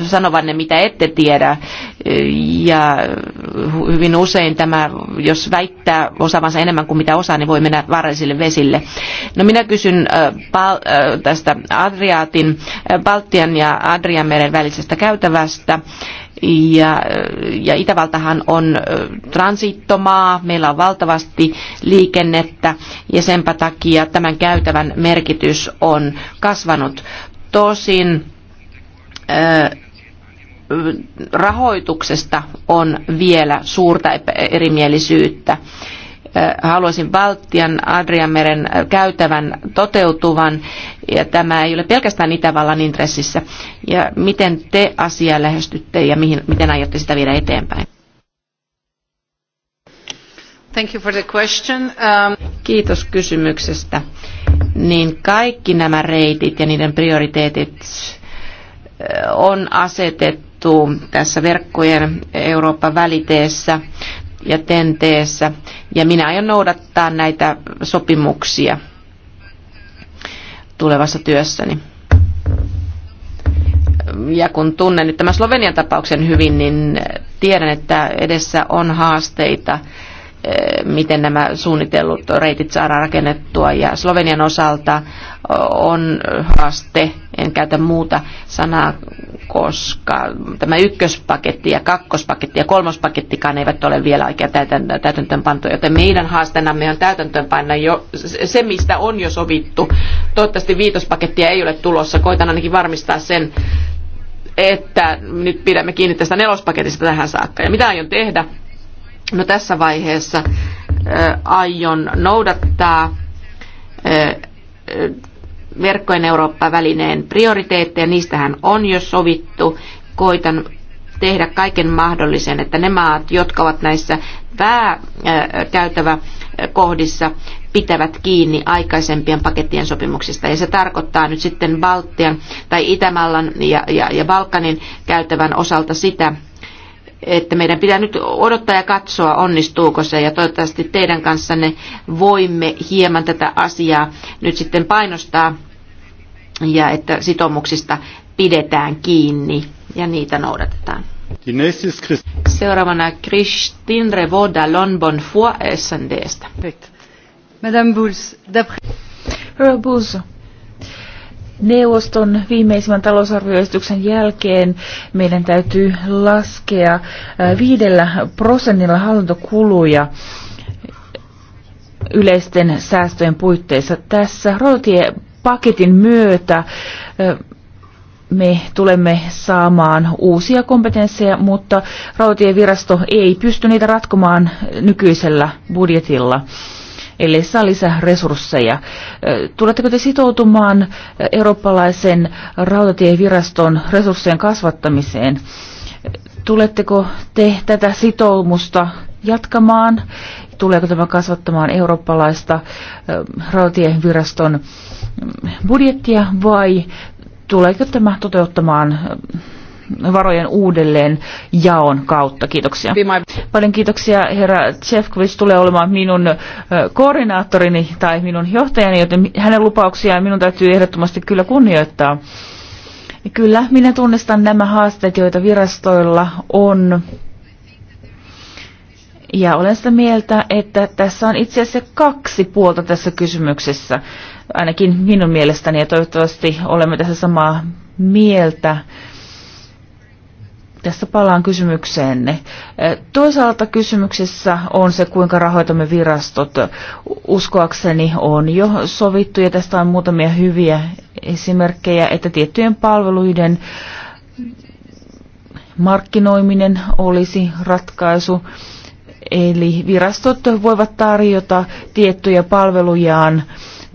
sanovanne, mitä ette tiedä. Ja hyvin usein tämä, jos väittää osaavansa enemmän kuin mitä osaa, niin voi mennä vaarallisille vesille. No minä kysyn tästä Adriaatin, Baltian ja Adrianmeren välisestä käytävästä. Ja, ja Itävaltahan on transittomaa, meillä on valtavasti liikennettä ja senpä takia tämän käytävän merkitys on kasvanut. Tosin rahoituksesta on vielä suurta erimielisyyttä. Haluaisin Baltian Adriameren käytävän toteutuvan, ja tämä ei ole pelkästään Itävallan intressissä. Ja miten te asiaa lähestytte ja mihin, miten aiotte sitä viedä eteenpäin? Thank you for the question. Um... Kiitos kysymyksestä. Niin kaikki nämä reitit ja niiden prioriteetit on asetettu tässä verkkojen Euroopan väliteessä ja tenteessä. Ja minä aion noudattaa näitä sopimuksia tulevassa työssäni. Ja kun tunnen nyt tämän Slovenian tapauksen hyvin, niin tiedän, että edessä on haasteita Eh, miten nämä suunnitellut reitit saadaan rakennettua. Ja Slovenian osalta on haaste, en käytä muuta sanaa, koska tämä ykköspaketti ja kakkospaketti ja kolmospakettikaan eivät ole vielä oikea täytäntöönpantoja, joten meidän haasteenamme on täytäntöönpanna jo se, mistä on jo sovittu. Toivottavasti viitospakettia ei ole tulossa, koitan ainakin varmistaa sen, että nyt pidämme kiinni tästä nelospaketista tähän saakka. Ja mitä aion tehdä? No tässä vaiheessa aion noudattaa verkkojen Eurooppa-välineen prioriteetteja, niistähän on jo sovittu. Koitan tehdä kaiken mahdollisen, että ne maat, jotka ovat näissä pääkäytävä kohdissa, pitävät kiinni aikaisempien pakettien sopimuksista. Ja se tarkoittaa nyt sitten Baltian tai Itämallan ja, ja, ja Balkanin käytävän osalta sitä, että meidän pitää nyt odottaa ja katsoa, onnistuuko se. Ja toivottavasti teidän kanssanne voimme hieman tätä asiaa nyt sitten painostaa ja että sitoumuksista pidetään kiinni ja niitä noudatetaan. Seuraavana Kristin Revoda Lonbon Fua SNDstä. Madame Bulls, d'après... Bulls, neuvoston viimeisimmän talousarvioesityksen jälkeen meidän täytyy laskea viidellä prosentilla hallintokuluja yleisten säästöjen puitteissa. Tässä rautatiepaketin myötä me tulemme saamaan uusia kompetensseja, mutta rautievirasto ei pysty niitä ratkomaan nykyisellä budjetilla ellei saa lisää resursseja. Tuletteko te sitoutumaan eurooppalaisen rautatieviraston resurssien kasvattamiseen? Tuletteko te tätä sitoumusta jatkamaan? Tuleeko tämä kasvattamaan eurooppalaista rautatieviraston budjettia vai tuleeko tämä toteuttamaan varojen uudelleen jaon kautta. Kiitoksia. Paljon kiitoksia herra Tsefkovic tulee olemaan minun koordinaattorini tai minun johtajani, joten hänen lupauksiaan minun täytyy ehdottomasti kyllä kunnioittaa. Kyllä, minä tunnistan nämä haasteet, joita virastoilla on. Ja olen sitä mieltä, että tässä on itse asiassa kaksi puolta tässä kysymyksessä, ainakin minun mielestäni, ja toivottavasti olemme tässä samaa mieltä. Tässä palaan kysymykseenne. Toisaalta kysymyksessä on se, kuinka rahoitamme virastot. Uskoakseni on jo sovittu, ja tästä on muutamia hyviä esimerkkejä, että tiettyjen palveluiden markkinoiminen olisi ratkaisu. Eli virastot voivat tarjota tiettyjä palvelujaan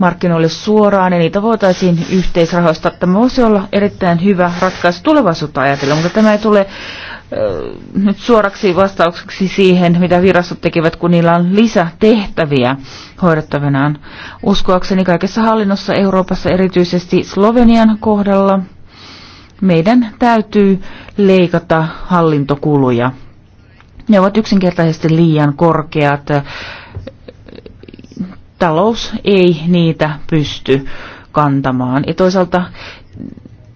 markkinoille suoraan ja niitä voitaisiin yhteisrahoista. Tämä voisi olla erittäin hyvä ratkaisu tulevaisuutta ajatella, mutta tämä ei tule äh, nyt suoraksi vastaukseksi siihen, mitä virastot tekevät, kun niillä on lisätehtäviä hoidettavanaan. Uskoakseni kaikessa hallinnossa Euroopassa, erityisesti Slovenian kohdalla, meidän täytyy leikata hallintokuluja. Ne ovat yksinkertaisesti liian korkeat talous ei niitä pysty kantamaan. Ja toisaalta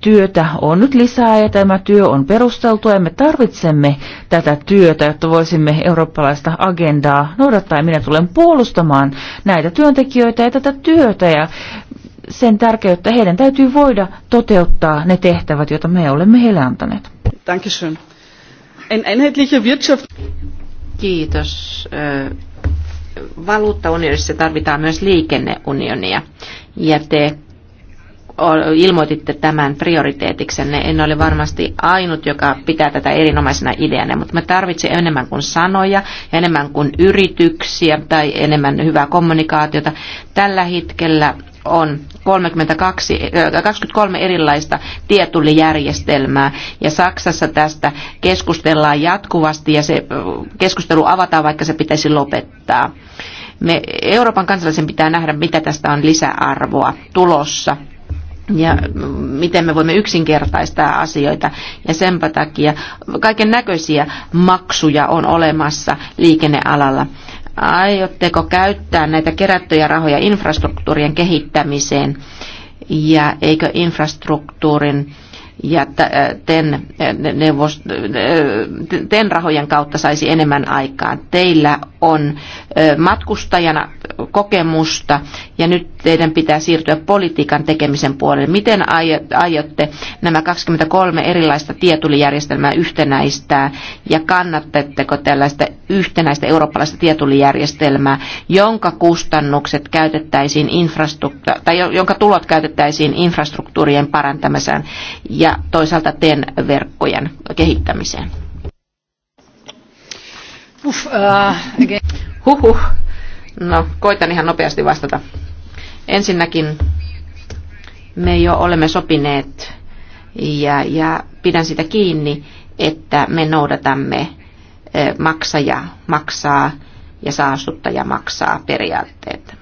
työtä on nyt lisää ja tämä työ on perusteltua ja me tarvitsemme tätä työtä, jotta voisimme eurooppalaista agendaa noudattaa. Ja minä tulen puolustamaan näitä työntekijöitä ja tätä työtä ja sen tärkeyttä heidän täytyy voida toteuttaa ne tehtävät, joita me olemme heille antaneet. Dankeschön. Ein Wirtschaft. Kiitos valuuttaunionissa tarvitaan myös liikenneunionia. Ja te ilmoititte tämän prioriteetiksenne. En ole varmasti ainut, joka pitää tätä erinomaisena ideana, mutta me tarvitsemme enemmän kuin sanoja, enemmän kuin yrityksiä tai enemmän hyvää kommunikaatiota. Tällä hetkellä on 32, 23 erilaista tietullijärjestelmää ja Saksassa tästä keskustellaan jatkuvasti ja se keskustelu avataan, vaikka se pitäisi lopettaa me Euroopan kansalaisen pitää nähdä, mitä tästä on lisäarvoa tulossa ja miten me voimme yksinkertaistaa asioita. Ja sen takia kaiken näköisiä maksuja on olemassa liikennealalla. Aiotteko käyttää näitä kerättyjä rahoja infrastruktuurien kehittämiseen? Ja eikö infrastruktuurin ja TEN, neuvost, TEN rahojen kautta saisi enemmän aikaa. Teillä on matkustajana kokemusta ja nyt teidän pitää siirtyä politiikan tekemisen puolelle. Miten aiotte nämä 23 erilaista tietulijärjestelmää yhtenäistää ja kannattatteko tällaista yhtenäistä eurooppalaista tietulijärjestelmää, jonka kustannukset käytettäisiin infrastruktu- tai jonka tulot käytettäisiin infrastruktuurien parantamiseen ja ja toisaalta TEN-verkkojen kehittämiseen. Uff, uh, äh, okay. Huhhuh. No, koitan ihan nopeasti vastata. Ensinnäkin me jo olemme sopineet ja, ja pidän sitä kiinni, että me noudatamme maksaja maksaa ja saastuttaja maksaa periaatteet.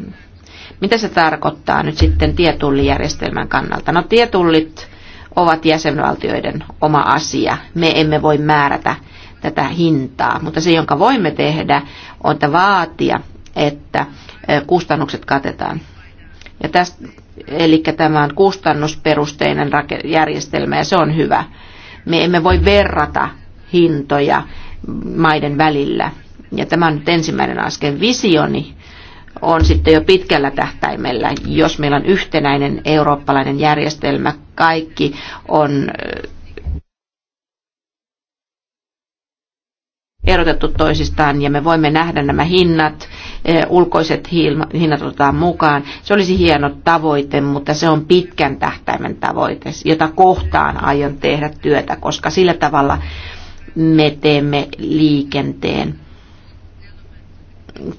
Mitä se tarkoittaa nyt sitten tietullijärjestelmän kannalta? No tietullit ovat jäsenvaltioiden oma asia. Me emme voi määrätä tätä hintaa, mutta se, jonka voimme tehdä, on että vaatia, että kustannukset katetaan. Ja tästä, eli tämä on kustannusperusteinen järjestelmä ja se on hyvä. Me emme voi verrata hintoja maiden välillä. Ja tämä on nyt ensimmäinen askel. Visioni on sitten jo pitkällä tähtäimellä, jos meillä on yhtenäinen eurooppalainen järjestelmä kaikki on äh, erotettu toisistaan ja me voimme nähdä nämä hinnat, äh, ulkoiset hinnat otetaan mukaan. Se olisi hieno tavoite, mutta se on pitkän tähtäimen tavoite, jota kohtaan aion tehdä työtä, koska sillä tavalla me teemme liikenteen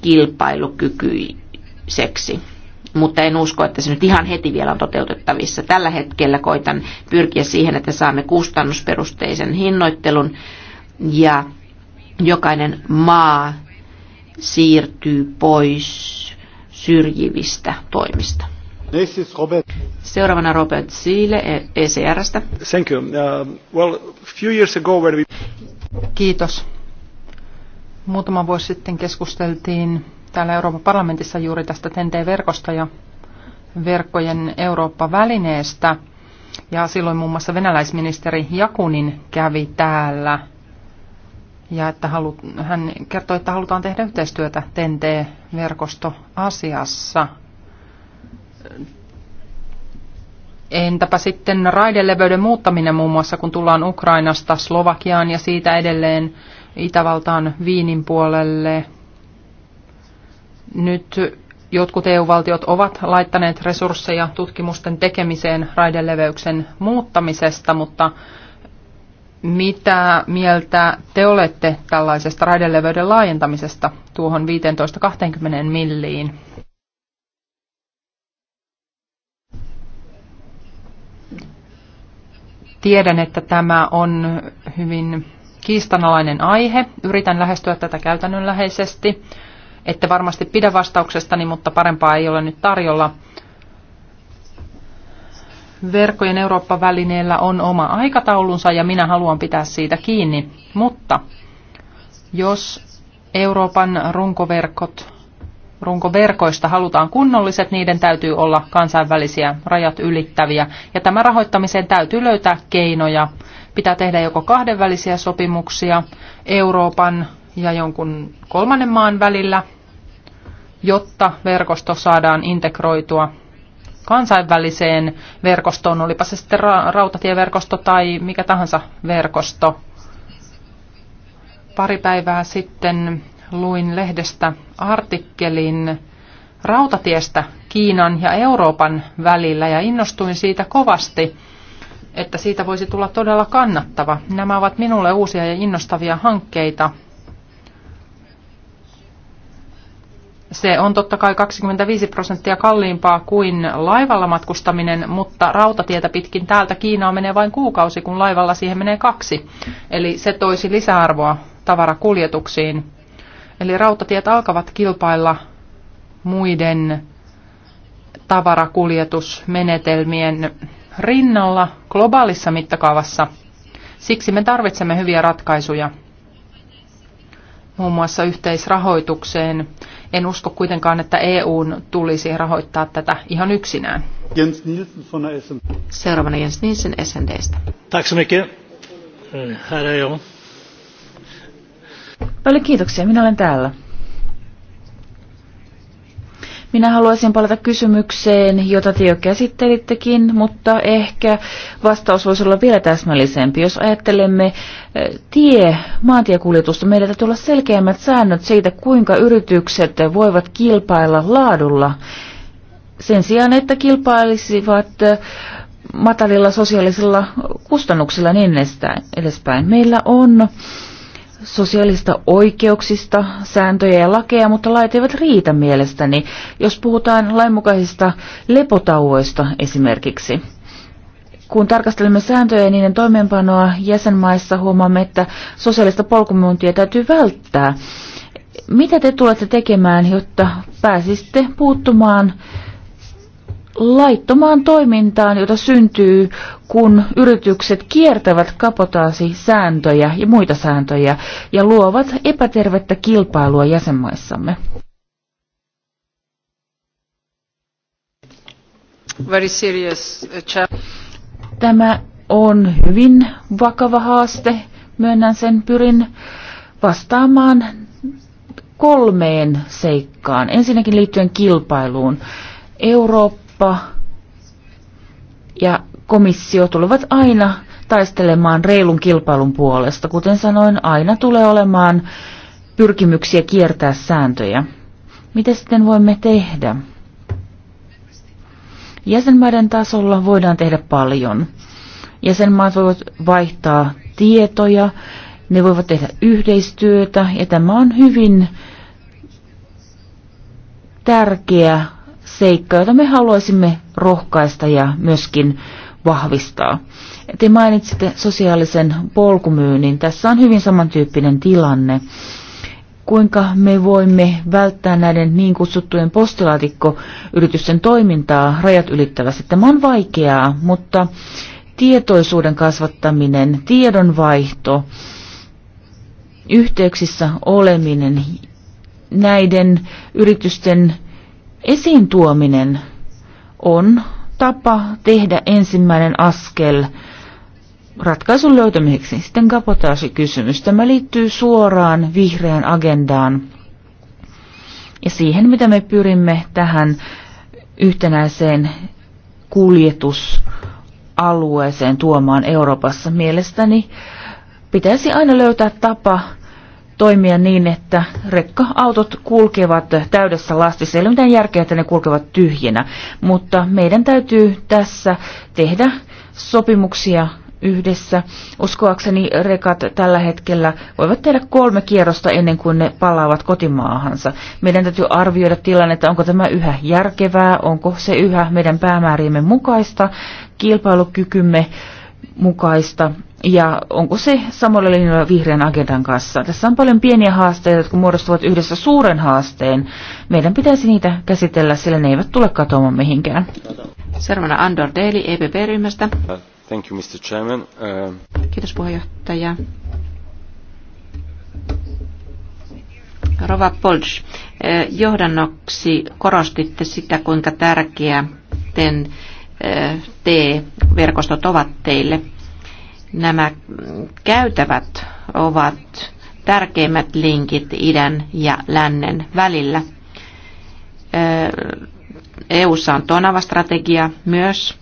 kilpailukykyiseksi mutta en usko, että se nyt ihan heti vielä on toteutettavissa. Tällä hetkellä koitan pyrkiä siihen, että saamme kustannusperusteisen hinnoittelun ja jokainen maa siirtyy pois syrjivistä toimista. Robert. Seuraavana Robert Siile ECRstä. E Thank you. Uh, well, few years ago when we... Kiitos. Muutama vuosi sitten keskusteltiin täällä Euroopan parlamentissa juuri tästä TNT-verkosta ja verkkojen Eurooppa-välineestä. Ja silloin muun muassa venäläisministeri Jakunin kävi täällä. Ja että halu, hän kertoi, että halutaan tehdä yhteistyötä TNT-verkostoasiassa. Entäpä sitten raideleveyden muuttaminen muun muassa, kun tullaan Ukrainasta Slovakiaan ja siitä edelleen Itävaltaan Viinin puolelle, nyt jotkut EU-valtiot ovat laittaneet resursseja tutkimusten tekemiseen raideleveyksen muuttamisesta, mutta mitä mieltä te olette tällaisesta raideleveyden laajentamisesta tuohon 15-20 milliin? Tiedän, että tämä on hyvin kiistanalainen aihe. Yritän lähestyä tätä käytännönläheisesti. Ette varmasti pidä vastauksestani, mutta parempaa ei ole nyt tarjolla. Verkkojen Eurooppa-välineellä on oma aikataulunsa ja minä haluan pitää siitä kiinni, mutta jos Euroopan runkoverkot, runkoverkoista halutaan kunnolliset, niiden täytyy olla kansainvälisiä rajat ylittäviä. Ja tämä rahoittamiseen täytyy löytää keinoja. Pitää tehdä joko kahdenvälisiä sopimuksia Euroopan ja jonkun kolmannen maan välillä jotta verkosto saadaan integroitua kansainväliseen verkostoon, olipa se sitten ra- rautatieverkosto tai mikä tahansa verkosto. Pari päivää sitten luin lehdestä artikkelin rautatiestä Kiinan ja Euroopan välillä ja innostuin siitä kovasti, että siitä voisi tulla todella kannattava. Nämä ovat minulle uusia ja innostavia hankkeita Se on totta kai 25 prosenttia kalliimpaa kuin laivalla matkustaminen, mutta rautatietä pitkin täältä Kiinaa menee vain kuukausi, kun laivalla siihen menee kaksi. Eli se toisi lisäarvoa tavarakuljetuksiin. Eli rautatiet alkavat kilpailla muiden tavarakuljetusmenetelmien rinnalla globaalissa mittakaavassa. Siksi me tarvitsemme hyviä ratkaisuja muun muassa yhteisrahoitukseen. En usko kuitenkaan, että EU tulisi rahoittaa tätä ihan yksinään. Jens Nielsen von der Seuraavana Jens Nielsen SNDstä. Tack så mycket. Eh, här är jag. Paljon kiitoksia, minä olen täällä. Minä haluaisin palata kysymykseen, jota te jo käsittelittekin, mutta ehkä vastaus voisi olla vielä täsmällisempi. Jos ajattelemme eh, tie, maantiekuljetusta, meillä täytyy olla selkeämmät säännöt siitä, kuinka yritykset voivat kilpailla laadulla sen sijaan, että kilpailisivat eh, matalilla sosiaalisilla kustannuksilla niin edespäin. Meillä on sosiaalista oikeuksista, sääntöjä ja lakeja, mutta lait eivät riitä mielestäni, jos puhutaan lainmukaisista lepotauoista esimerkiksi. Kun tarkastelemme sääntöjä ja niiden toimeenpanoa jäsenmaissa, huomaamme, että sosiaalista polkumyyntiä täytyy välttää. Mitä te tulette tekemään, jotta pääsisitte puuttumaan laittomaan toimintaan, jota syntyy, kun yritykset kiertävät kapotaasisääntöjä ja muita sääntöjä ja luovat epätervettä kilpailua jäsenmaissamme. Very serious, uh, Tämä on hyvin vakava haaste. Myönnän sen, pyrin vastaamaan kolmeen seikkaan. Ensinnäkin liittyen kilpailuun. Eurooppa Eurooppa ja komissio tulevat aina taistelemaan reilun kilpailun puolesta. Kuten sanoin, aina tulee olemaan pyrkimyksiä kiertää sääntöjä. Mitä sitten voimme tehdä? Jäsenmaiden tasolla voidaan tehdä paljon. Jäsenmaat voivat vaihtaa tietoja, ne voivat tehdä yhteistyötä ja tämä on hyvin tärkeä seikka, jota me haluaisimme rohkaista ja myöskin vahvistaa. Te mainitsitte sosiaalisen polkumyynnin. Tässä on hyvin samantyyppinen tilanne. Kuinka me voimme välttää näiden niin kutsuttujen postilaatikkoyritysten toimintaa rajat ylittävästi? Tämä on vaikeaa, mutta tietoisuuden kasvattaminen, tiedonvaihto, yhteyksissä oleminen, näiden yritysten Esiin tuominen on tapa tehdä ensimmäinen askel ratkaisun löytämiseksi. Sitten kapotaasikysymys. Tämä liittyy suoraan vihreän agendaan ja siihen, mitä me pyrimme tähän yhtenäiseen kuljetusalueeseen tuomaan Euroopassa. Mielestäni pitäisi aina löytää tapa toimia niin, että rekka-autot kulkevat täydessä lastissa. Ei ole mitään järkeä, että ne kulkevat tyhjinä, mutta meidän täytyy tässä tehdä sopimuksia yhdessä. Uskoakseni rekat tällä hetkellä voivat tehdä kolme kierrosta ennen kuin ne palaavat kotimaahansa. Meidän täytyy arvioida tilannetta, onko tämä yhä järkevää, onko se yhä meidän päämääriemme mukaista, kilpailukykymme mukaista ja onko se samalla linjalla vihreän agendan kanssa. Tässä on paljon pieniä haasteita, jotka muodostuvat yhdessä suuren haasteen. Meidän pitäisi niitä käsitellä, sillä ne eivät tule katoamaan mihinkään. Seuraavana Andor Daily EPP-ryhmästä. Uh, thank you, Mr. Chairman. Uh... Kiitos puheenjohtaja. Rova Polch, uh, johdannoksi korostitte sitä, kuinka tärkeä TEN uh, T-verkostot ovat teille. Nämä käytävät ovat tärkeimmät linkit idän ja lännen välillä. EU:ssa on tonava strategia myös,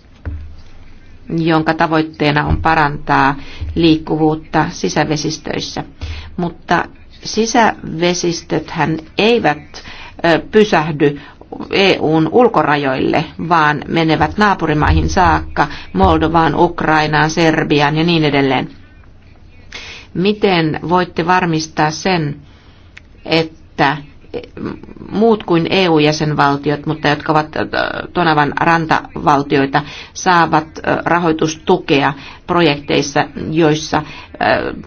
jonka tavoitteena on parantaa liikkuvuutta sisävesistöissä. Mutta sisävesistöthän eivät pysähdy EUn ulkorajoille, vaan menevät naapurimaihin saakka, Moldovaan, Ukrainaan, Serbiaan ja niin edelleen. Miten voitte varmistaa sen, että muut kuin EU-jäsenvaltiot, mutta jotka ovat äh, Tonavan rantavaltioita, saavat äh, rahoitustukea projekteissa, joissa äh,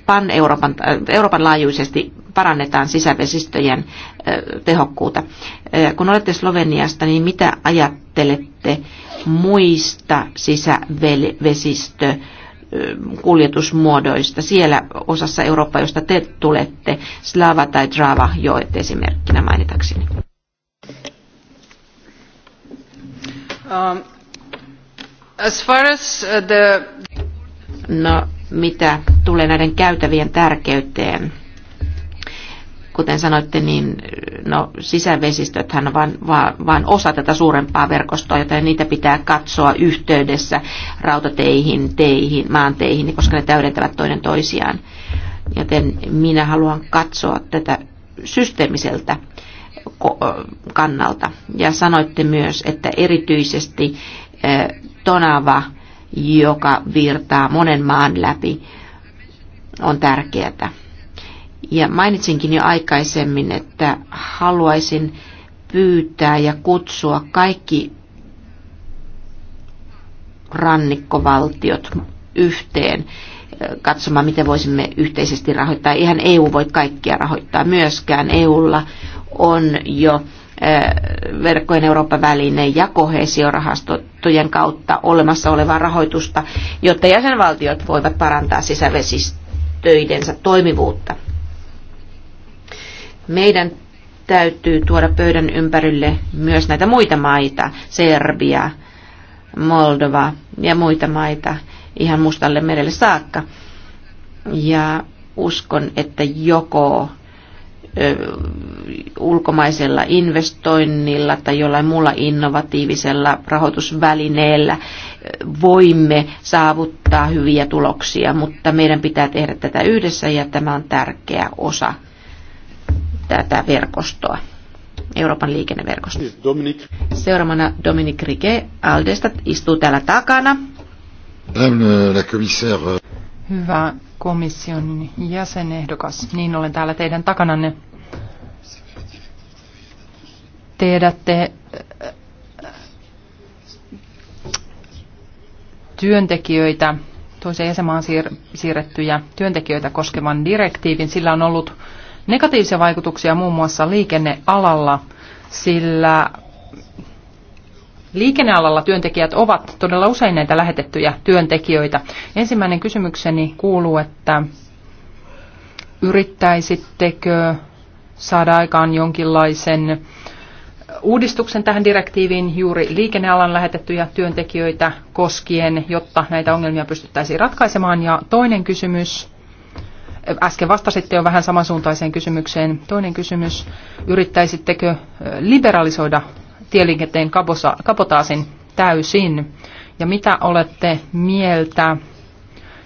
pan-Euroopan Euroopan laajuisesti parannetaan sisävesistöjen tehokkuutta. Kun olette Sloveniasta, niin mitä ajattelette muista sisävesistö kuljetusmuodoista siellä osassa Eurooppaa, josta te tulette, Slava tai Drava joet esimerkkinä mainitakseni? Um, as far as uh, the... No, mitä tulee näiden käytävien tärkeyteen? Kuten sanoitte, niin no, sisävesistöthän on vain, vaan, vaan osa tätä suurempaa verkostoa, joten niitä pitää katsoa yhteydessä rautateihin, teihin, maanteihin, niin koska ne täydentävät toinen toisiaan. Joten minä haluan katsoa tätä systeemiseltä kannalta. Ja sanoitte myös, että erityisesti tonava, joka virtaa monen maan läpi, on tärkeää. Ja mainitsinkin jo aikaisemmin, että haluaisin pyytää ja kutsua kaikki rannikkovaltiot yhteen katsomaan, miten voisimme yhteisesti rahoittaa. Ihan EU voi kaikkia rahoittaa myöskään. EUlla on jo verkkojen Eurooppa-väline ja kohesiorahastojen kautta olemassa olevaa rahoitusta, jotta jäsenvaltiot voivat parantaa sisävesistöidensä toimivuutta. Meidän täytyy tuoda pöydän ympärille myös näitä muita maita, Serbia, Moldova ja muita maita ihan mustalle merelle saakka. Ja uskon, että joko ulkomaisella investoinnilla tai jollain muulla innovatiivisella rahoitusvälineellä voimme saavuttaa hyviä tuloksia, mutta meidän pitää tehdä tätä yhdessä ja tämä on tärkeä osa tätä verkostoa, Euroopan liikenneverkostoa. Dominic. Seuraavana Dominic Rike Aldesta istuu täällä takana. Hyvä komission jäsenehdokas, niin olen täällä teidän takananne. Tiedätte äh, työntekijöitä, toiseen jäsenmaan siir- siirrettyjä työntekijöitä koskevan direktiivin. Sillä on ollut negatiivisia vaikutuksia muun muassa liikennealalla, sillä liikennealalla työntekijät ovat todella usein näitä lähetettyjä työntekijöitä. Ensimmäinen kysymykseni kuuluu, että yrittäisittekö saada aikaan jonkinlaisen uudistuksen tähän direktiiviin juuri liikennealan lähetettyjä työntekijöitä koskien, jotta näitä ongelmia pystyttäisiin ratkaisemaan. Ja toinen kysymys Äsken vastasitte jo vähän samansuuntaiseen kysymykseen. Toinen kysymys, yrittäisittekö liberalisoida tieliikenteen kapotaasin täysin? Ja mitä olette mieltä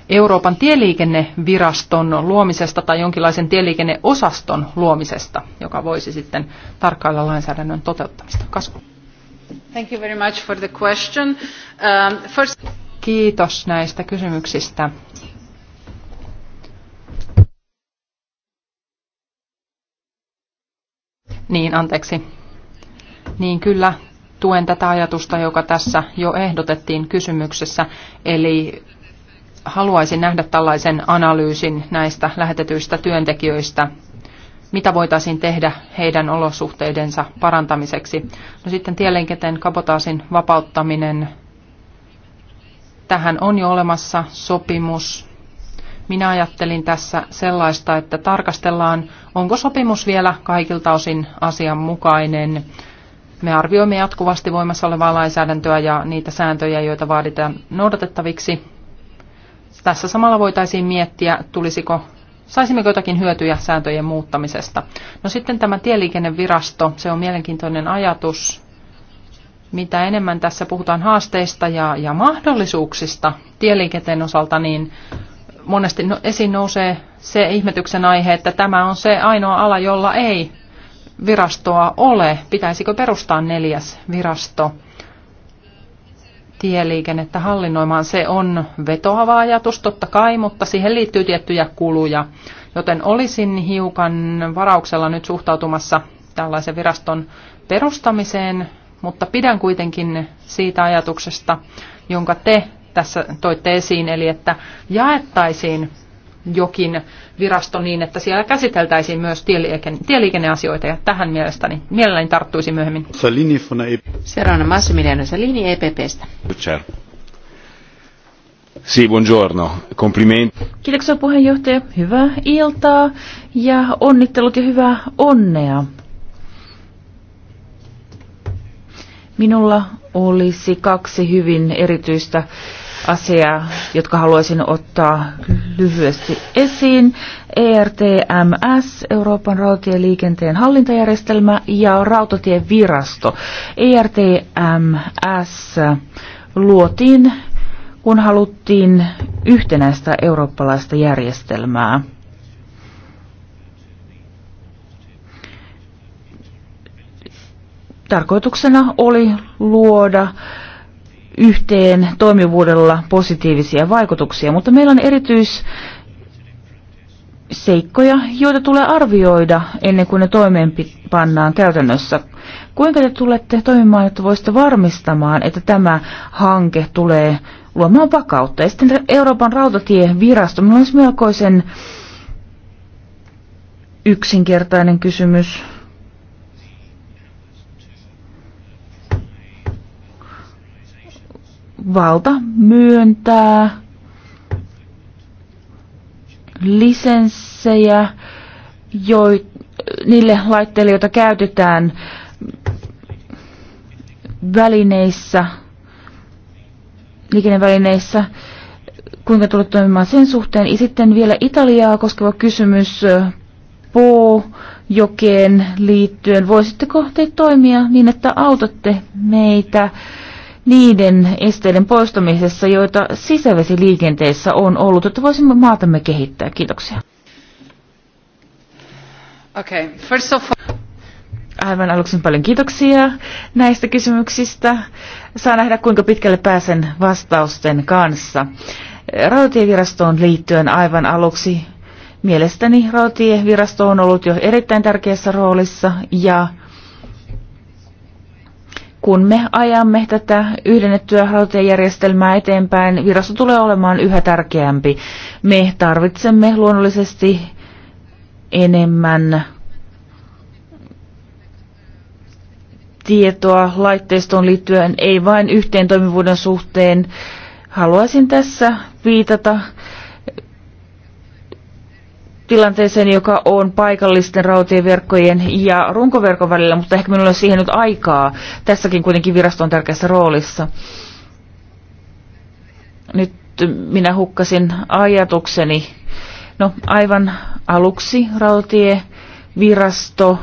Euroopan tieliikenneviraston luomisesta tai jonkinlaisen tieliikenneosaston luomisesta, joka voisi sitten tarkkailla lainsäädännön toteuttamista? Kasvu. Thank you very much for the question. Um, first... Kiitos näistä kysymyksistä. Niin, anteeksi. Niin kyllä, tuen tätä ajatusta, joka tässä jo ehdotettiin kysymyksessä. Eli haluaisin nähdä tällaisen analyysin näistä lähetetyistä työntekijöistä, mitä voitaisiin tehdä heidän olosuhteidensa parantamiseksi. No sitten tieliikenteen kabotaasin vapauttaminen. Tähän on jo olemassa sopimus minä ajattelin tässä sellaista, että tarkastellaan, onko sopimus vielä kaikilta osin asianmukainen. Me arvioimme jatkuvasti voimassa olevaa lainsäädäntöä ja niitä sääntöjä, joita vaaditaan noudatettaviksi. Tässä samalla voitaisiin miettiä, tulisiko saisimmeko jotakin hyötyjä sääntöjen muuttamisesta. No sitten tämä tieliikennevirasto, se on mielenkiintoinen ajatus. Mitä enemmän tässä puhutaan haasteista ja, ja mahdollisuuksista tieliikenteen osalta, niin monesti no, esiin nousee se ihmetyksen aihe, että tämä on se ainoa ala, jolla ei virastoa ole. Pitäisikö perustaa neljäs virasto tieliikennettä hallinnoimaan? Se on vetoava ajatus totta kai, mutta siihen liittyy tiettyjä kuluja. Joten olisin hiukan varauksella nyt suhtautumassa tällaisen viraston perustamiseen, mutta pidän kuitenkin siitä ajatuksesta, jonka te tässä toitte esiin, eli että jaettaisiin jokin virasto niin, että siellä käsiteltäisiin myös tieliikenne, tieliikenneasioita, ja tähän mielestäni mielelläni tarttuisi myöhemmin. E- Seuraavana Massimiliano Salini EPPstä. Sì, buongiorno. Complimenti. Kiitoksia puheenjohtaja. Hyvää iltaa ja onnittelut ja hyvää onnea. Minulla olisi kaksi hyvin erityistä asiaa, jotka haluaisin ottaa lyhyesti esiin. ERTMS, Euroopan rautatieliikenteen hallintajärjestelmä ja rautatievirasto. ERTMS luotiin, kun haluttiin yhtenäistä eurooppalaista järjestelmää. Tarkoituksena oli luoda yhteen toimivuudella positiivisia vaikutuksia, mutta meillä on erityis seikkoja, joita tulee arvioida ennen kuin ne toimeenpannaan käytännössä. Kuinka te tulette toimimaan, että voisitte varmistamaan, että tämä hanke tulee luomaan vakautta? Ja sitten Euroopan rautatievirasto, minulla olisi melkoisen yksinkertainen kysymys. valta myöntää lisenssejä jo, niille laitteille, joita käytetään välineissä, liikennevälineissä, kuinka tulee toimimaan sen suhteen. Ja sitten vielä Italiaa koskeva kysymys Poo jokeen liittyen. Voisitteko te toimia niin, että autatte meitä? niiden esteiden poistamisessa, joita sisävesiliikenteessä on ollut, että voisimme maatamme kehittää. Kiitoksia. Okay, first of all... Aivan aluksi paljon kiitoksia näistä kysymyksistä. Saa nähdä, kuinka pitkälle pääsen vastausten kanssa. Rautatievirastoon liittyen aivan aluksi. Mielestäni Rautatievirasto on ollut jo erittäin tärkeässä roolissa ja kun me ajamme tätä yhdennettyä rautatiejärjestelmää eteenpäin, virasto tulee olemaan yhä tärkeämpi. Me tarvitsemme luonnollisesti enemmän tietoa laitteistoon liittyen, ei vain yhteen toimivuuden suhteen. Haluaisin tässä viitata tilanteeseen, joka on paikallisten rautieverkkojen ja runkoverkon välillä, mutta ehkä minulla on siihen nyt aikaa. Tässäkin kuitenkin virasto on tärkeässä roolissa. Nyt minä hukkasin ajatukseni. No aivan aluksi rautievirasto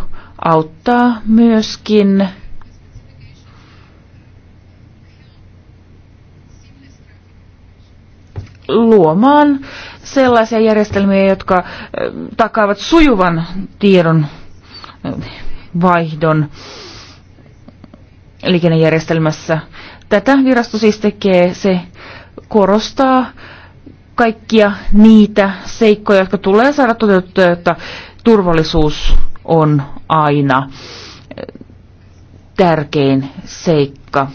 auttaa myöskin luomaan sellaisia järjestelmiä, jotka takaavat sujuvan tiedon vaihdon liikennejärjestelmässä. Tätä virasto siis tekee, se korostaa kaikkia niitä seikkoja, jotka tulee saada toteutettua, että turvallisuus on aina tärkein seikka.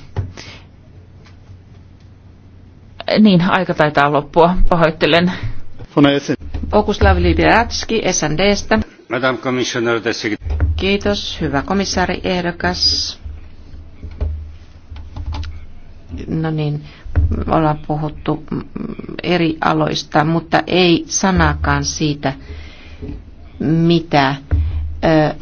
Niin, aika taitaa loppua. Pahoittelen. Okuslav Libiatski SNDstä. Madame Commissioner Kiitos, hyvä komissaari ehdokas. No niin, ollaan puhuttu eri aloista, mutta ei sanakaan siitä, mitä ö,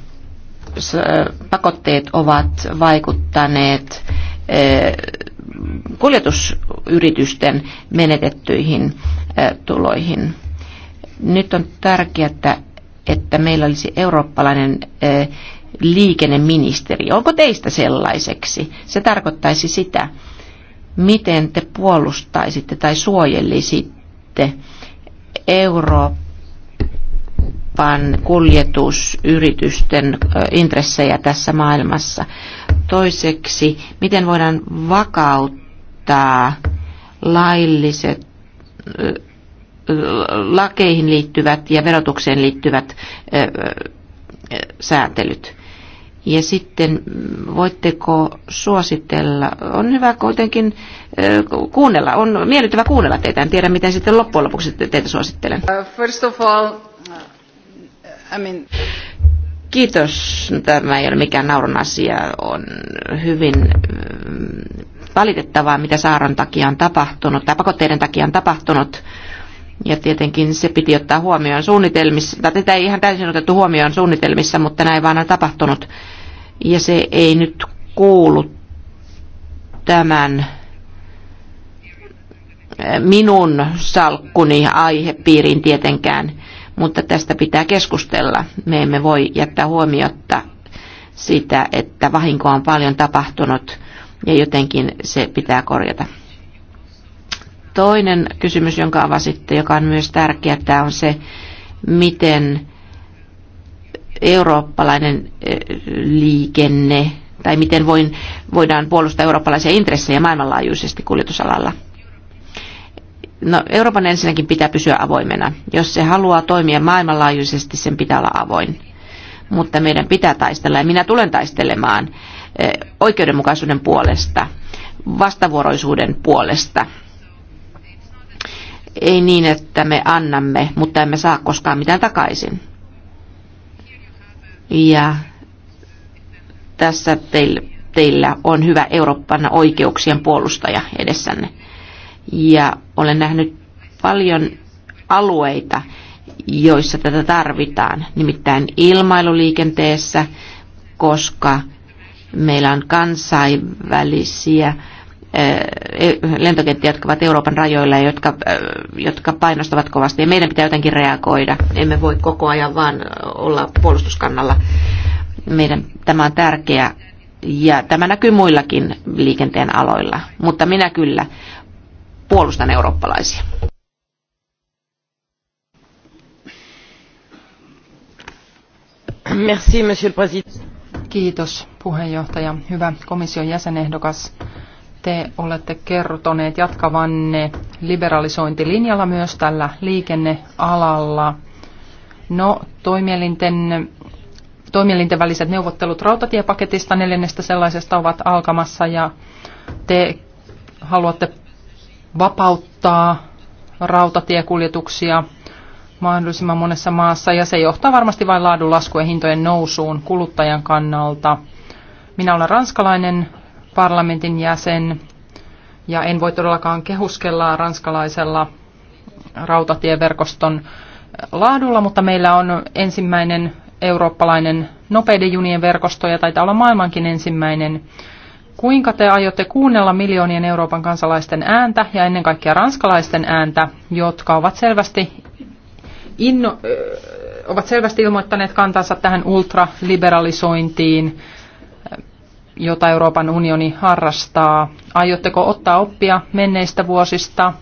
pakotteet ovat vaikuttaneet ö, kuljetusyritysten menetettyihin tuloihin. Nyt on tärkeää, että meillä olisi eurooppalainen liikenneministeri. Onko teistä sellaiseksi? Se tarkoittaisi sitä, miten te puolustaisitte tai suojelisitte Euroopan kuljetusyritysten intressejä tässä maailmassa. Toiseksi, miten voidaan vakauttaa lailliset lakeihin liittyvät ja verotukseen liittyvät sääntelyt. Ja sitten mm, voitteko suositella, on hyvä kuitenkin kuunnella, on miellyttävä kuunnella teitä, en tiedä miten sitten loppujen lopuksi teitä suosittelen. Uh, first of all, uh, I mean... Kiitos. Tämä ei ole mikään naurun asia. On hyvin mm, valitettavaa, mitä saaron takia on tapahtunut tai pakotteiden takia on tapahtunut. Ja tietenkin se piti ottaa huomioon suunnitelmissa, tai tätä ei ihan täysin otettu huomioon suunnitelmissa, mutta näin vaan on tapahtunut. Ja se ei nyt kuulu tämän eh, minun salkkuni aihepiiriin tietenkään mutta tästä pitää keskustella. Me emme voi jättää huomiotta sitä, että vahinko on paljon tapahtunut ja jotenkin se pitää korjata. Toinen kysymys, jonka avasitte, joka on myös tärkeä, tämä on se, miten eurooppalainen eh, liikenne tai miten voin, voidaan puolustaa eurooppalaisia intressejä maailmanlaajuisesti kuljetusalalla. No, Euroopan ensinnäkin pitää pysyä avoimena. Jos se haluaa toimia maailmanlaajuisesti, sen pitää olla avoin. Mutta meidän pitää taistella, ja minä tulen taistelemaan eh, oikeudenmukaisuuden puolesta, vastavuoroisuuden puolesta. Ei niin, että me annamme, mutta emme saa koskaan mitään takaisin. Ja tässä teillä, on hyvä Euroopan oikeuksien puolustaja edessänne ja olen nähnyt paljon alueita, joissa tätä tarvitaan, nimittäin ilmailuliikenteessä, koska meillä on kansainvälisiä eh, e- lentokenttiä, jotka ovat Euroopan rajoilla ja jotka, eh, jotka painostavat kovasti. Ja meidän pitää jotenkin reagoida. Emme voi koko ajan vaan olla puolustuskannalla. Meidän, tämä on tärkeä ja tämä näkyy muillakin liikenteen aloilla. Mutta minä kyllä puolustan eurooppalaisia. Merci, monsieur le Kiitos puheenjohtaja. Hyvä komission jäsenehdokas. Te olette kertoneet jatkavanne liberalisointilinjalla myös tällä liikennealalla. No, toimielinten, toimielinten väliset neuvottelut rautatiepaketista neljännestä sellaisesta ovat alkamassa ja te haluatte vapauttaa rautatiekuljetuksia mahdollisimman monessa maassa, ja se johtaa varmasti vain laadunlaskujen hintojen nousuun kuluttajan kannalta. Minä olen ranskalainen parlamentin jäsen, ja en voi todellakaan kehuskella ranskalaisella rautatieverkoston laadulla, mutta meillä on ensimmäinen eurooppalainen nopeiden junien verkosto, ja taitaa olla maailmankin ensimmäinen Kuinka te aiotte kuunnella miljoonien Euroopan kansalaisten ääntä ja ennen kaikkea ranskalaisten ääntä, jotka ovat selvästi, inno, ovat selvästi ilmoittaneet kantansa tähän ultraliberalisointiin, jota Euroopan unioni harrastaa? Aiotteko ottaa oppia menneistä vuosista,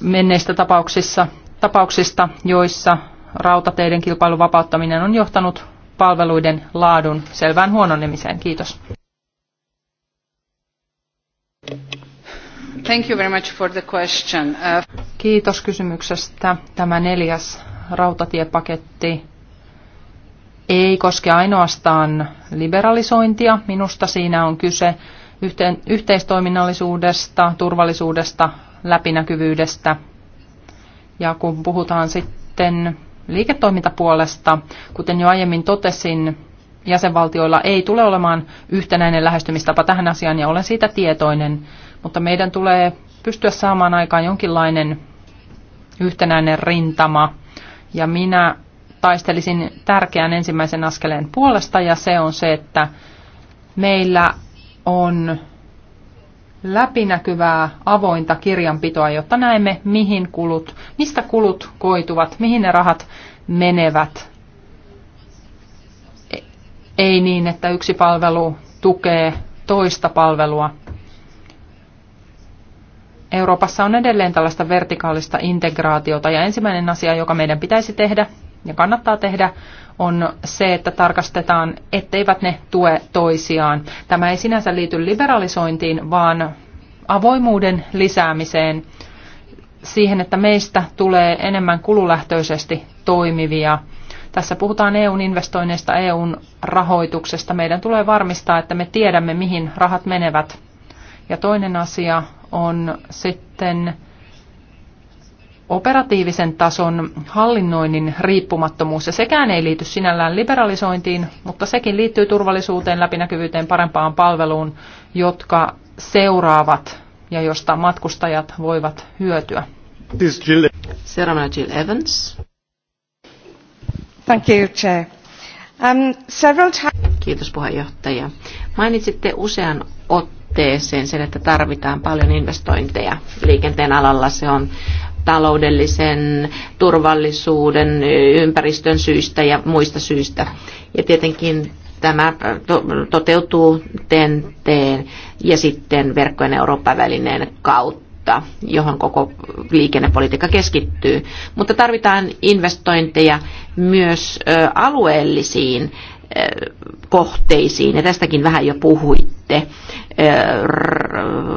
menneistä tapauksissa, tapauksista joissa rautateiden kilpailun vapauttaminen on johtanut palveluiden laadun selvään huononemiseen? Kiitos. Thank you very much for the question. Uh... Kiitos kysymyksestä. Tämä neljäs rautatiepaketti ei koske ainoastaan liberalisointia. Minusta siinä on kyse yhteen, yhteistoiminnallisuudesta, turvallisuudesta, läpinäkyvyydestä. Ja kun puhutaan sitten liiketoimintapuolesta, kuten jo aiemmin totesin, jäsenvaltioilla ei tule olemaan yhtenäinen lähestymistapa tähän asiaan ja olen siitä tietoinen mutta meidän tulee pystyä saamaan aikaan jonkinlainen yhtenäinen rintama. Ja minä taistelisin tärkeän ensimmäisen askeleen puolesta, ja se on se, että meillä on läpinäkyvää, avointa kirjanpitoa, jotta näemme, mihin kulut, mistä kulut koituvat, mihin ne rahat menevät. E- ei niin, että yksi palvelu tukee toista palvelua. Euroopassa on edelleen tällaista vertikaalista integraatiota ja ensimmäinen asia, joka meidän pitäisi tehdä ja kannattaa tehdä, on se, että tarkastetaan, etteivät ne tue toisiaan. Tämä ei sinänsä liity liberalisointiin, vaan avoimuuden lisäämiseen, siihen, että meistä tulee enemmän kululähtöisesti toimivia. Tässä puhutaan EUn investoinneista, EUn rahoituksesta. Meidän tulee varmistaa, että me tiedämme, mihin rahat menevät. Ja toinen asia on sitten operatiivisen tason hallinnoinnin riippumattomuus, ja sekään ei liity sinällään liberalisointiin, mutta sekin liittyy turvallisuuteen, läpinäkyvyyteen, parempaan palveluun, jotka seuraavat ja josta matkustajat voivat hyötyä. Jill. Serena Jill Evans. Thank you, Chair. Um, several times... Kiitos puheenjohtaja. Mainitsitte usean otteen tavoitteeseen sen, että tarvitaan paljon investointeja liikenteen alalla. Se on taloudellisen turvallisuuden, ympäristön syistä ja muista syistä. Ja tietenkin tämä toteutuu TENTeen ja sitten verkkojen Eurooppa-välineen kautta johon koko liikennepolitiikka keskittyy. Mutta tarvitaan investointeja myös alueellisiin kohteisiin, ja tästäkin vähän jo puhuitte, äh,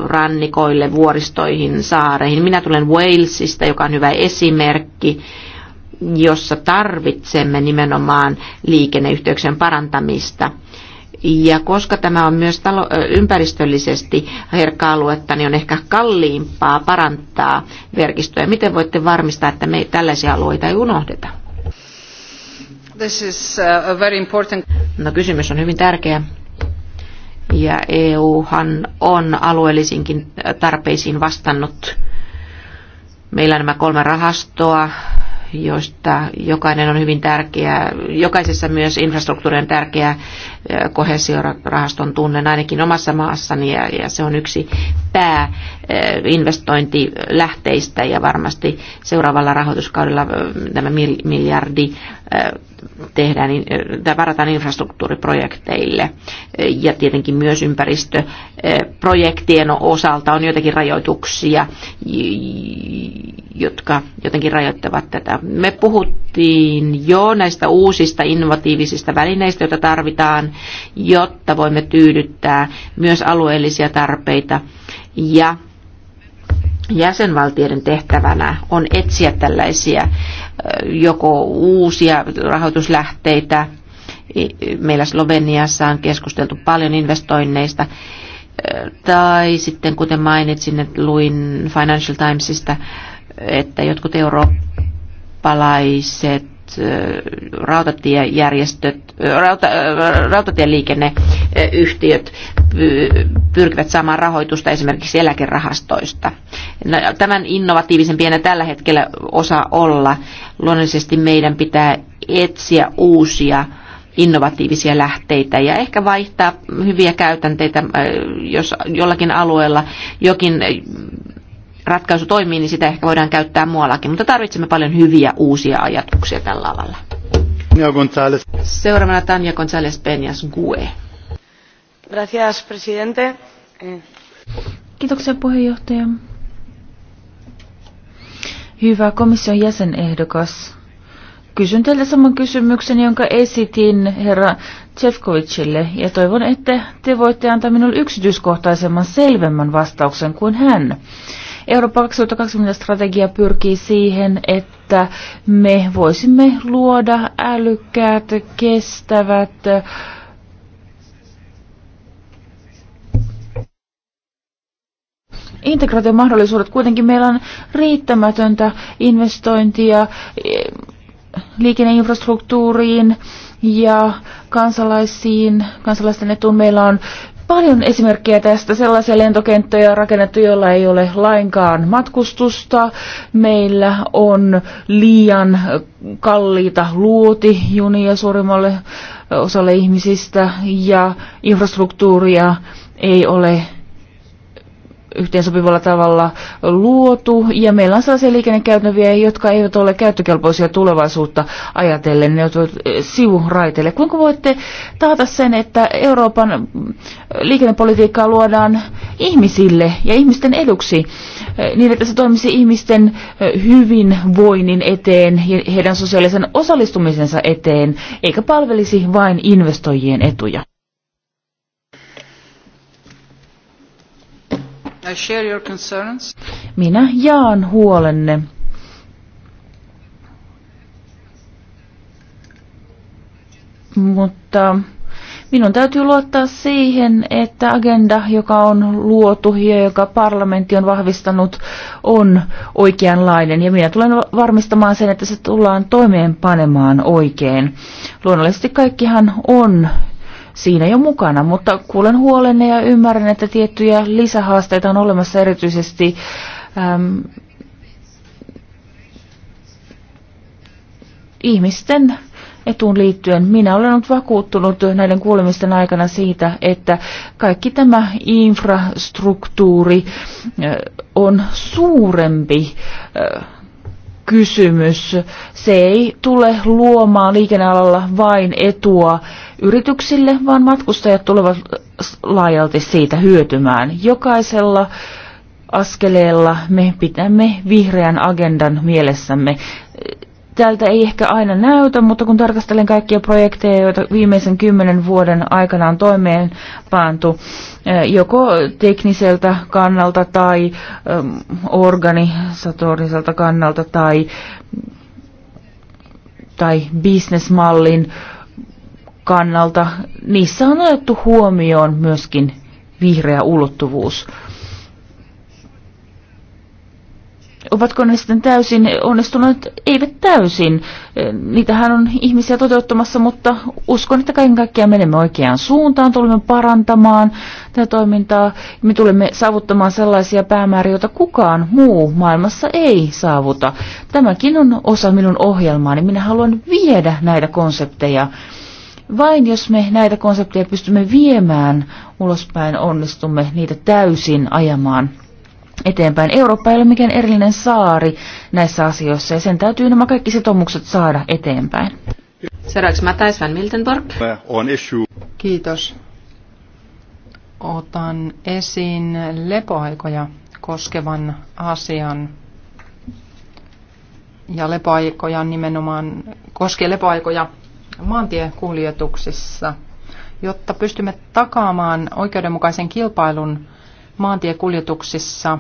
rannikoille, vuoristoihin, saareihin. Minä tulen Walesista, joka on hyvä esimerkki, jossa tarvitsemme nimenomaan liikenneyhteyksien parantamista. Ja koska tämä on myös talo, ympäristöllisesti herkka aluetta, niin on ehkä kalliimpaa parantaa verkistoja. Miten voitte varmistaa, että me ei tällaisia alueita ei unohdeta? This is uh, a very important... No kysymys on hyvin tärkeä. Ja EUhan on alueellisinkin tarpeisiin vastannut. Meillä on nämä kolme rahastoa, joista jokainen on hyvin tärkeä. Jokaisessa myös infrastruktuurin tärkeä äh, kohesiorahaston tunnen ainakin omassa maassani ja, ja se on yksi pääinvestointilähteistä äh, ja varmasti seuraavalla rahoituskaudella äh, tämä miljardi tehdään, tai varataan infrastruktuuriprojekteille. Ja tietenkin myös ympäristöprojektien osalta on joitakin rajoituksia, jotka jotenkin rajoittavat tätä. Me puhuttiin jo näistä uusista innovatiivisista välineistä, joita tarvitaan, jotta voimme tyydyttää myös alueellisia tarpeita. Ja jäsenvaltioiden tehtävänä on etsiä tällaisia joko uusia rahoituslähteitä. Meillä Sloveniassa on keskusteltu paljon investoinneista. Tai sitten, kuten mainitsin, että luin Financial Timesista, että jotkut eurooppalaiset rautatiejärjestöt, rauta, rautatieliikenneyhtiöt pyrkivät saamaan rahoitusta esimerkiksi eläkerahastoista. No, tämän innovatiivisen pienen tällä hetkellä osa olla. Luonnollisesti meidän pitää etsiä uusia innovatiivisia lähteitä ja ehkä vaihtaa hyviä käytänteitä, jos jollakin alueella jokin ratkaisu toimii, niin sitä ehkä voidaan käyttää muuallakin. Mutta tarvitsemme paljon hyviä uusia ajatuksia tällä alalla. Seuraavana Tanja González Peñas Gue. Gracias, presidente. Kiitoksia puheenjohtaja. Hyvä komission jäsenehdokas. Kysyn teiltä saman kysymyksen, jonka esitin herra Tsefkovicille, ja toivon, että te voitte antaa minulle yksityiskohtaisemman selvemmän vastauksen kuin hän. Eurooppa 2020 strategia pyrkii siihen, että me voisimme luoda älykkäät, kestävät, integraation mahdollisuudet. Kuitenkin meillä on riittämätöntä investointia eh, liikenneinfrastruktuuriin ja kansalaisiin, kansalaisten etuun. Meillä on paljon esimerkkejä tästä. Sellaisia lentokenttöjä on rakennettu, joilla ei ole lainkaan matkustusta. Meillä on liian kalliita luotijunia suurimmalle osalle ihmisistä ja infrastruktuuria ei ole yhteensopivalla tavalla luotu, ja meillä on sellaisia liikennekäytäviä, jotka eivät ole käyttökelpoisia tulevaisuutta ajatellen, ne ovat eh, sivuraiteille. Kuinka voitte taata sen, että Euroopan eh, liikennepolitiikkaa luodaan ihmisille ja ihmisten eduksi, eh, niin että se toimisi ihmisten hyvinvoinnin eteen ja heidän sosiaalisen osallistumisensa eteen, eikä palvelisi vain investoijien etuja? I share your concerns. Minä jaan huolenne. Mutta minun täytyy luottaa siihen, että agenda, joka on luotu ja joka parlamentti on vahvistanut, on oikeanlainen. Ja minä tulen varmistamaan sen, että se tullaan toimeenpanemaan oikein. Luonnollisesti kaikkihan on siinä jo mukana, mutta kuulen huolenne ja ymmärrän, että tiettyjä lisähaasteita on olemassa erityisesti äm, ihmisten etuun liittyen. Minä olen ollut vakuuttunut näiden kuulemisten aikana siitä, että kaikki tämä infrastruktuuri äh, on suurempi äh, kysymys. Se ei tule luomaan liikennealalla vain etua yrityksille, vaan matkustajat tulevat laajalti siitä hyötymään. Jokaisella askeleella me pitämme vihreän agendan mielessämme tältä ei ehkä aina näytä, mutta kun tarkastelen kaikkia projekteja, joita viimeisen kymmenen vuoden aikana on toimeenpantu, eh, joko tekniseltä kannalta tai organisatoriselta kannalta tai, tai bisnesmallin kannalta, niissä on otettu huomioon myöskin vihreä ulottuvuus. Ovatko ne sitten täysin onnistuneet? Eivät täysin. E, niitähän on ihmisiä toteuttamassa, mutta uskon, että kaiken kaikkiaan menemme oikeaan suuntaan, tulemme parantamaan tätä toimintaa. Me tulemme saavuttamaan sellaisia päämääriä, joita kukaan muu maailmassa ei saavuta. Tämäkin on osa minun ohjelmaani. Minä haluan viedä näitä konsepteja vain jos me näitä konsepteja pystymme viemään ulospäin, onnistumme niitä täysin ajamaan eteenpäin. Eurooppa ei ole mikään erillinen saari näissä asioissa ja sen täytyy nämä kaikki sitoumukset saada eteenpäin. Seuraavaksi Matthijs van Miltenborg. Kiitos. Otan esiin lepoaikoja koskevan asian. Ja lepoaikoja nimenomaan koskee lepoaikoja maantiekuljetuksissa. Jotta pystymme takaamaan oikeudenmukaisen kilpailun maantiekuljetuksissa.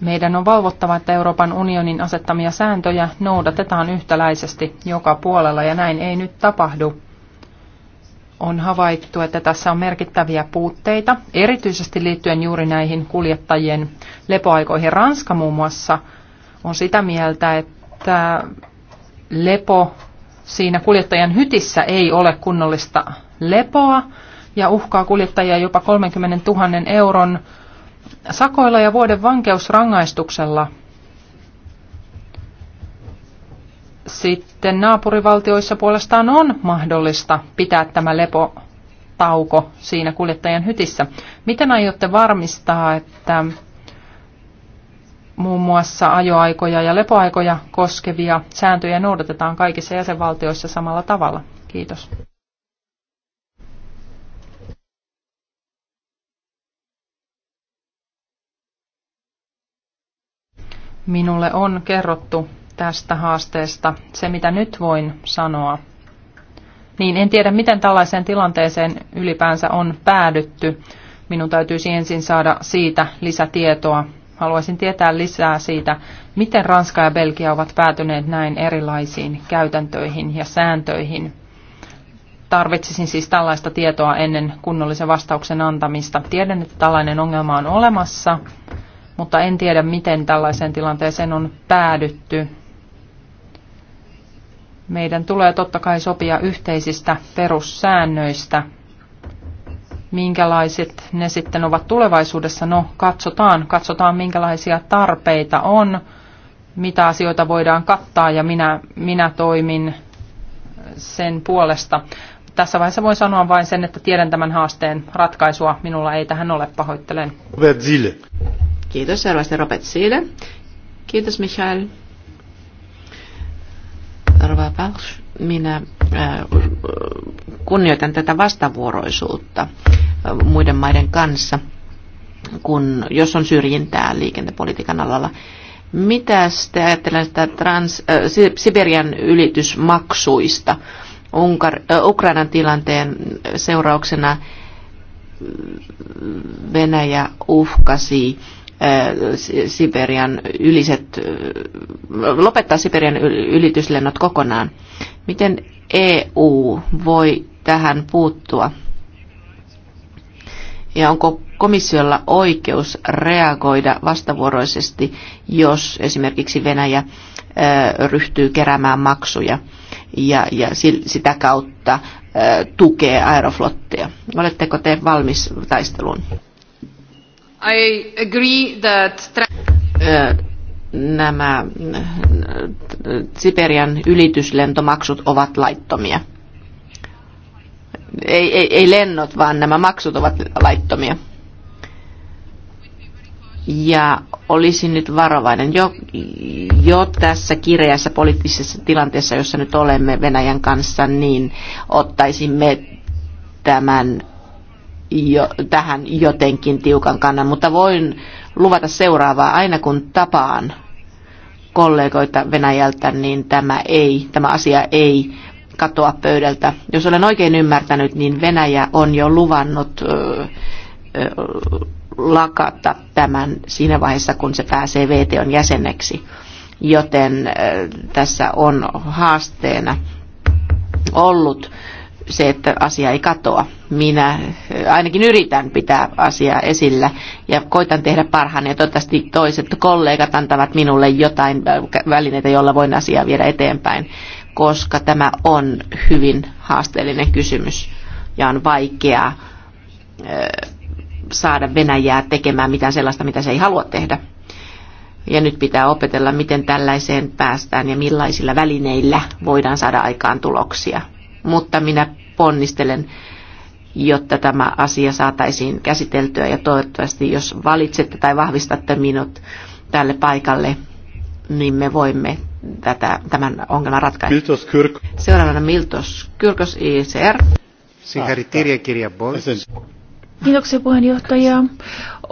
Meidän on valvottava, että Euroopan unionin asettamia sääntöjä noudatetaan yhtäläisesti joka puolella ja näin ei nyt tapahdu. On havaittu, että tässä on merkittäviä puutteita, erityisesti liittyen juuri näihin kuljettajien lepoaikoihin. Ranska muun muassa on sitä mieltä, että lepo siinä kuljettajan hytissä ei ole kunnollista lepoa, ja uhkaa kuljettajia jopa 30 000 euron sakoilla ja vuoden vankeusrangaistuksella. Sitten naapurivaltioissa puolestaan on mahdollista pitää tämä lepotauko siinä kuljettajan hytissä. Miten aiotte varmistaa, että muun muassa ajoaikoja ja lepoaikoja koskevia sääntöjä noudatetaan kaikissa jäsenvaltioissa samalla tavalla? Kiitos. Minulle on kerrottu tästä haasteesta se, mitä nyt voin sanoa. Niin en tiedä, miten tällaiseen tilanteeseen ylipäänsä on päädytty. Minun täytyisi ensin saada siitä lisätietoa. Haluaisin tietää lisää siitä, miten Ranska ja Belgia ovat päätyneet näin erilaisiin käytäntöihin ja sääntöihin. Tarvitsisin siis tällaista tietoa ennen kunnollisen vastauksen antamista. Tiedän, että tällainen ongelma on olemassa mutta en tiedä, miten tällaiseen tilanteeseen on päädytty. Meidän tulee totta kai sopia yhteisistä perussäännöistä. Minkälaiset ne sitten ovat tulevaisuudessa? No, katsotaan. Katsotaan, minkälaisia tarpeita on, mitä asioita voidaan kattaa ja minä, minä toimin sen puolesta tässä vaiheessa voi sanoa vain sen, että tiedän tämän haasteen ratkaisua. Minulla ei tähän ole, pahoittelen. Robert Zille. Kiitos, seuraavaksi Robert Zille. Kiitos, Michael. minä äh, kunnioitan tätä vastavuoroisuutta äh, muiden maiden kanssa, kun, jos on syrjintää liikennepolitiikan alalla. Mitä te ajattelette äh, Siberian ylitysmaksuista? Unkar, äh, Ukrainan tilanteen seurauksena Venäjä uhkasi Siberian yliset, lopettaa Siberian ylityslennot kokonaan. Miten EU voi tähän puuttua? Ja onko komissiolla oikeus reagoida vastavuoroisesti, jos esimerkiksi Venäjä ryhtyy keräämään maksuja? ja, ja sitä kautta tukee aeroflottia. Oletteko te valmis taisteluun? I agree that nämä Siperian ylityslentomaksut ovat laittomia. Ei, ei, ei lennot, vaan nämä maksut ovat laittomia ja olisin nyt varovainen jo, jo tässä kireässä poliittisessa tilanteessa, jossa nyt olemme Venäjän kanssa, niin ottaisimme tämän jo, tähän jotenkin tiukan kannan, mutta voin luvata seuraavaa. Aina kun tapaan kollegoita Venäjältä, niin tämä, ei, tämä asia ei katoa pöydältä. Jos olen oikein ymmärtänyt, niin Venäjä on jo luvannut Öö, öö, lakata tämän siinä vaiheessa, kun se pääsee VTOn jäseneksi. Joten tässä on haasteena ollut se, että asia ei katoa. Minä ainakin yritän pitää asiaa esillä ja koitan tehdä parhaani ja toivottavasti toiset kollegat antavat minulle jotain välineitä, jolla voin asiaa viedä eteenpäin, koska tämä on hyvin haasteellinen kysymys ja on vaikeaa saada Venäjää tekemään mitään sellaista, mitä se ei halua tehdä. Ja nyt pitää opetella, miten tällaiseen päästään ja millaisilla välineillä voidaan saada aikaan tuloksia. Mutta minä ponnistelen, jotta tämä asia saataisiin käsiteltyä ja toivottavasti, jos valitsette tai vahvistatte minut tälle paikalle, niin me voimme tätä, tämän ongelman ratkaista. Miltos Kyrkos Seuraavana Miltos Kyrkos ICR. Sihteeri Tirjekirja Kirja Kiitoksia puheenjohtaja.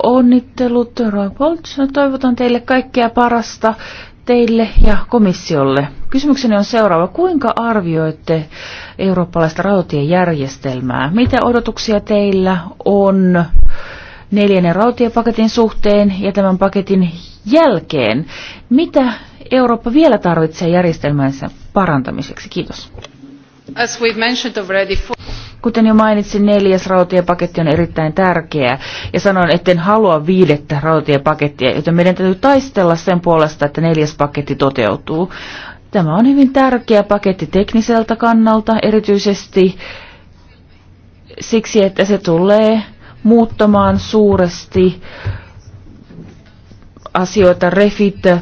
Onnittelut Roy Bolton. Toivotan teille kaikkea parasta teille ja komissiolle. Kysymykseni on seuraava. Kuinka arvioitte eurooppalaista rautatiejärjestelmää? Mitä odotuksia teillä on neljännen rautiepaketin suhteen ja tämän paketin jälkeen? Mitä Eurooppa vielä tarvitsee järjestelmänsä parantamiseksi? Kiitos. Kuten jo mainitsin, neljäs rautatiepaketti on erittäin tärkeä ja sanon, etten halua viidettä rautatiepakettia, joten meidän täytyy taistella sen puolesta, että neljäs paketti toteutuu. Tämä on hyvin tärkeä paketti tekniseltä kannalta, erityisesti siksi, että se tulee muuttamaan suuresti asioita, refit, ähm,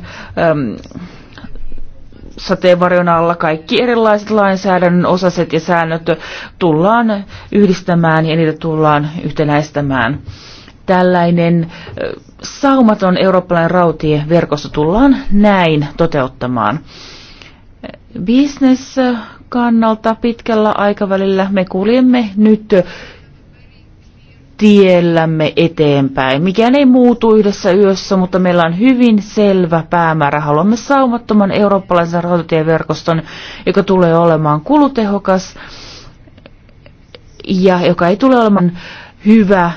sateenvarjon alla kaikki erilaiset lainsäädännön osaset ja säännöt tullaan yhdistämään ja niitä tullaan yhtenäistämään. Tällainen saumaton eurooppalainen rautieverkosto tullaan näin toteuttamaan. Business kannalta pitkällä aikavälillä me kuljemme nyt tiellämme eteenpäin. Mikään ei muutu yhdessä yössä, mutta meillä on hyvin selvä päämäärä. Haluamme saumattoman eurooppalaisen rautatieverkoston, joka tulee olemaan kulutehokas ja joka ei tule olemaan hyvä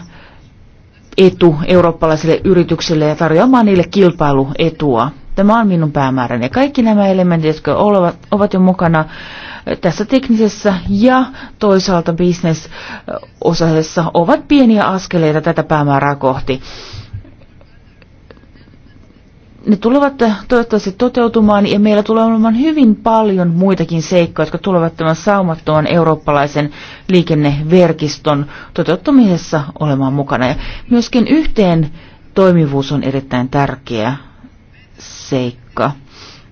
etu eurooppalaisille yrityksille ja tarjoamaan niille kilpailuetua. Tämä on minun päämääräni. Ja kaikki nämä elementit, jotka ovat, ovat jo mukana eh, tässä teknisessä ja toisaalta bisnesosasessa, ovat pieniä askeleita tätä päämäärää kohti ne tulevat eh, toivottavasti toteutumaan ja meillä tulee olemaan hyvin paljon muitakin seikkoja, jotka tulevat tämän saumattoman eurooppalaisen liikenneverkiston toteuttamisessa olemaan mukana. Ja myöskin yhteen toimivuus on erittäin tärkeä seikka.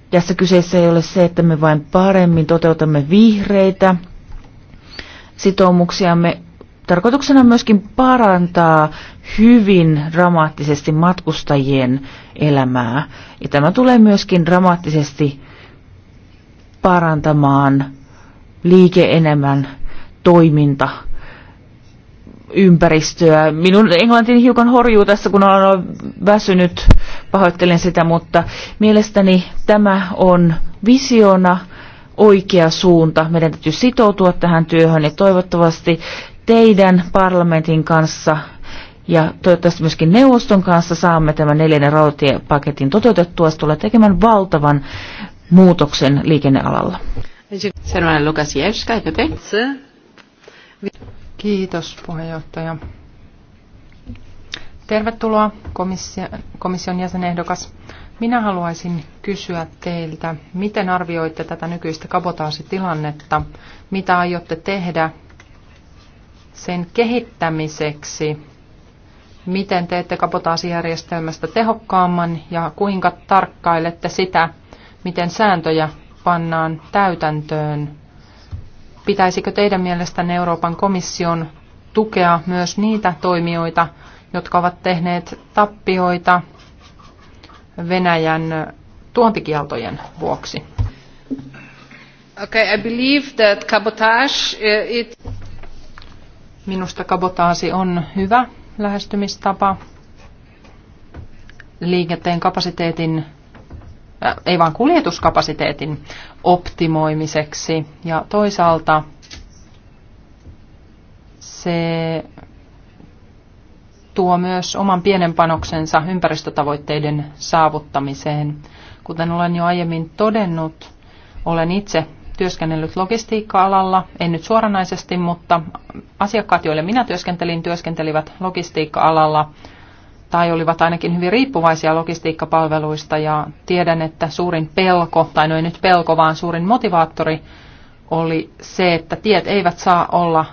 Tässä kyseessä ei ole se, että me vain paremmin toteutamme vihreitä sitoumuksiamme. Tarkoituksena on myöskin parantaa hyvin dramaattisesti matkustajien elämää. Ja tämä tulee myöskin dramaattisesti parantamaan liike-enemmän toiminta ympäristöä. Minun englantini hiukan horjuu tässä, kun olen väsynyt Pahoittelen sitä, mutta mielestäni tämä on visiona oikea suunta. Meidän täytyy sitoutua tähän työhön ja toivottavasti teidän parlamentin kanssa ja toivottavasti myöskin neuvoston kanssa saamme tämän neljännen rautatiepaketin toteutettua. Se tulee tekemään valtavan muutoksen liikennealalla. E Kiitos puheenjohtaja. Tervetuloa komission jäsenehdokas. Minä haluaisin kysyä teiltä, miten arvioitte tätä nykyistä kabotaasitilannetta? Mitä aiotte tehdä sen kehittämiseksi? Miten teette kabotaasijärjestelmästä tehokkaamman ja kuinka tarkkailette sitä, miten sääntöjä pannaan täytäntöön? Pitäisikö teidän mielestänne Euroopan komission tukea myös niitä toimijoita, jotka ovat tehneet tappioita Venäjän tuontikieltojen vuoksi. Okay, I believe that cabotage, uh, it... Minusta kabotaasi on hyvä lähestymistapa liikenteen kapasiteetin, äh, ei vaan kuljetuskapasiteetin optimoimiseksi ja toisaalta se tuo myös oman pienen panoksensa ympäristötavoitteiden saavuttamiseen. Kuten olen jo aiemmin todennut, olen itse työskennellyt logistiikka-alalla, en nyt suoranaisesti, mutta asiakkaat, joille minä työskentelin, työskentelivät logistiikka-alalla tai olivat ainakin hyvin riippuvaisia logistiikkapalveluista ja tiedän, että suurin pelko, tai no ei nyt pelko, vaan suurin motivaattori oli se, että tiet eivät saa olla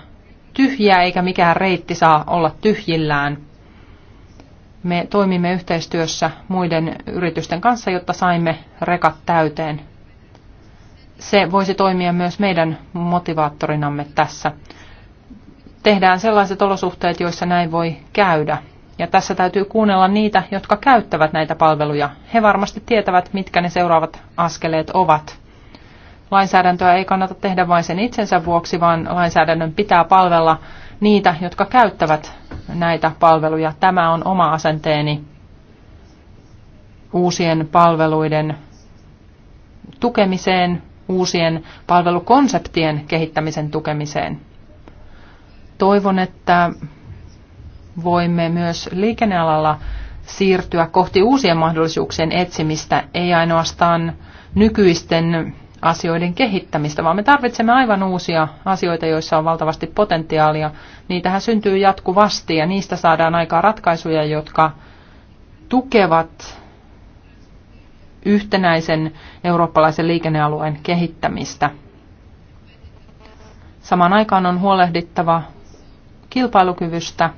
tyhjiä eikä mikään reitti saa olla tyhjillään. Me toimimme yhteistyössä muiden yritysten kanssa, jotta saimme rekat täyteen. Se voisi toimia myös meidän motivaattorinamme tässä. Tehdään sellaiset olosuhteet, joissa näin voi käydä. Ja tässä täytyy kuunnella niitä, jotka käyttävät näitä palveluja. He varmasti tietävät, mitkä ne seuraavat askeleet ovat. Lainsäädäntöä ei kannata tehdä vain sen itsensä vuoksi, vaan lainsäädännön pitää palvella niitä, jotka käyttävät näitä palveluja. Tämä on oma asenteeni uusien palveluiden tukemiseen, uusien palvelukonseptien kehittämisen tukemiseen. Toivon, että voimme myös liikennealalla siirtyä kohti uusien mahdollisuuksien etsimistä, ei ainoastaan nykyisten asioiden kehittämistä, vaan me tarvitsemme aivan uusia asioita, joissa on valtavasti potentiaalia. Niitähän syntyy jatkuvasti ja niistä saadaan aikaa ratkaisuja, jotka tukevat yhtenäisen eurooppalaisen liikennealueen kehittämistä. Samaan aikaan on huolehdittava kilpailukyvystä,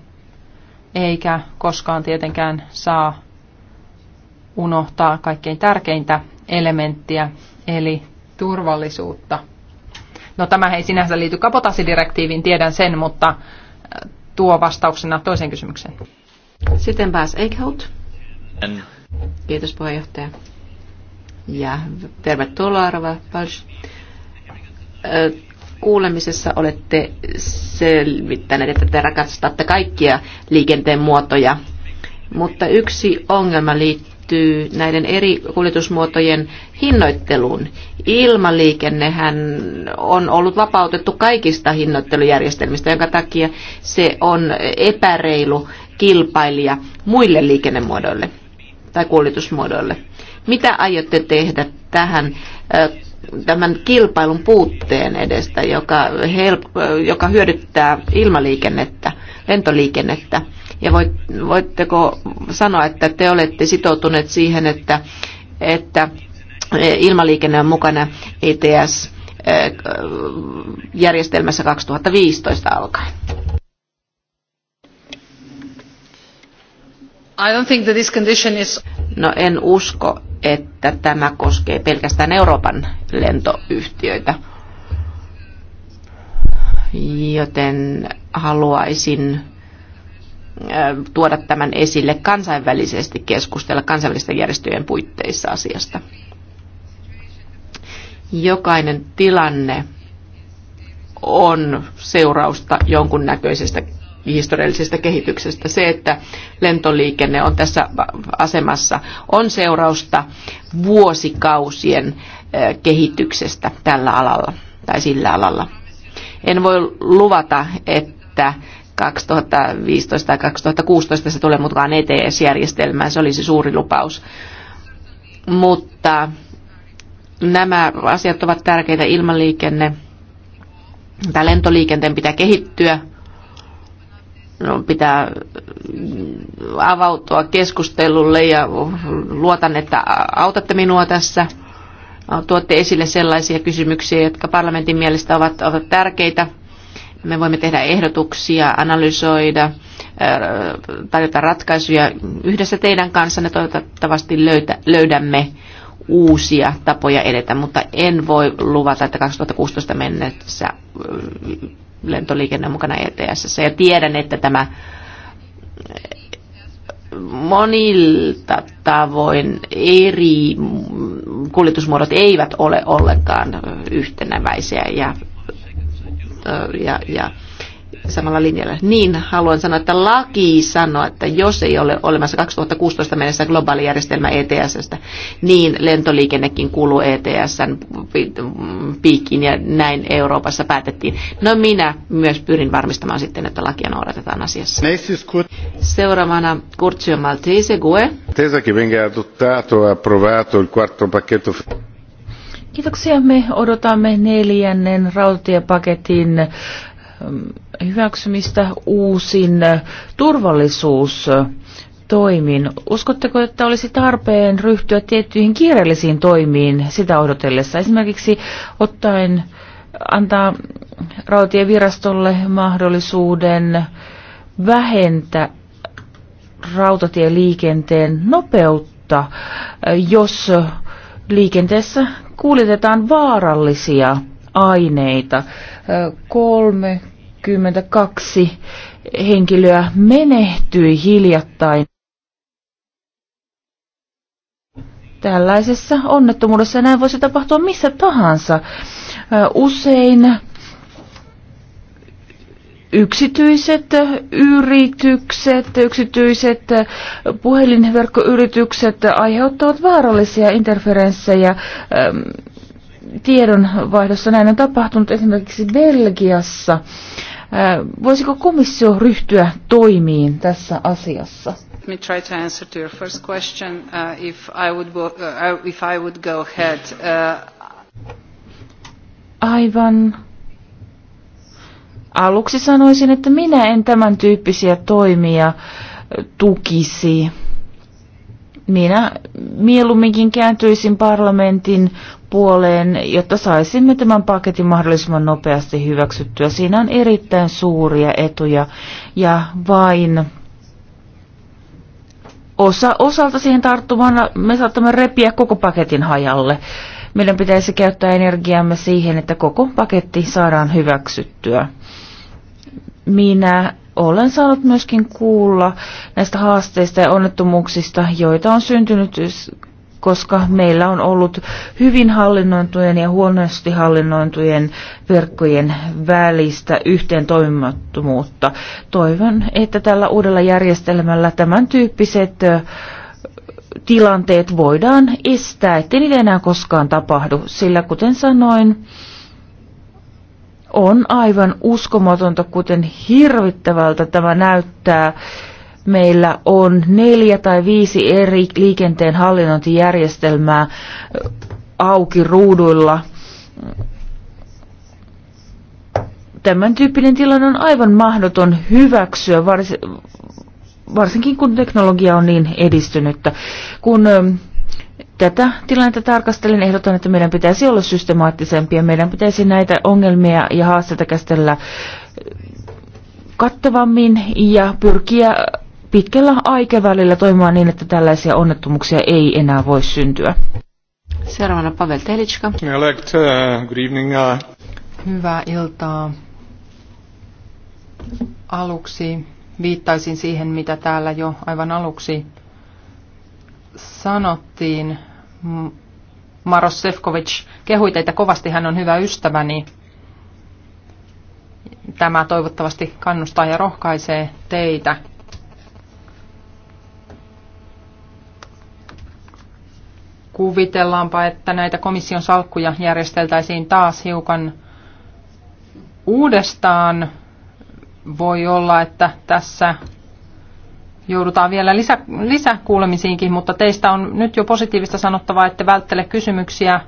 eikä koskaan tietenkään saa unohtaa kaikkein tärkeintä elementtiä, eli turvallisuutta. No tämä ei sinänsä liity kapotasidirektiiviin tiedän sen, mutta äh, tuo vastauksena toiseen kysymykseen. Sitten pääs Eichhout. Kiitos puheenjohtaja. Ja tervetuloa Arva Pals. Kuulemisessa olette selvittäneet, että te rakastatte kaikkia liikenteen muotoja, mutta yksi ongelma liittyy liittyy näiden eri kuljetusmuotojen hinnoitteluun. Ilmaliikennehän on ollut vapautettu kaikista hinnoittelujärjestelmistä, jonka takia se on epäreilu kilpailija muille liikennemuodoille tai kuljetusmuodoille. Mitä aiotte tehdä tähän tämän kilpailun puutteen edestä, joka, help, joka hyödyttää ilmaliikennettä, lentoliikennettä? Ja voitteko sanoa, että te olette sitoutuneet siihen, että, että e, ilmaliikenne on mukana ETS e, järjestelmässä 2015 alkaen. I don't think that this condition is... No en usko, että tämä koskee pelkästään Euroopan lentoyhtiöitä. Joten haluaisin tuoda tämän esille kansainvälisesti, keskustella kansainvälisten järjestöjen puitteissa asiasta. Jokainen tilanne on seurausta jonkunnäköisestä historiallisesta kehityksestä. Se, että lentoliikenne on tässä asemassa, on seurausta vuosikausien kehityksestä tällä alalla tai sillä alalla. En voi luvata, että 2015 tai 2016 se tulee mukaan ETS-järjestelmään, se olisi suuri lupaus. Mutta nämä asiat ovat tärkeitä ilmaliikenne tämä lentoliikenteen pitää kehittyä, no, pitää avautua keskustelulle ja luotan, että autatte minua tässä. Tuotte esille sellaisia kysymyksiä, jotka parlamentin mielestä ovat, ovat tärkeitä me voimme tehdä ehdotuksia, analysoida, äh, tarjota ratkaisuja yhdessä teidän kanssanne. Toivottavasti löytä, löydämme uusia tapoja edetä, mutta en voi luvata, että 2016 mennessä äh, lentoliikenne on mukana ETS. Ja tiedän, että tämä äh, monilta tavoin eri kuljetusmuodot eivät ole ollenkaan yhtenäväisiä ja ja, ja samalla linjalla. Niin haluan sanoa, että laki sanoo, että jos ei ole olemassa 2016 mennessä globaali järjestelmä ETSstä, niin lentoliikennekin kuuluu ETSn piikkiin ja näin Euroopassa päätettiin. No minä myös pyrin varmistamaan sitten, että lakia noudatetaan asiassa. Seuraavana Kurtsio Maltese Gue. Tesa che venga adottato approvato il quarto pacchetto Kiitoksia. Me odotamme neljännen rautatiepaketin mm, hyväksymistä uusin turvallisuus toimin. Uskotteko, että olisi tarpeen ryhtyä tiettyihin kiireellisiin toimiin sitä odotellessa? Esimerkiksi ottaen antaa rautatievirastolle mahdollisuuden vähentää rautatieliikenteen nopeutta, jos liikenteessä kuulitetaan vaarallisia aineita. 32 henkilöä menehtyi hiljattain tällaisessa onnettomuudessa. Näin voisi tapahtua missä tahansa. Usein yksityiset yritykset, yksityiset puhelinverkkoyritykset aiheuttavat vaarallisia interferenssejä ähm, tiedonvaihdossa. Näin on tapahtunut esimerkiksi Belgiassa. Äh, voisiko komissio ryhtyä toimiin tässä asiassa? Let me try to answer to your first question. Uh, if, I would go, uh, if I would go ahead. Uh... Aivan Aluksi sanoisin, että minä en tämän tyyppisiä toimia tukisi. Minä mieluumminkin kääntyisin parlamentin puoleen, jotta saisimme tämän paketin mahdollisimman nopeasti hyväksyttyä. Siinä on erittäin suuria etuja ja vain osa, osalta siihen tarttumana me saattamme repiä koko paketin hajalle. Meidän pitäisi käyttää energiamme siihen, että koko paketti saadaan hyväksyttyä minä olen saanut myöskin kuulla näistä haasteista ja onnettomuuksista, joita on syntynyt, koska meillä on ollut hyvin hallinnointujen ja huonosti hallinnointujen verkkojen välistä yhteen toimimattomuutta. Toivon, että tällä uudella järjestelmällä tämän tyyppiset tilanteet voidaan estää, ettei niitä enää koskaan tapahdu, sillä kuten sanoin, on aivan uskomatonta, kuten hirvittävältä tämä näyttää. Meillä on neljä tai viisi eri liikenteen hallinnointijärjestelmää auki ruuduilla. Tämän tyyppinen tilanne on aivan mahdoton hyväksyä, varsinkin kun teknologia on niin edistynyttä. Kun tätä tilannetta tarkastelen, ehdotan, että meidän pitäisi olla systemaattisempia. Meidän pitäisi näitä ongelmia ja haasteita käsitellä äh, kattavammin ja pyrkiä pitkällä aikavälillä toimimaan niin, että tällaisia onnettomuuksia ei enää voi syntyä. Seuraavana Pavel Telitska. Äh, good äh. Hyvää iltaa. Aluksi viittaisin siihen, mitä täällä jo aivan aluksi sanottiin, Maros Sefkovic kehui teitä kovasti, hän on hyvä ystäväni. Tämä toivottavasti kannustaa ja rohkaisee teitä. Kuvitellaanpa, että näitä komission salkkuja järjesteltäisiin taas hiukan uudestaan. Voi olla, että tässä joudutaan vielä lisä, lisäkuulemisiinkin, mutta teistä on nyt jo positiivista sanottavaa, että välttele kysymyksiä,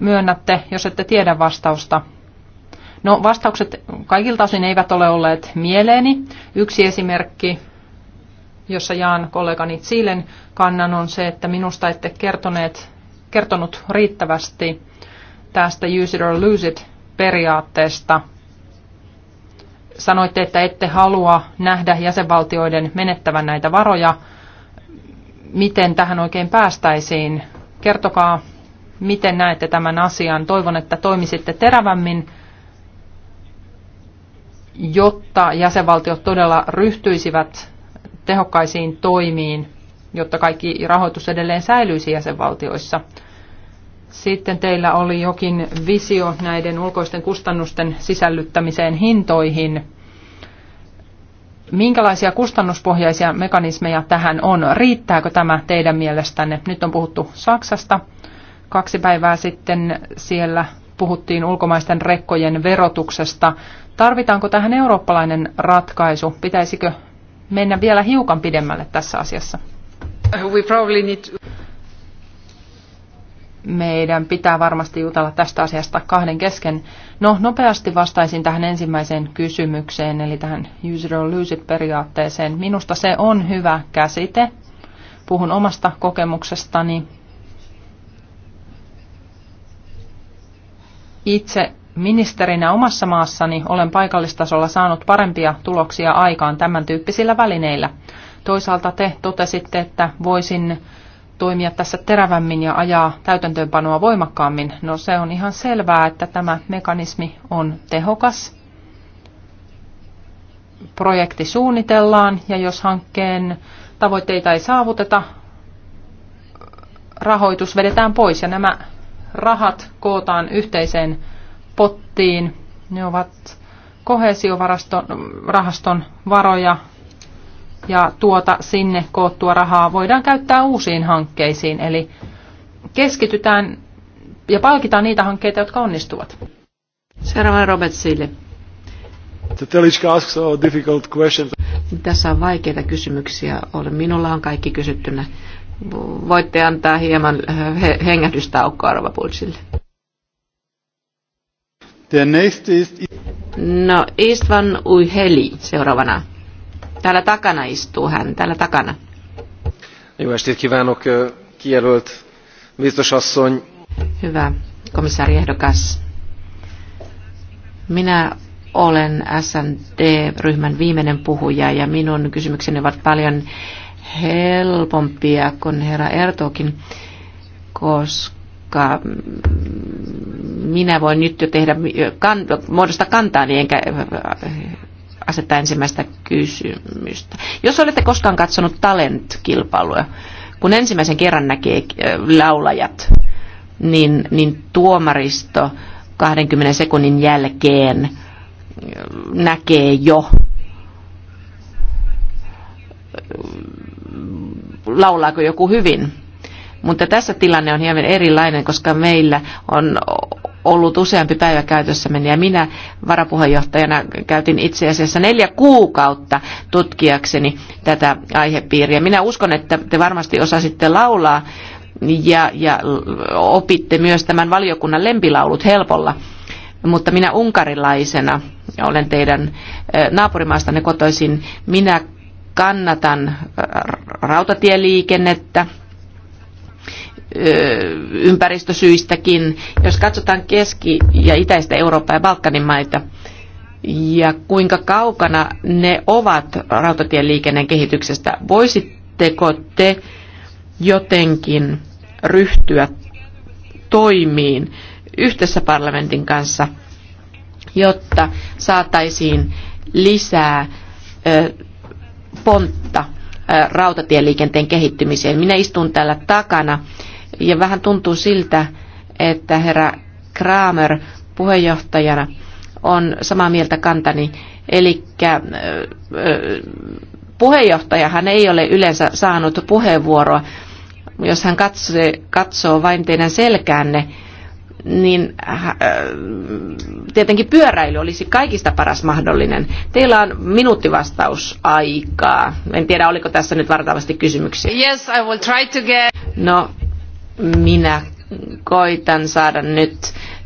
myönnätte, jos ette tiedä vastausta. No vastaukset kaikilta osin eivät ole olleet mieleeni. Yksi esimerkki, jossa jaan kollegani Siilen kannan, on se, että minusta ette kertoneet, kertonut riittävästi tästä use it or lose it periaatteesta – Sanoitte, että ette halua nähdä jäsenvaltioiden menettävän näitä varoja. Miten tähän oikein päästäisiin? Kertokaa, miten näette tämän asian. Toivon, että toimisitte terävämmin, jotta jäsenvaltiot todella ryhtyisivät tehokkaisiin toimiin, jotta kaikki rahoitus edelleen säilyisi jäsenvaltioissa – sitten teillä oli jokin visio näiden ulkoisten kustannusten sisällyttämiseen hintoihin. Minkälaisia kustannuspohjaisia mekanismeja tähän on? Riittääkö tämä teidän mielestänne? Nyt on puhuttu Saksasta. Kaksi päivää sitten siellä puhuttiin ulkomaisten rekkojen verotuksesta. Tarvitaanko tähän eurooppalainen ratkaisu? Pitäisikö mennä vielä hiukan pidemmälle tässä asiassa? We probably need to meidän pitää varmasti jutella tästä asiasta kahden kesken. No, nopeasti vastaisin tähän ensimmäiseen kysymykseen, eli tähän user or lose it periaatteeseen. Minusta se on hyvä käsite. Puhun omasta kokemuksestani. Itse ministerinä omassa maassani olen paikallistasolla saanut parempia tuloksia aikaan tämän tyyppisillä välineillä. Toisaalta te totesitte, että voisin toimia tässä terävämmin ja ajaa täytäntöönpanoa voimakkaammin. No se on ihan selvää, että tämä mekanismi on tehokas. Projekti suunnitellaan ja jos hankkeen tavoitteita ei saavuteta, rahoitus vedetään pois ja nämä rahat kootaan yhteiseen pottiin. Ne ovat kohesiovaraston rahaston varoja ja tuota sinne koottua rahaa voidaan käyttää uusiin hankkeisiin. Eli keskitytään ja palkitaan niitä hankkeita, jotka onnistuvat. Seuraava Robert Sille. Tässä on vaikeita kysymyksiä. Minulla on kaikki kysyttynä. Voitte antaa hieman äh, hengähdystaukoa Rova Pulsille. No, Istvan Uiheli seuraavana. Täällä takana istuu hän, täällä takana. Jó estét kívánok, kijelölt biztosasszony. Hyvä komissaari ehdokas. Minä olen SND-ryhmän viimeinen puhuja ja minun kysymykseni ovat paljon helpompia kuin herra Ertokin, koska minä voin nyt jo tehdä, kan, muodostaa kantaani enkä asettaa ensimmäistä kysymystä. Jos olette koskaan katsonut talent kilpailuja kun ensimmäisen kerran näkee äh, laulajat, niin, niin tuomaristo 20 sekunnin jälkeen äh, näkee jo äh, laulaako joku hyvin. Mutta tässä tilanne on hieman erilainen, koska meillä on ollut useampi päivä käytössä meni. Ja minä varapuheenjohtajana käytin itse asiassa neljä kuukautta tutkiakseni tätä aihepiiriä. Minä uskon, että te varmasti osasitte laulaa ja, ja opitte myös tämän valiokunnan lempilaulut helpolla. Mutta minä unkarilaisena, olen teidän eh, naapurimaastanne kotoisin, minä kannatan eh, rautatieliikennettä, ympäristösyistäkin. Jos katsotaan Keski- ja Itäistä Eurooppaa ja Balkanin maita, ja kuinka kaukana ne ovat rautatieliikenteen kehityksestä. Voisitteko te jotenkin ryhtyä toimiin yhdessä parlamentin kanssa, jotta saataisiin lisää pontta rautatieliikenteen kehittymiseen. Minä istun täällä takana ja vähän tuntuu siltä, että herra Kramer puheenjohtajana on samaa mieltä kantani. Eli puheenjohtajahan ei ole yleensä saanut puheenvuoroa. Jos hän katsoo, katsoo vain teidän selkäänne, niin äh, tietenkin pyöräily olisi kaikista paras mahdollinen. Teillä on minuuttivastausaikaa. En tiedä, oliko tässä nyt vartavasti kysymyksiä. Yes, I will try to get... No, minä koitan saada nyt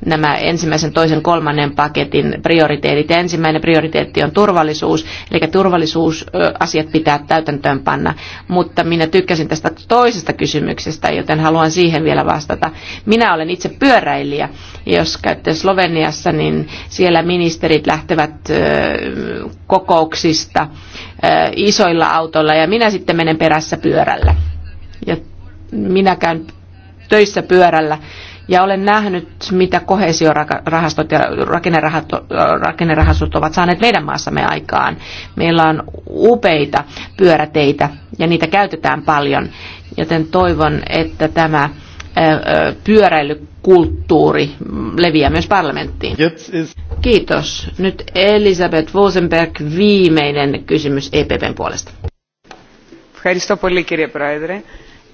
nämä ensimmäisen, toisen, kolmannen paketin prioriteetit. Ja ensimmäinen prioriteetti on turvallisuus, eli turvallisuusasiat pitää täytäntöön panna. Mutta minä tykkäsin tästä toisesta kysymyksestä, joten haluan siihen vielä vastata. Minä olen itse pyöräilijä. Jos käytte Sloveniassa, niin siellä ministerit lähtevät kokouksista isoilla autoilla ja minä sitten menen perässä pyörällä. Ja minä käyn töissä pyörällä ja olen nähnyt, mitä kohesiorahastot ja rakennerahastot ovat saaneet meidän maassamme aikaan. Meillä on upeita pyöräteitä ja niitä käytetään paljon, joten toivon, että tämä pyöräilykulttuuri leviää myös parlamenttiin. Kiitos. Nyt Elisabeth Wosenberg, viimeinen kysymys EPPn puolesta. Kiitos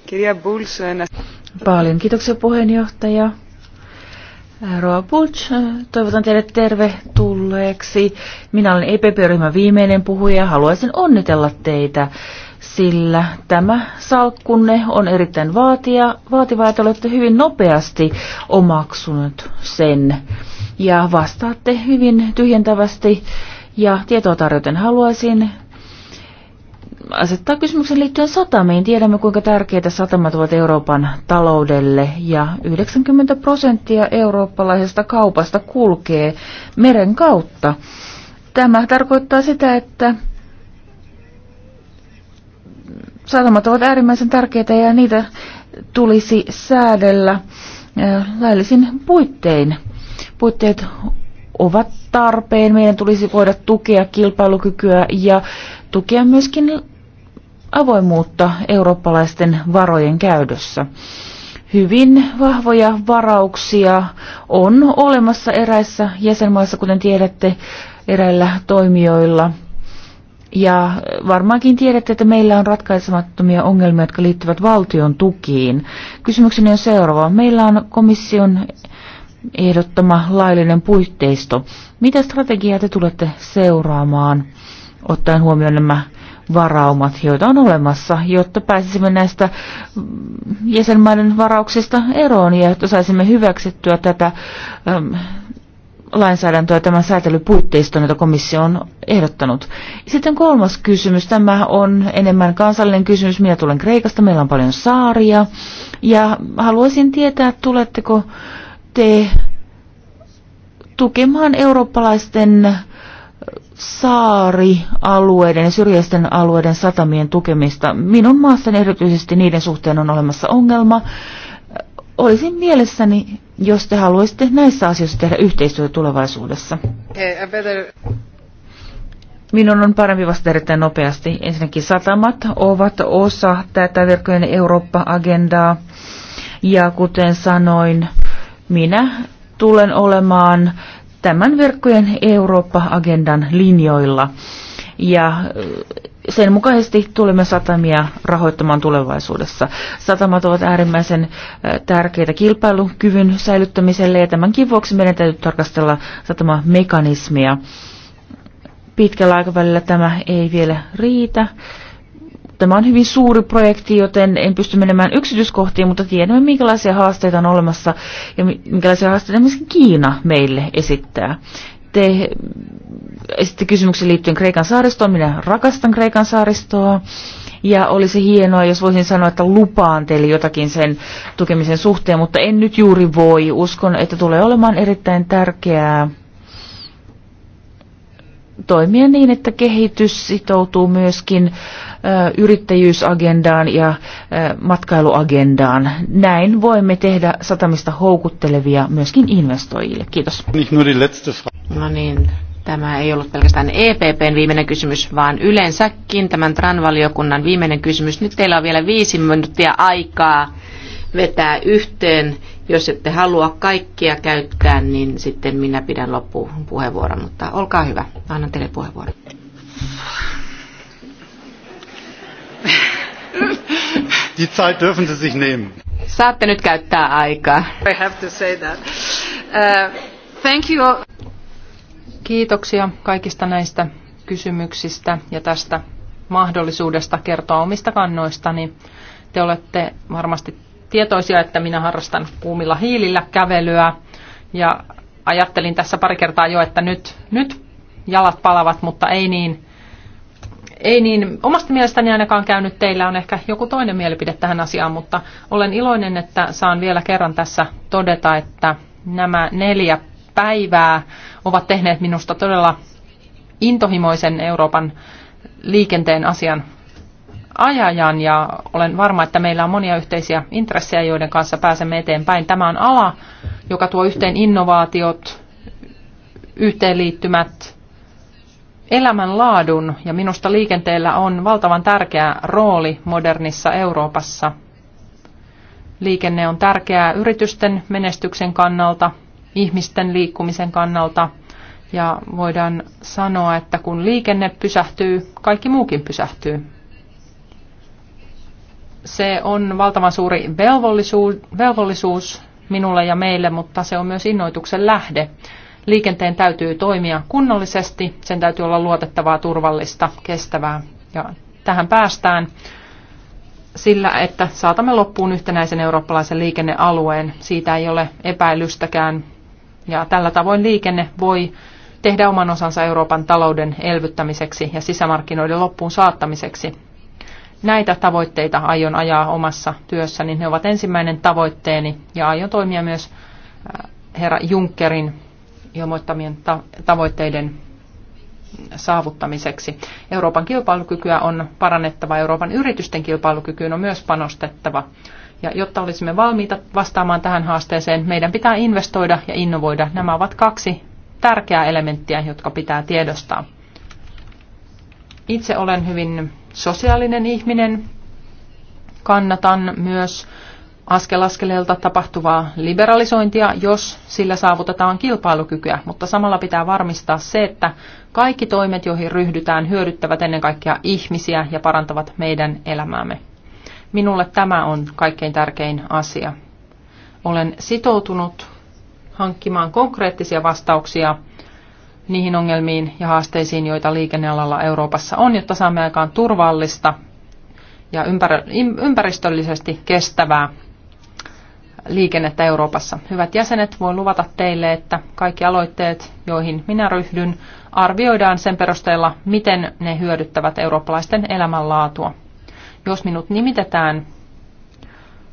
Kirja Bulls, Paljon kiitoksia puheenjohtaja. Roa Butch, toivotan teille tervetulleeksi. Minä olen EPP-ryhmän viimeinen puhuja ja haluaisin onnitella teitä, sillä tämä salkkunne on erittäin vaatia, vaativa, että olette hyvin nopeasti omaksunut sen. Ja vastaatte hyvin tyhjentävästi ja tietoa tarjoten haluaisin asettaa kysymyksen liittyen satamiin. Tiedämme, kuinka tärkeitä satamat ovat Euroopan taloudelle ja 90 prosenttia eurooppalaisesta kaupasta kulkee meren kautta. Tämä tarkoittaa sitä, että satamat ovat äärimmäisen tärkeitä ja niitä tulisi säädellä laillisin puittein. Puitteet ovat tarpeen. Meidän tulisi voida tukea kilpailukykyä ja tukea myöskin avoimuutta eurooppalaisten varojen käydössä. Hyvin vahvoja varauksia on olemassa eräissä jäsenmaissa, kuten tiedätte, eräillä toimijoilla. Ja varmaankin tiedätte, että meillä on ratkaisemattomia ongelmia, jotka liittyvät valtion tukiin. Kysymykseni on seuraava. Meillä on komission ehdottama laillinen puitteisto. Mitä strategiaa te tulette seuraamaan, ottaen huomioon nämä varaumat, joita on olemassa, jotta pääsisimme näistä mm, jäsenmaiden varauksista eroon ja jotta saisimme hyväksyttyä tätä äm, lainsäädäntöä, tämän säätelypuitteiston, jota komissio on ehdottanut. Sitten kolmas kysymys, tämä on enemmän kansallinen kysymys. Minä tulen Kreikasta, meillä on paljon saaria ja haluaisin tietää, tuletteko lähtee tukemaan eurooppalaisten saarialueiden ja syrjäisten alueiden satamien tukemista. Minun maassani erityisesti niiden suhteen on olemassa ongelma. Olisin mielessäni, jos te haluaisitte näissä asioissa tehdä yhteistyötä tulevaisuudessa. Minun on parempi vastata erittäin nopeasti. Ensinnäkin satamat ovat osa tätä verkkojen Eurooppa-agendaa. Ja kuten sanoin, minä tulen olemaan tämän verkkojen Eurooppa-agendan linjoilla. Ja sen mukaisesti tulemme satamia rahoittamaan tulevaisuudessa. Satamat ovat äärimmäisen tärkeitä kilpailukyvyn säilyttämiselle ja tämänkin vuoksi meidän täytyy tarkastella satamamekanismia. Pitkällä aikavälillä tämä ei vielä riitä. Tämä on hyvin suuri projekti, joten en pysty menemään yksityiskohtiin, mutta tiedämme, minkälaisia haasteita on olemassa ja minkälaisia haasteita myös Kiina meille esittää. Te esitte kysymyksen liittyen Kreikan saaristoon. Minä rakastan Kreikan saaristoa. Ja olisi hienoa, jos voisin sanoa, että lupaan teille jotakin sen tukemisen suhteen, mutta en nyt juuri voi. Uskon, että tulee olemaan erittäin tärkeää toimia niin, että kehitys sitoutuu myöskin yrittäjyysagendaan ja matkailuagendaan. Näin voimme tehdä satamista houkuttelevia myöskin investoijille. Kiitos. No niin, tämä ei ollut pelkästään EPPn viimeinen kysymys, vaan yleensäkin tämän TRAN-valiokunnan viimeinen kysymys. Nyt teillä on vielä viisi minuuttia aikaa vetää yhteen jos ette halua kaikkia käyttää, niin sitten minä pidän loppuun puheenvuoron, mutta olkaa hyvä, annan teille puheenvuoron. Die Zeit dürfen Sie sich nehmen. Saatte nyt käyttää aikaa. I have to say that. Uh, thank you. Kiitoksia kaikista näistä kysymyksistä ja tästä mahdollisuudesta kertoa omista kannoistani. Te olette varmasti tietoisia, että minä harrastan kuumilla hiilillä kävelyä. Ja ajattelin tässä pari kertaa jo, että nyt, nyt jalat palavat, mutta ei niin, ei niin. Omasta mielestäni ainakaan käynyt teillä on ehkä joku toinen mielipide tähän asiaan, mutta olen iloinen, että saan vielä kerran tässä todeta, että nämä neljä päivää ovat tehneet minusta todella intohimoisen Euroopan liikenteen asian ajajan ja olen varma, että meillä on monia yhteisiä intressejä, joiden kanssa pääsemme eteenpäin. Tämä on ala, joka tuo yhteen innovaatiot, yhteenliittymät, elämänlaadun ja minusta liikenteellä on valtavan tärkeä rooli modernissa Euroopassa. Liikenne on tärkeää yritysten menestyksen kannalta, ihmisten liikkumisen kannalta ja voidaan sanoa, että kun liikenne pysähtyy, kaikki muukin pysähtyy. Se on valtavan suuri velvollisuus, velvollisuus minulle ja meille, mutta se on myös innoituksen lähde. Liikenteen täytyy toimia kunnollisesti, sen täytyy olla luotettavaa, turvallista, kestävää. Ja tähän päästään sillä, että saatamme loppuun yhtenäisen eurooppalaisen liikennealueen. Siitä ei ole epäilystäkään. Ja tällä tavoin liikenne voi tehdä oman osansa Euroopan talouden elvyttämiseksi ja sisämarkkinoiden loppuun saattamiseksi. Näitä tavoitteita aion ajaa omassa työssäni. Ne ovat ensimmäinen tavoitteeni ja aion toimia myös äh, herra Junckerin ilmoittamien tavoitteiden saavuttamiseksi. Euroopan kilpailukykyä on parannettava, Euroopan yritysten kilpailukykyyn on myös panostettava. Ja jotta olisimme valmiita vastaamaan tähän haasteeseen, meidän pitää investoida ja innovoida. Nämä ovat kaksi tärkeää elementtiä, jotka pitää tiedostaa. Itse olen hyvin sosiaalinen ihminen. Kannatan myös askel askeleelta tapahtuvaa liberalisointia, jos sillä saavutetaan kilpailukykyä, mutta samalla pitää varmistaa se, että kaikki toimet, joihin ryhdytään, hyödyttävät ennen kaikkea ihmisiä ja parantavat meidän elämäämme. Minulle tämä on kaikkein tärkein asia. Olen sitoutunut hankkimaan konkreettisia vastauksia niihin ongelmiin ja haasteisiin, joita liikennealalla Euroopassa on, jotta saamme aikaan turvallista ja ympäristöllisesti kestävää liikennettä Euroopassa. Hyvät jäsenet, voin luvata teille, että kaikki aloitteet, joihin minä ryhdyn, arvioidaan sen perusteella, miten ne hyödyttävät eurooppalaisten elämänlaatua. Jos minut nimitetään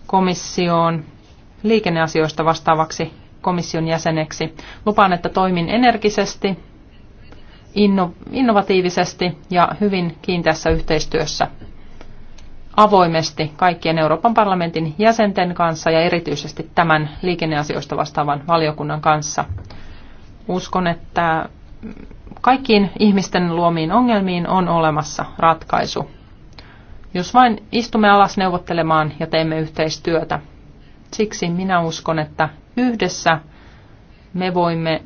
komissioon liikenneasioista vastaavaksi komission jäseneksi. Lupaan, että toimin energisesti, inno, innovatiivisesti ja hyvin kiinteässä yhteistyössä avoimesti kaikkien Euroopan parlamentin jäsenten kanssa ja erityisesti tämän liikenneasioista vastaavan valiokunnan kanssa. Uskon, että kaikkiin ihmisten luomiin ongelmiin on olemassa ratkaisu. Jos vain istumme alas neuvottelemaan ja teemme yhteistyötä. Siksi minä uskon, että yhdessä me voimme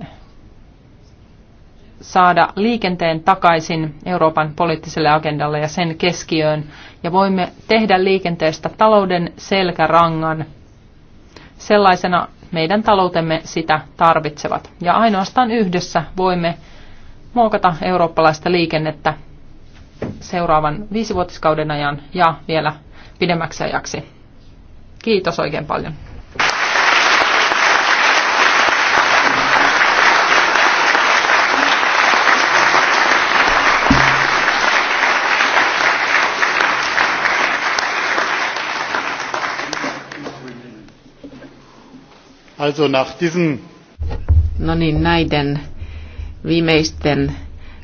saada liikenteen takaisin Euroopan poliittiselle agendalle ja sen keskiöön, ja voimme tehdä liikenteestä talouden selkärangan. Sellaisena meidän taloutemme sitä tarvitsevat. Ja ainoastaan yhdessä voimme muokata eurooppalaista liikennettä seuraavan viisivuotiskauden ajan ja vielä pidemmäksi ajaksi. Kiitos oikein paljon. Also nach diesen No niin, näiden viimeisten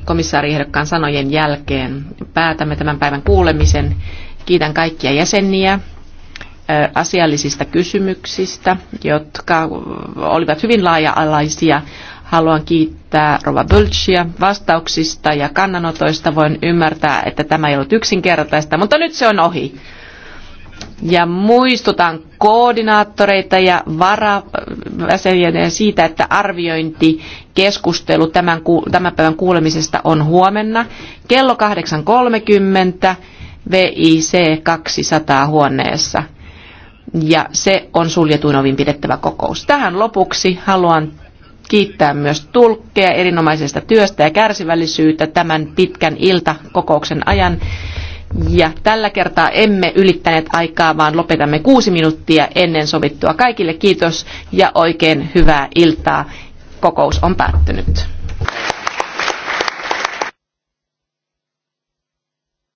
komissaariehdokkaan sanojen jälkeen päätämme tämän päivän kuulemisen. Kiitän kaikkia jäseniä asiallisista kysymyksistä, jotka olivat hyvin laaja-alaisia. Haluan kiittää Rova Bölchia vastauksista ja kannanotoista. Voin ymmärtää, että tämä ei ollut yksinkertaista, mutta nyt se on ohi ja muistutan koordinaattoreita ja varajäseniä siitä, että arviointikeskustelu tämän, tämän päivän kuulemisesta on huomenna kello 8.30 VIC 200 huoneessa. Ja se on suljetuin ovin pidettävä kokous. Tähän lopuksi haluan kiittää myös tulkkeja erinomaisesta työstä ja kärsivällisyyttä tämän pitkän iltakokouksen ajan ja tällä kertaa emme ylittäneet aikaa, vaan lopetamme kuusi minuuttia ennen sovittua. Kaikille kiitos ja oikein hyvää iltaa. Kokous on päättynyt.